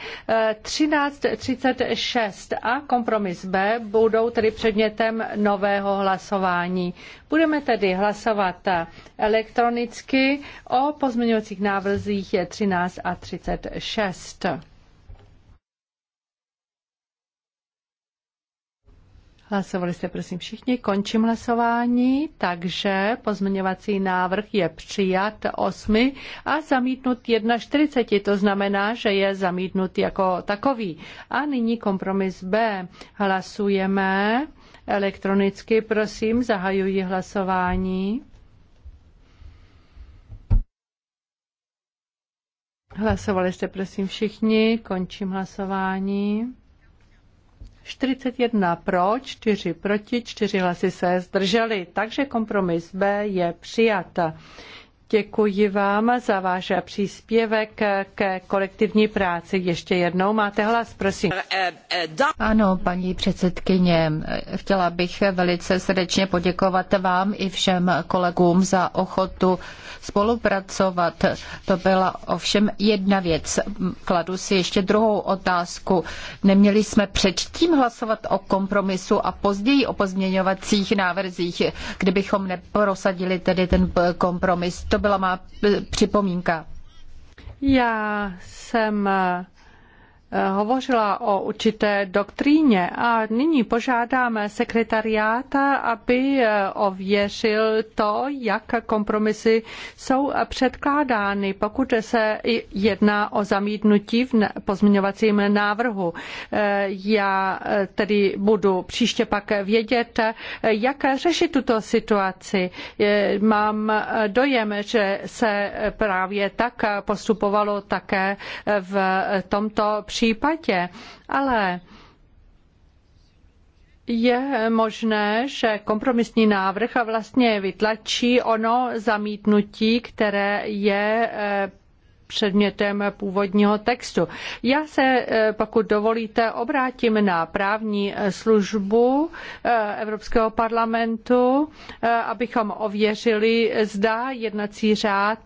13.36 a kompromis B budou tedy předmětem nového hlasování. Budeme tedy hlasovat elektronicky o pozměňovacích návrzích 13 a 36. Hlasovali jste prosím všichni. Končím hlasování, takže pozměňovací návrh je přijat 8 a zamítnut 41. To znamená, že je zamítnut jako takový. A nyní kompromis B. Hlasujeme elektronicky, prosím, zahajuji hlasování. Hlasovali jste prosím všichni, končím hlasování. 41 pro, 4 proti, 4 hlasy se zdrželi, takže kompromis B je přijat. Děkuji vám za váš příspěvek ke kolektivní práci. Ještě jednou máte hlas, prosím. Ano, paní předsedkyně, chtěla bych velice srdečně poděkovat vám i všem kolegům za ochotu spolupracovat. To byla ovšem jedna věc. Kladu si ještě druhou otázku. Neměli jsme předtím hlasovat o kompromisu a později o pozměňovacích návrzích, kdybychom neprosadili tedy ten kompromis. To to byla má eh, připomínka. Já jsem eh, hovořila o určité doktríně a nyní požádáme sekretariáta, aby eh, ověřil to, jak kompromisy jsou předkládány, pokud se jedná o zamítnutí v pozměňovacím návrhu. Eh, já eh, tedy budu příště pak vědět, jak řešit tuto situaci. Mám dojem, že se právě tak postupovalo také v tomto případě případě, ale je možné, že kompromisní návrh vlastně vytlačí ono zamítnutí, které je eh, předmětem původního textu. Já se, eh, pokud dovolíte, obrátím na právní eh, službu eh, Evropského parlamentu, abychom ověřili, zda jednací řád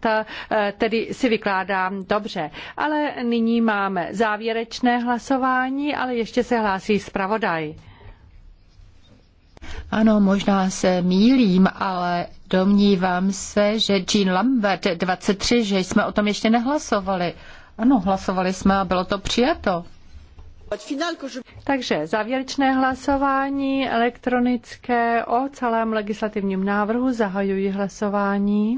tedy si vykládám dobře. Ale nyní máme závěrečné hlasování, ale ještě se hlásí zpravodaj. Ano, možná se mílím, ale domnívám se, že Jean Lambert 23, že jsme o tom ještě nehlasovali. Ano, hlasovali jsme a bylo to přijato. Takže závěrečné hlasování elektronické o celém legislativním návrhu. Zahajuji hlasování.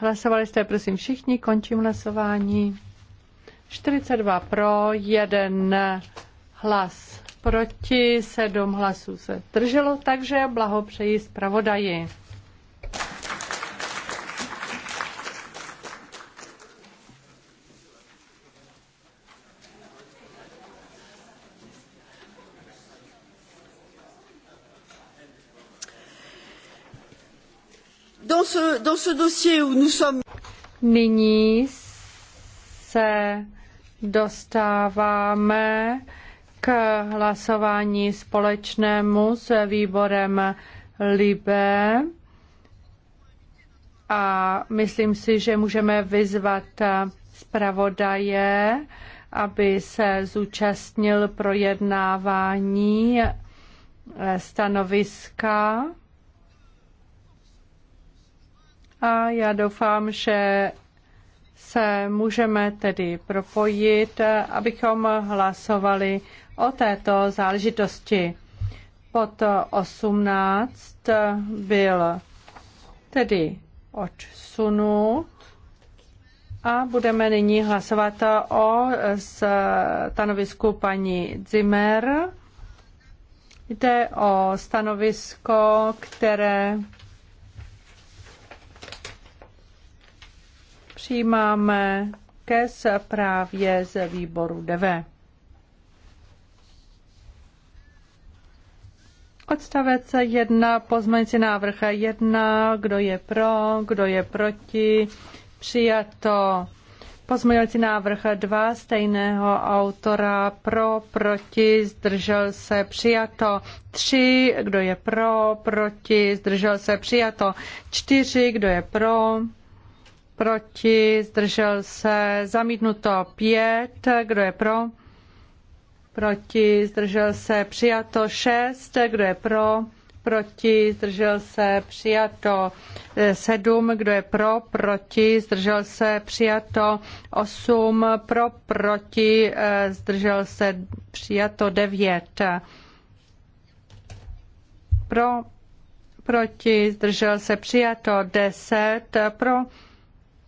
Hlasovali jste, prosím, všichni. Končím hlasování. 42 pro, 1 hlas proti, sedm hlasů se drželo, takže blahopřeji zpravodaji. Nyní se dostáváme k hlasování společnému s výborem Libe a myslím si, že můžeme vyzvat zpravodaje, aby se zúčastnil projednávání eh, stanoviska. A já doufám, že se můžeme tedy propojit, abychom hlasovali o této záležitosti. Pod 18 byl tedy odsunut a budeme nyní hlasovat o stanovisku paní Zimmer. Jde o stanovisko, které přijímáme ke zprávě z výboru DV. Odstavec 1, pozměňující návrh 1, kdo je pro, kdo je proti, přijato. Pozměňující návrh 2 stejného autora pro, proti, zdržel se, přijato. 3, kdo je pro, proti, zdržel se, přijato. 4, kdo je pro, proti, zdržel se, zamítnuto. 5, kdo je pro, proti, zdržel se, přijato 6, kdo je pro, proti, zdržel se, přijato 7, eh, kdo je pro, proti, zdržel se, přijato 8, eh, pro, proti, zdržel se, přijato 9, pro, proti, zdržel se, přijato 10, pro,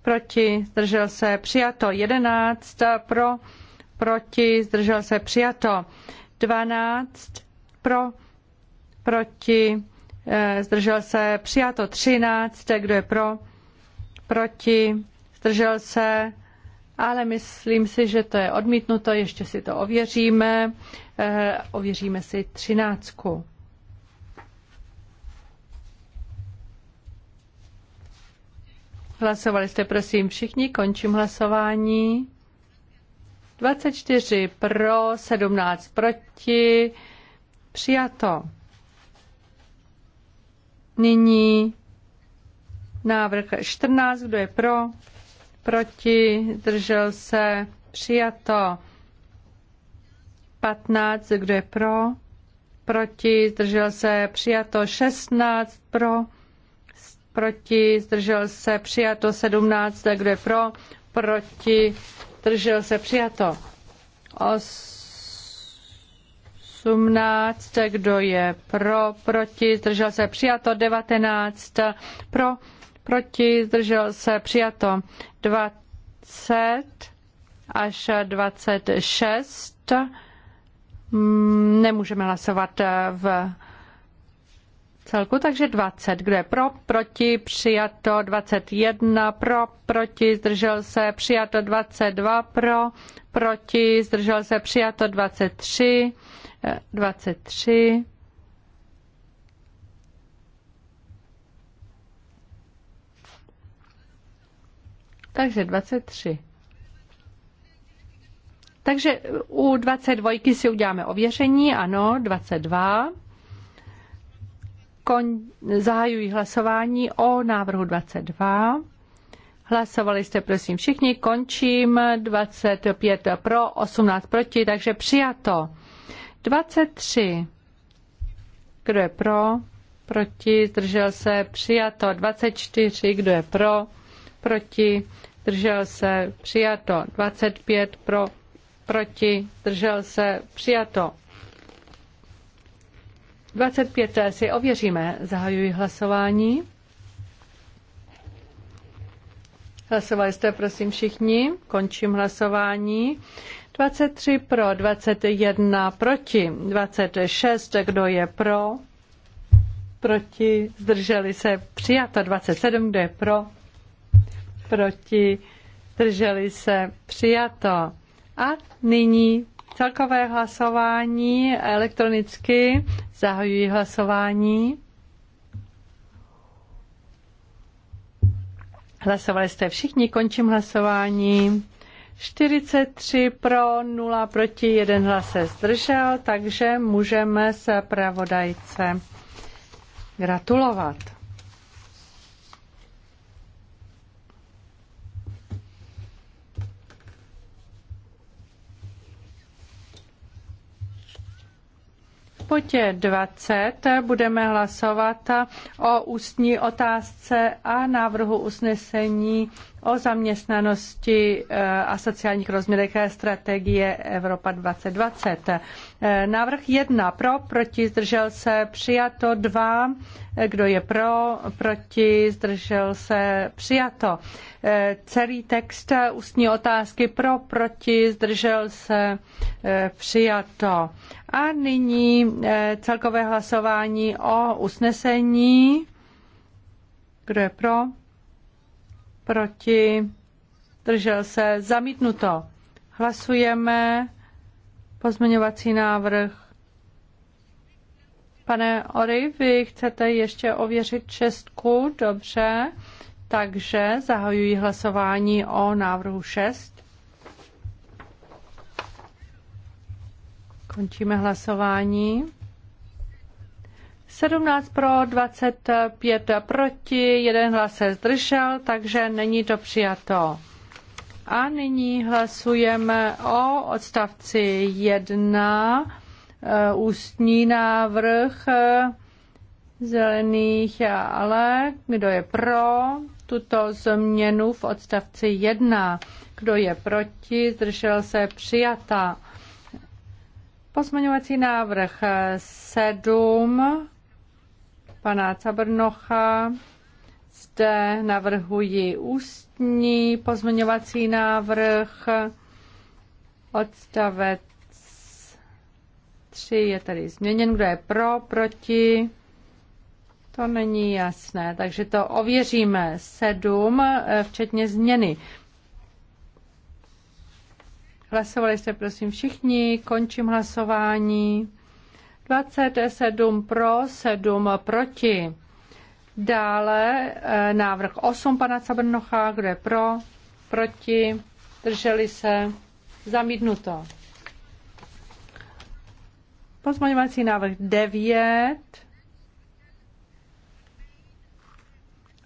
proti, zdržel se, přijato 11, pro, proti, zdržel se přijato. 12 pro, proti, eh, zdržel se přijato. 13, kdo je pro, proti, zdržel se, ale myslím si, že to je odmítnuto, ještě si to ověříme. Eh, ověříme si třináctku. Hlasovali jste prosím všichni, končím hlasování. 24 pro, 17 proti, přijato. Nyní návrh 14, kdo je pro, proti, držel se, přijato. 15, kdo je pro, proti, zdržel se, přijato 16, pro, proti, zdržel se, přijato 17, kdo je pro, proti, Držel se přijato. Osmnáct, Kdo je pro? Proti? Zdržel se přijato. Devatenáct, Pro? Proti? Zdržel se přijato. dvacet až dvacet šest Nemůžeme hlasovat v celku, takže 20. Kdo je pro, proti, přijato 21, pro, proti, zdržel se, přijato 22, pro, proti, zdržel se, přijato 23, 23. Eh, takže 23. Takže u 22 si uděláme ověření, ano, 22 kon, zahajuji hlasování o návrhu 22. Hlasovali jste prosím všichni, končím 25 pro, 18 proti, takže přijato. 23. Kdo je pro? Proti, zdržel se, přijato. 24. Kdo je pro? Proti, zdržel se, přijato. 25 pro, proti, zdržel se, přijato. 25 si ověříme. Zahajuji hlasování. Hlasovali jste, prosím, všichni. Končím hlasování. 23 pro, 21 proti, 26, kdo je pro, proti, zdrželi se, přijato 27, kdo je pro, proti, zdrželi se, přijato. A nyní Celkové hlasování elektronicky. Zahajuji hlasování. Hlasovali jste všichni, končím hlasování. 43 pro, 0 proti, 1 hlas se zdržel, takže můžeme se pravodajce gratulovat. bodě 20 budeme hlasovat o ústní otázce a návrhu usnesení o zaměstnanosti eh, a sociálních rozměrech strategie Evropa 2020. Eh, návrh 1 pro, proti, zdržel se, přijato 2, eh, kdo je pro, proti, zdržel se, přijato. Celý text ústní otázky pro, proti, zdržel se, přijato. A nyní eh, celkové hlasování o usnesení. Kdo je pro? Proti? Držel se? Zamítnuto. Hlasujeme. Pozměňovací návrh. Pane Ory, vy chcete ještě ověřit čestku? Dobře. Takže zahajuji hlasování o návrhu 6. Končíme hlasování. 17 pro, 25 proti, jeden hlas se zdržel, takže není to přijato. A nyní hlasujeme o odstavci 1, eh, ústní návrh eh, zelených a ale. Kdo je pro tuto změnu v odstavci 1? Kdo je proti? Zdržel se přijata. Pozměňovací návrh 7 eh, pana Cabrnocha. Zde navrhuji ústní pozměňovací návrh. Odstavec 3 je tady změněn. Kdo je pro, proti? To není jasné, takže to ověříme. 7, eh, včetně změny. Hlasovali jste prosím všichni, končím hlasování. 27 pro, 7 proti. Dále eh, návrh 8 pana Cabrnocha, kdo je pro, proti, drželi se, zamítnuto. Pozměňovací návrh 9.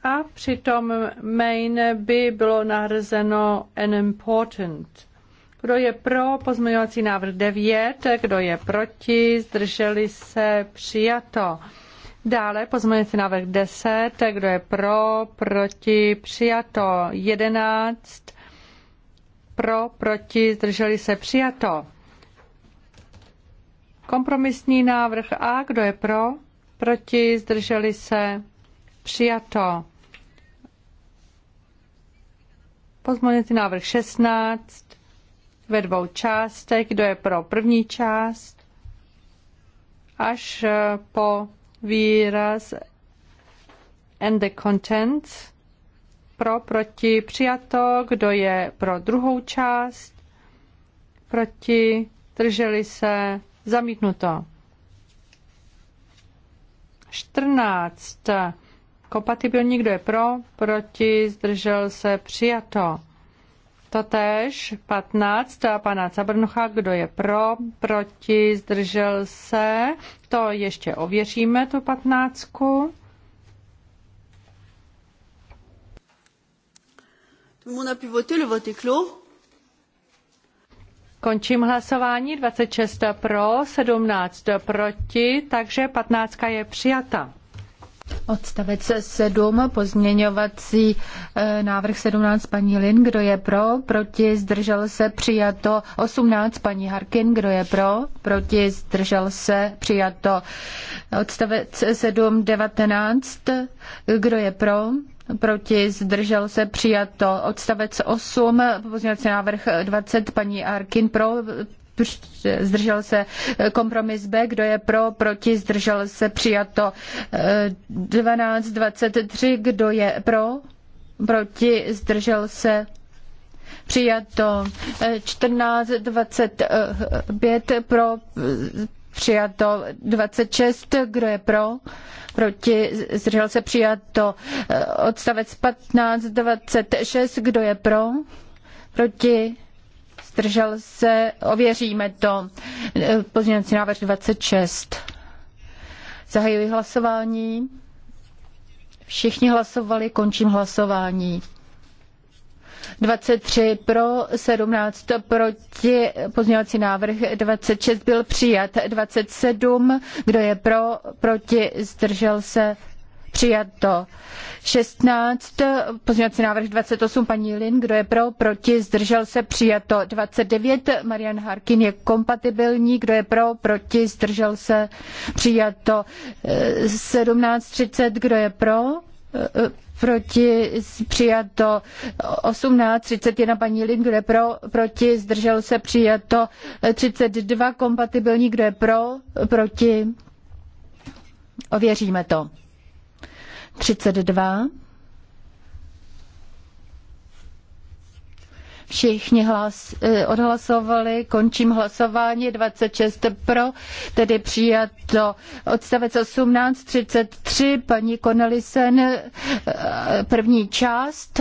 A přitom main by bylo nahrazeno an important. Kdo je pro pozměňovací návrh 9? Kdo je proti? Zdrželi se? Přijato. Dále pozměňovací návrh 10. Kdo je pro? Proti? Přijato. 11. Pro? Proti? Zdrželi se? Přijato. Kompromisní návrh A. Kdo je pro? Proti? Zdrželi se? Přijato. Pozměňovací návrh 16 ve dvou částech, kdo je pro první část až eh, po výraz and the contents, pro, proti, přijato, kdo je pro druhou část, proti, drželi se, zamítnuto. 14. Eh, kompatibilní, kdo je pro, proti, zdržel se, přijato totéž. 15 pana Cabrnucha, kdo je pro, proti, zdržel se. To ještě ověříme, tu patnáctku. Končím hlasování, 26 pro, 17 proti, takže 15 je přijata. Odstavec 7, pozměňovací eh, návrh 17, paní Lin, kdo je pro, proti, zdržel se, přijato 18, paní Harkin, kdo je pro, proti, zdržel se, přijato odstavec 7, 19, kdo je pro, proti, zdržel se, přijato odstavec 8, pozměňovací návrh 20, paní Harkin, pro, zdržel se kompromis B, kdo je pro, proti, zdržel se přijato 1223, kdo je pro, proti, zdržel se přijato 1425 pro, přijato 26, kdo je pro, proti, zdržel se přijato odstavec 1526, kdo je pro, proti, zdržel se, ověříme to. Pozměňovací návrh 26. Zahajuji hlasování. Všichni hlasovali, končím hlasování. 23 pro, 17 proti, pozměňovací návrh 26 byl přijat, 27, kdo je pro, proti, zdržel se, Přijato 16, pozměňovací návrh 28, paní Lin, kdo je pro, proti, zdržel se, přijato 29, Marian Harkin je kompatibilní, kdo je pro, proti, zdržel se, přijato 17.30, kdo je pro, proti přijato 18.31 paní Lin, kdo je pro, proti, zdržel se přijato 32 kompatibilní, kdo je pro, proti, ověříme to. 32. Všichni hlas, eh, odhlasovali, končím hlasování, 26 pro, tedy přijato odstavec 1833. paní Konelisen, eh, první část,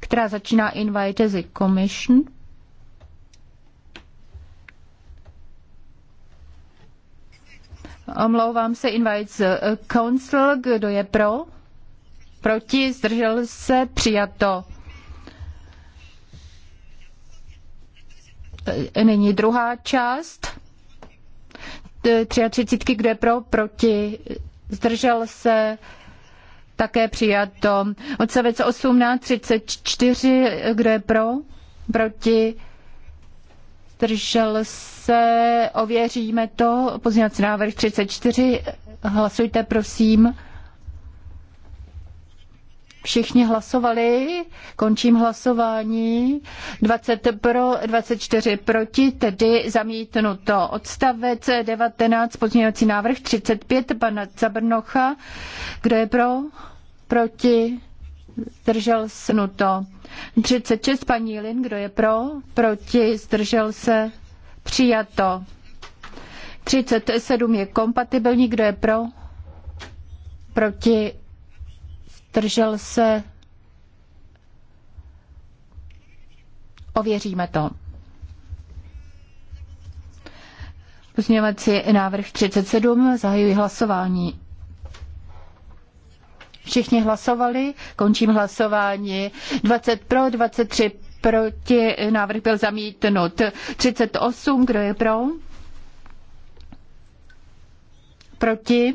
která začíná Invite the Commission. Omlouvám se, invites council, kdo je pro? Proti, zdržel se, přijato. Nyní druhá část. 33, kdo je pro, proti, zdržel se, také přijato. Odstavec 18, 34, kdo je pro, proti, zdržel se, ověříme to, pozměňovací návrh 34, hlasujte prosím. Všichni hlasovali, končím hlasování. 20 pro, 24 proti, tedy zamítnuto. Odstavec 19, pozměňovací návrh 35 pana Cabrnocha. Kdo je pro? Proti? zdržel snuto. 36 paní Lin, kdo je pro, proti, zdržel se, přijato. 37 je kompatibilní, kdo je pro, proti, zdržel se, ověříme to. Pozměňovací návrh 37, zahajuji hlasování. Všichni hlasovali, končím hlasování. 20 pro, 23 proti, návrh byl zamítnut. 38, kdo je pro? Proti?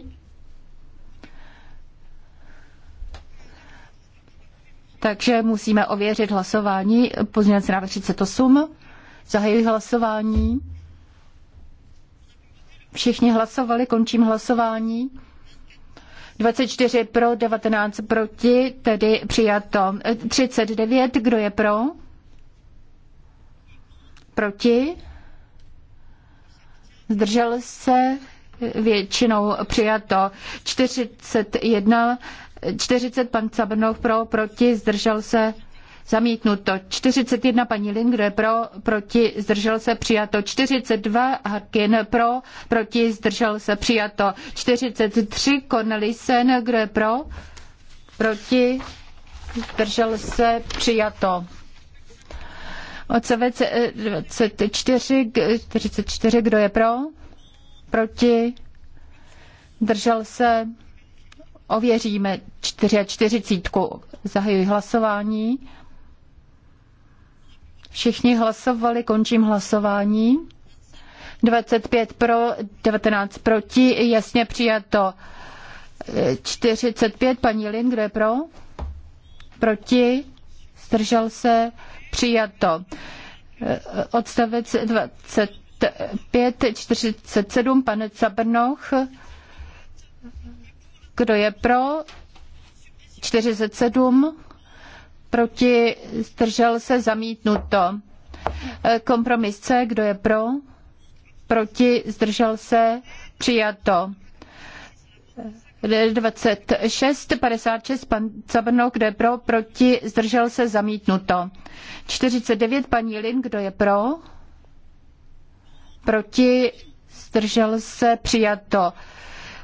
Takže musíme ověřit hlasování. Pozměňovací návrh 38. Zahajuji hlasování. Všichni hlasovali, končím hlasování. 24 pro, 19 proti, tedy přijato. 39, kdo je pro? Proti? Zdržel se? Většinou přijato. 41, 40 pan Cabrnov pro, proti, zdržel se? Zamítnuto 41 paní Lindgren pro, proti zdržel se přijato 42 Harkin pro, proti zdržel se přijato 43 Cornelisen, kdo je pro, proti zdržel se přijato. Odsavec 24, 44, kdo je pro, proti zdržel se ověříme 44. Zahajuji hlasování. Všichni hlasovali, končím hlasování. 25 pro, 19 proti, jasně přijato. 45, paní Lin, kdo je pro? Proti, zdržel se, přijato. Odstavec 25, 47, pane Cabrnoch, kdo je pro? 47, proti, zdržel se, zamítnuto. E, kompromis C, kdo je pro, proti, zdržel se, přijato. 26, e, 56, pan Cabrno, kdo je pro, proti, zdržel se, zamítnuto. 49, paní Lin, kdo je pro, proti, zdržel se, přijato.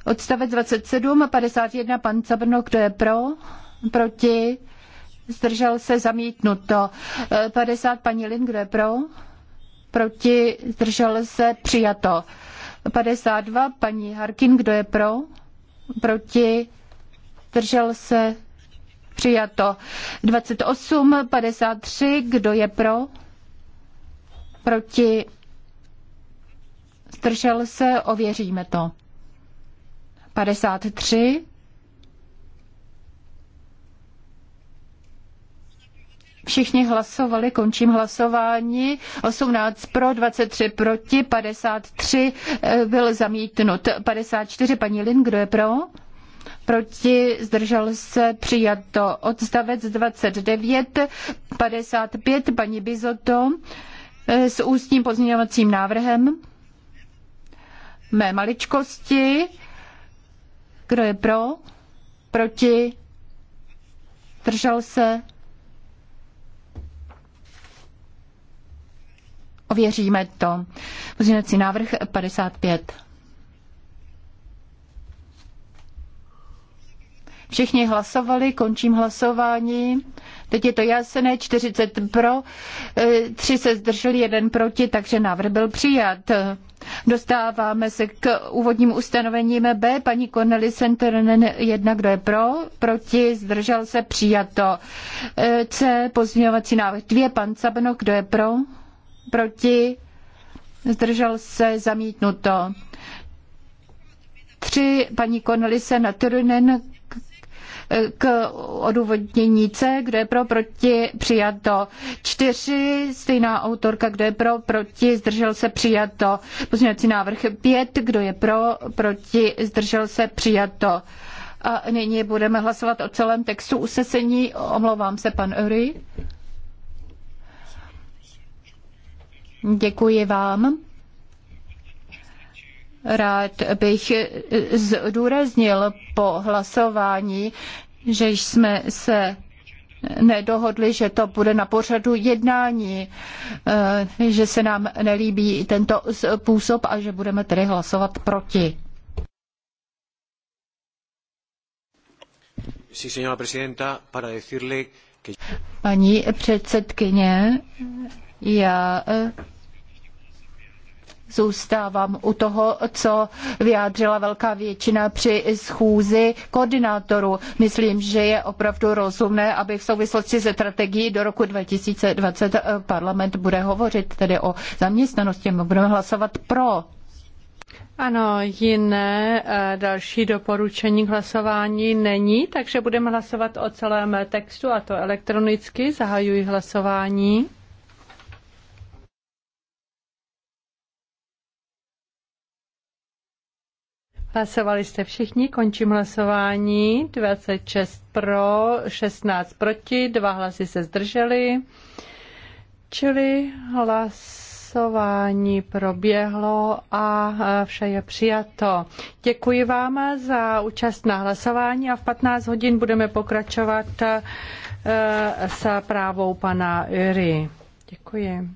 Odstavec 27, 51, pan Cabrno, kdo je pro, proti, zdržel se zamítnuto. 50 e, paní Lin, pro? Proti, zdržel se přijato. 52 paní Harkin, kdo je pro? Proti, zdržel se přijato. 28, 53, kdo je pro? Proti, zdržel se, ověříme to. 53, Všichni hlasovali, končím hlasování. 18 pro, 23 proti, 53 eh, byl zamítnut. 54, paní Lin, kdo je pro? Proti zdržel se přijato odstavec 29, 55, paní Bizoto eh, s ústním pozměňovacím návrhem mé maličkosti. Kdo je pro? Proti? Držel se? Ověříme to. Pozměňovací návrh 55. Všichni hlasovali, končím hlasování. Teď je to jasné, 40 pro, 3 eh, se zdrželi, 1 proti, takže návrh byl přijat. Dostáváme se k úvodním ustanovením B. Paní Corneli Centernen, jedna, kdo je pro, proti, zdržel se, přijato. Eh, C, pozměňovací návrh 2, pan Cabno, kdo je pro, proti, zdržel se, zamítnuto. Tři, paní se na Turunen k odůvodnění C, kdo je pro, proti, přijato. Čtyři, stejná autorka, kdo je pro, proti, zdržel se, přijato. Pozměňovací návrh pět, kdo je pro, proti, zdržel se, přijato. A nyní budeme hlasovat o celém textu usnesení. Omlouvám se, pan Ury. Děkuji vám. Rád bych zdůraznil po hlasování, že jsme se nedohodli, že to bude na pořadu jednání, eh, že se nám nelíbí tento způsob a že budeme tedy hlasovat proti. Paní předsedkyně, já eh, zůstávám u toho, co vyjádřila velká většina při schůzi koordinátorů. Myslím, že je opravdu rozumné, aby v souvislosti se strategií do roku 2020 eh, parlament bude hovořit tedy o zaměstnanosti. My budeme hlasovat pro. Ano, jiné eh, další doporučení k hlasování není, takže budeme hlasovat o celém textu a to elektronicky. Zahajuji hlasování. Hlasovali jste všichni, končím hlasování. 26 pro, 16 proti, dva hlasy se zdrželi. Čili hlasování proběhlo a vše je přijato. Děkuji vám za účast na hlasování a v 15 hodin budeme pokračovat eh, s právou pana Jury. Děkuji.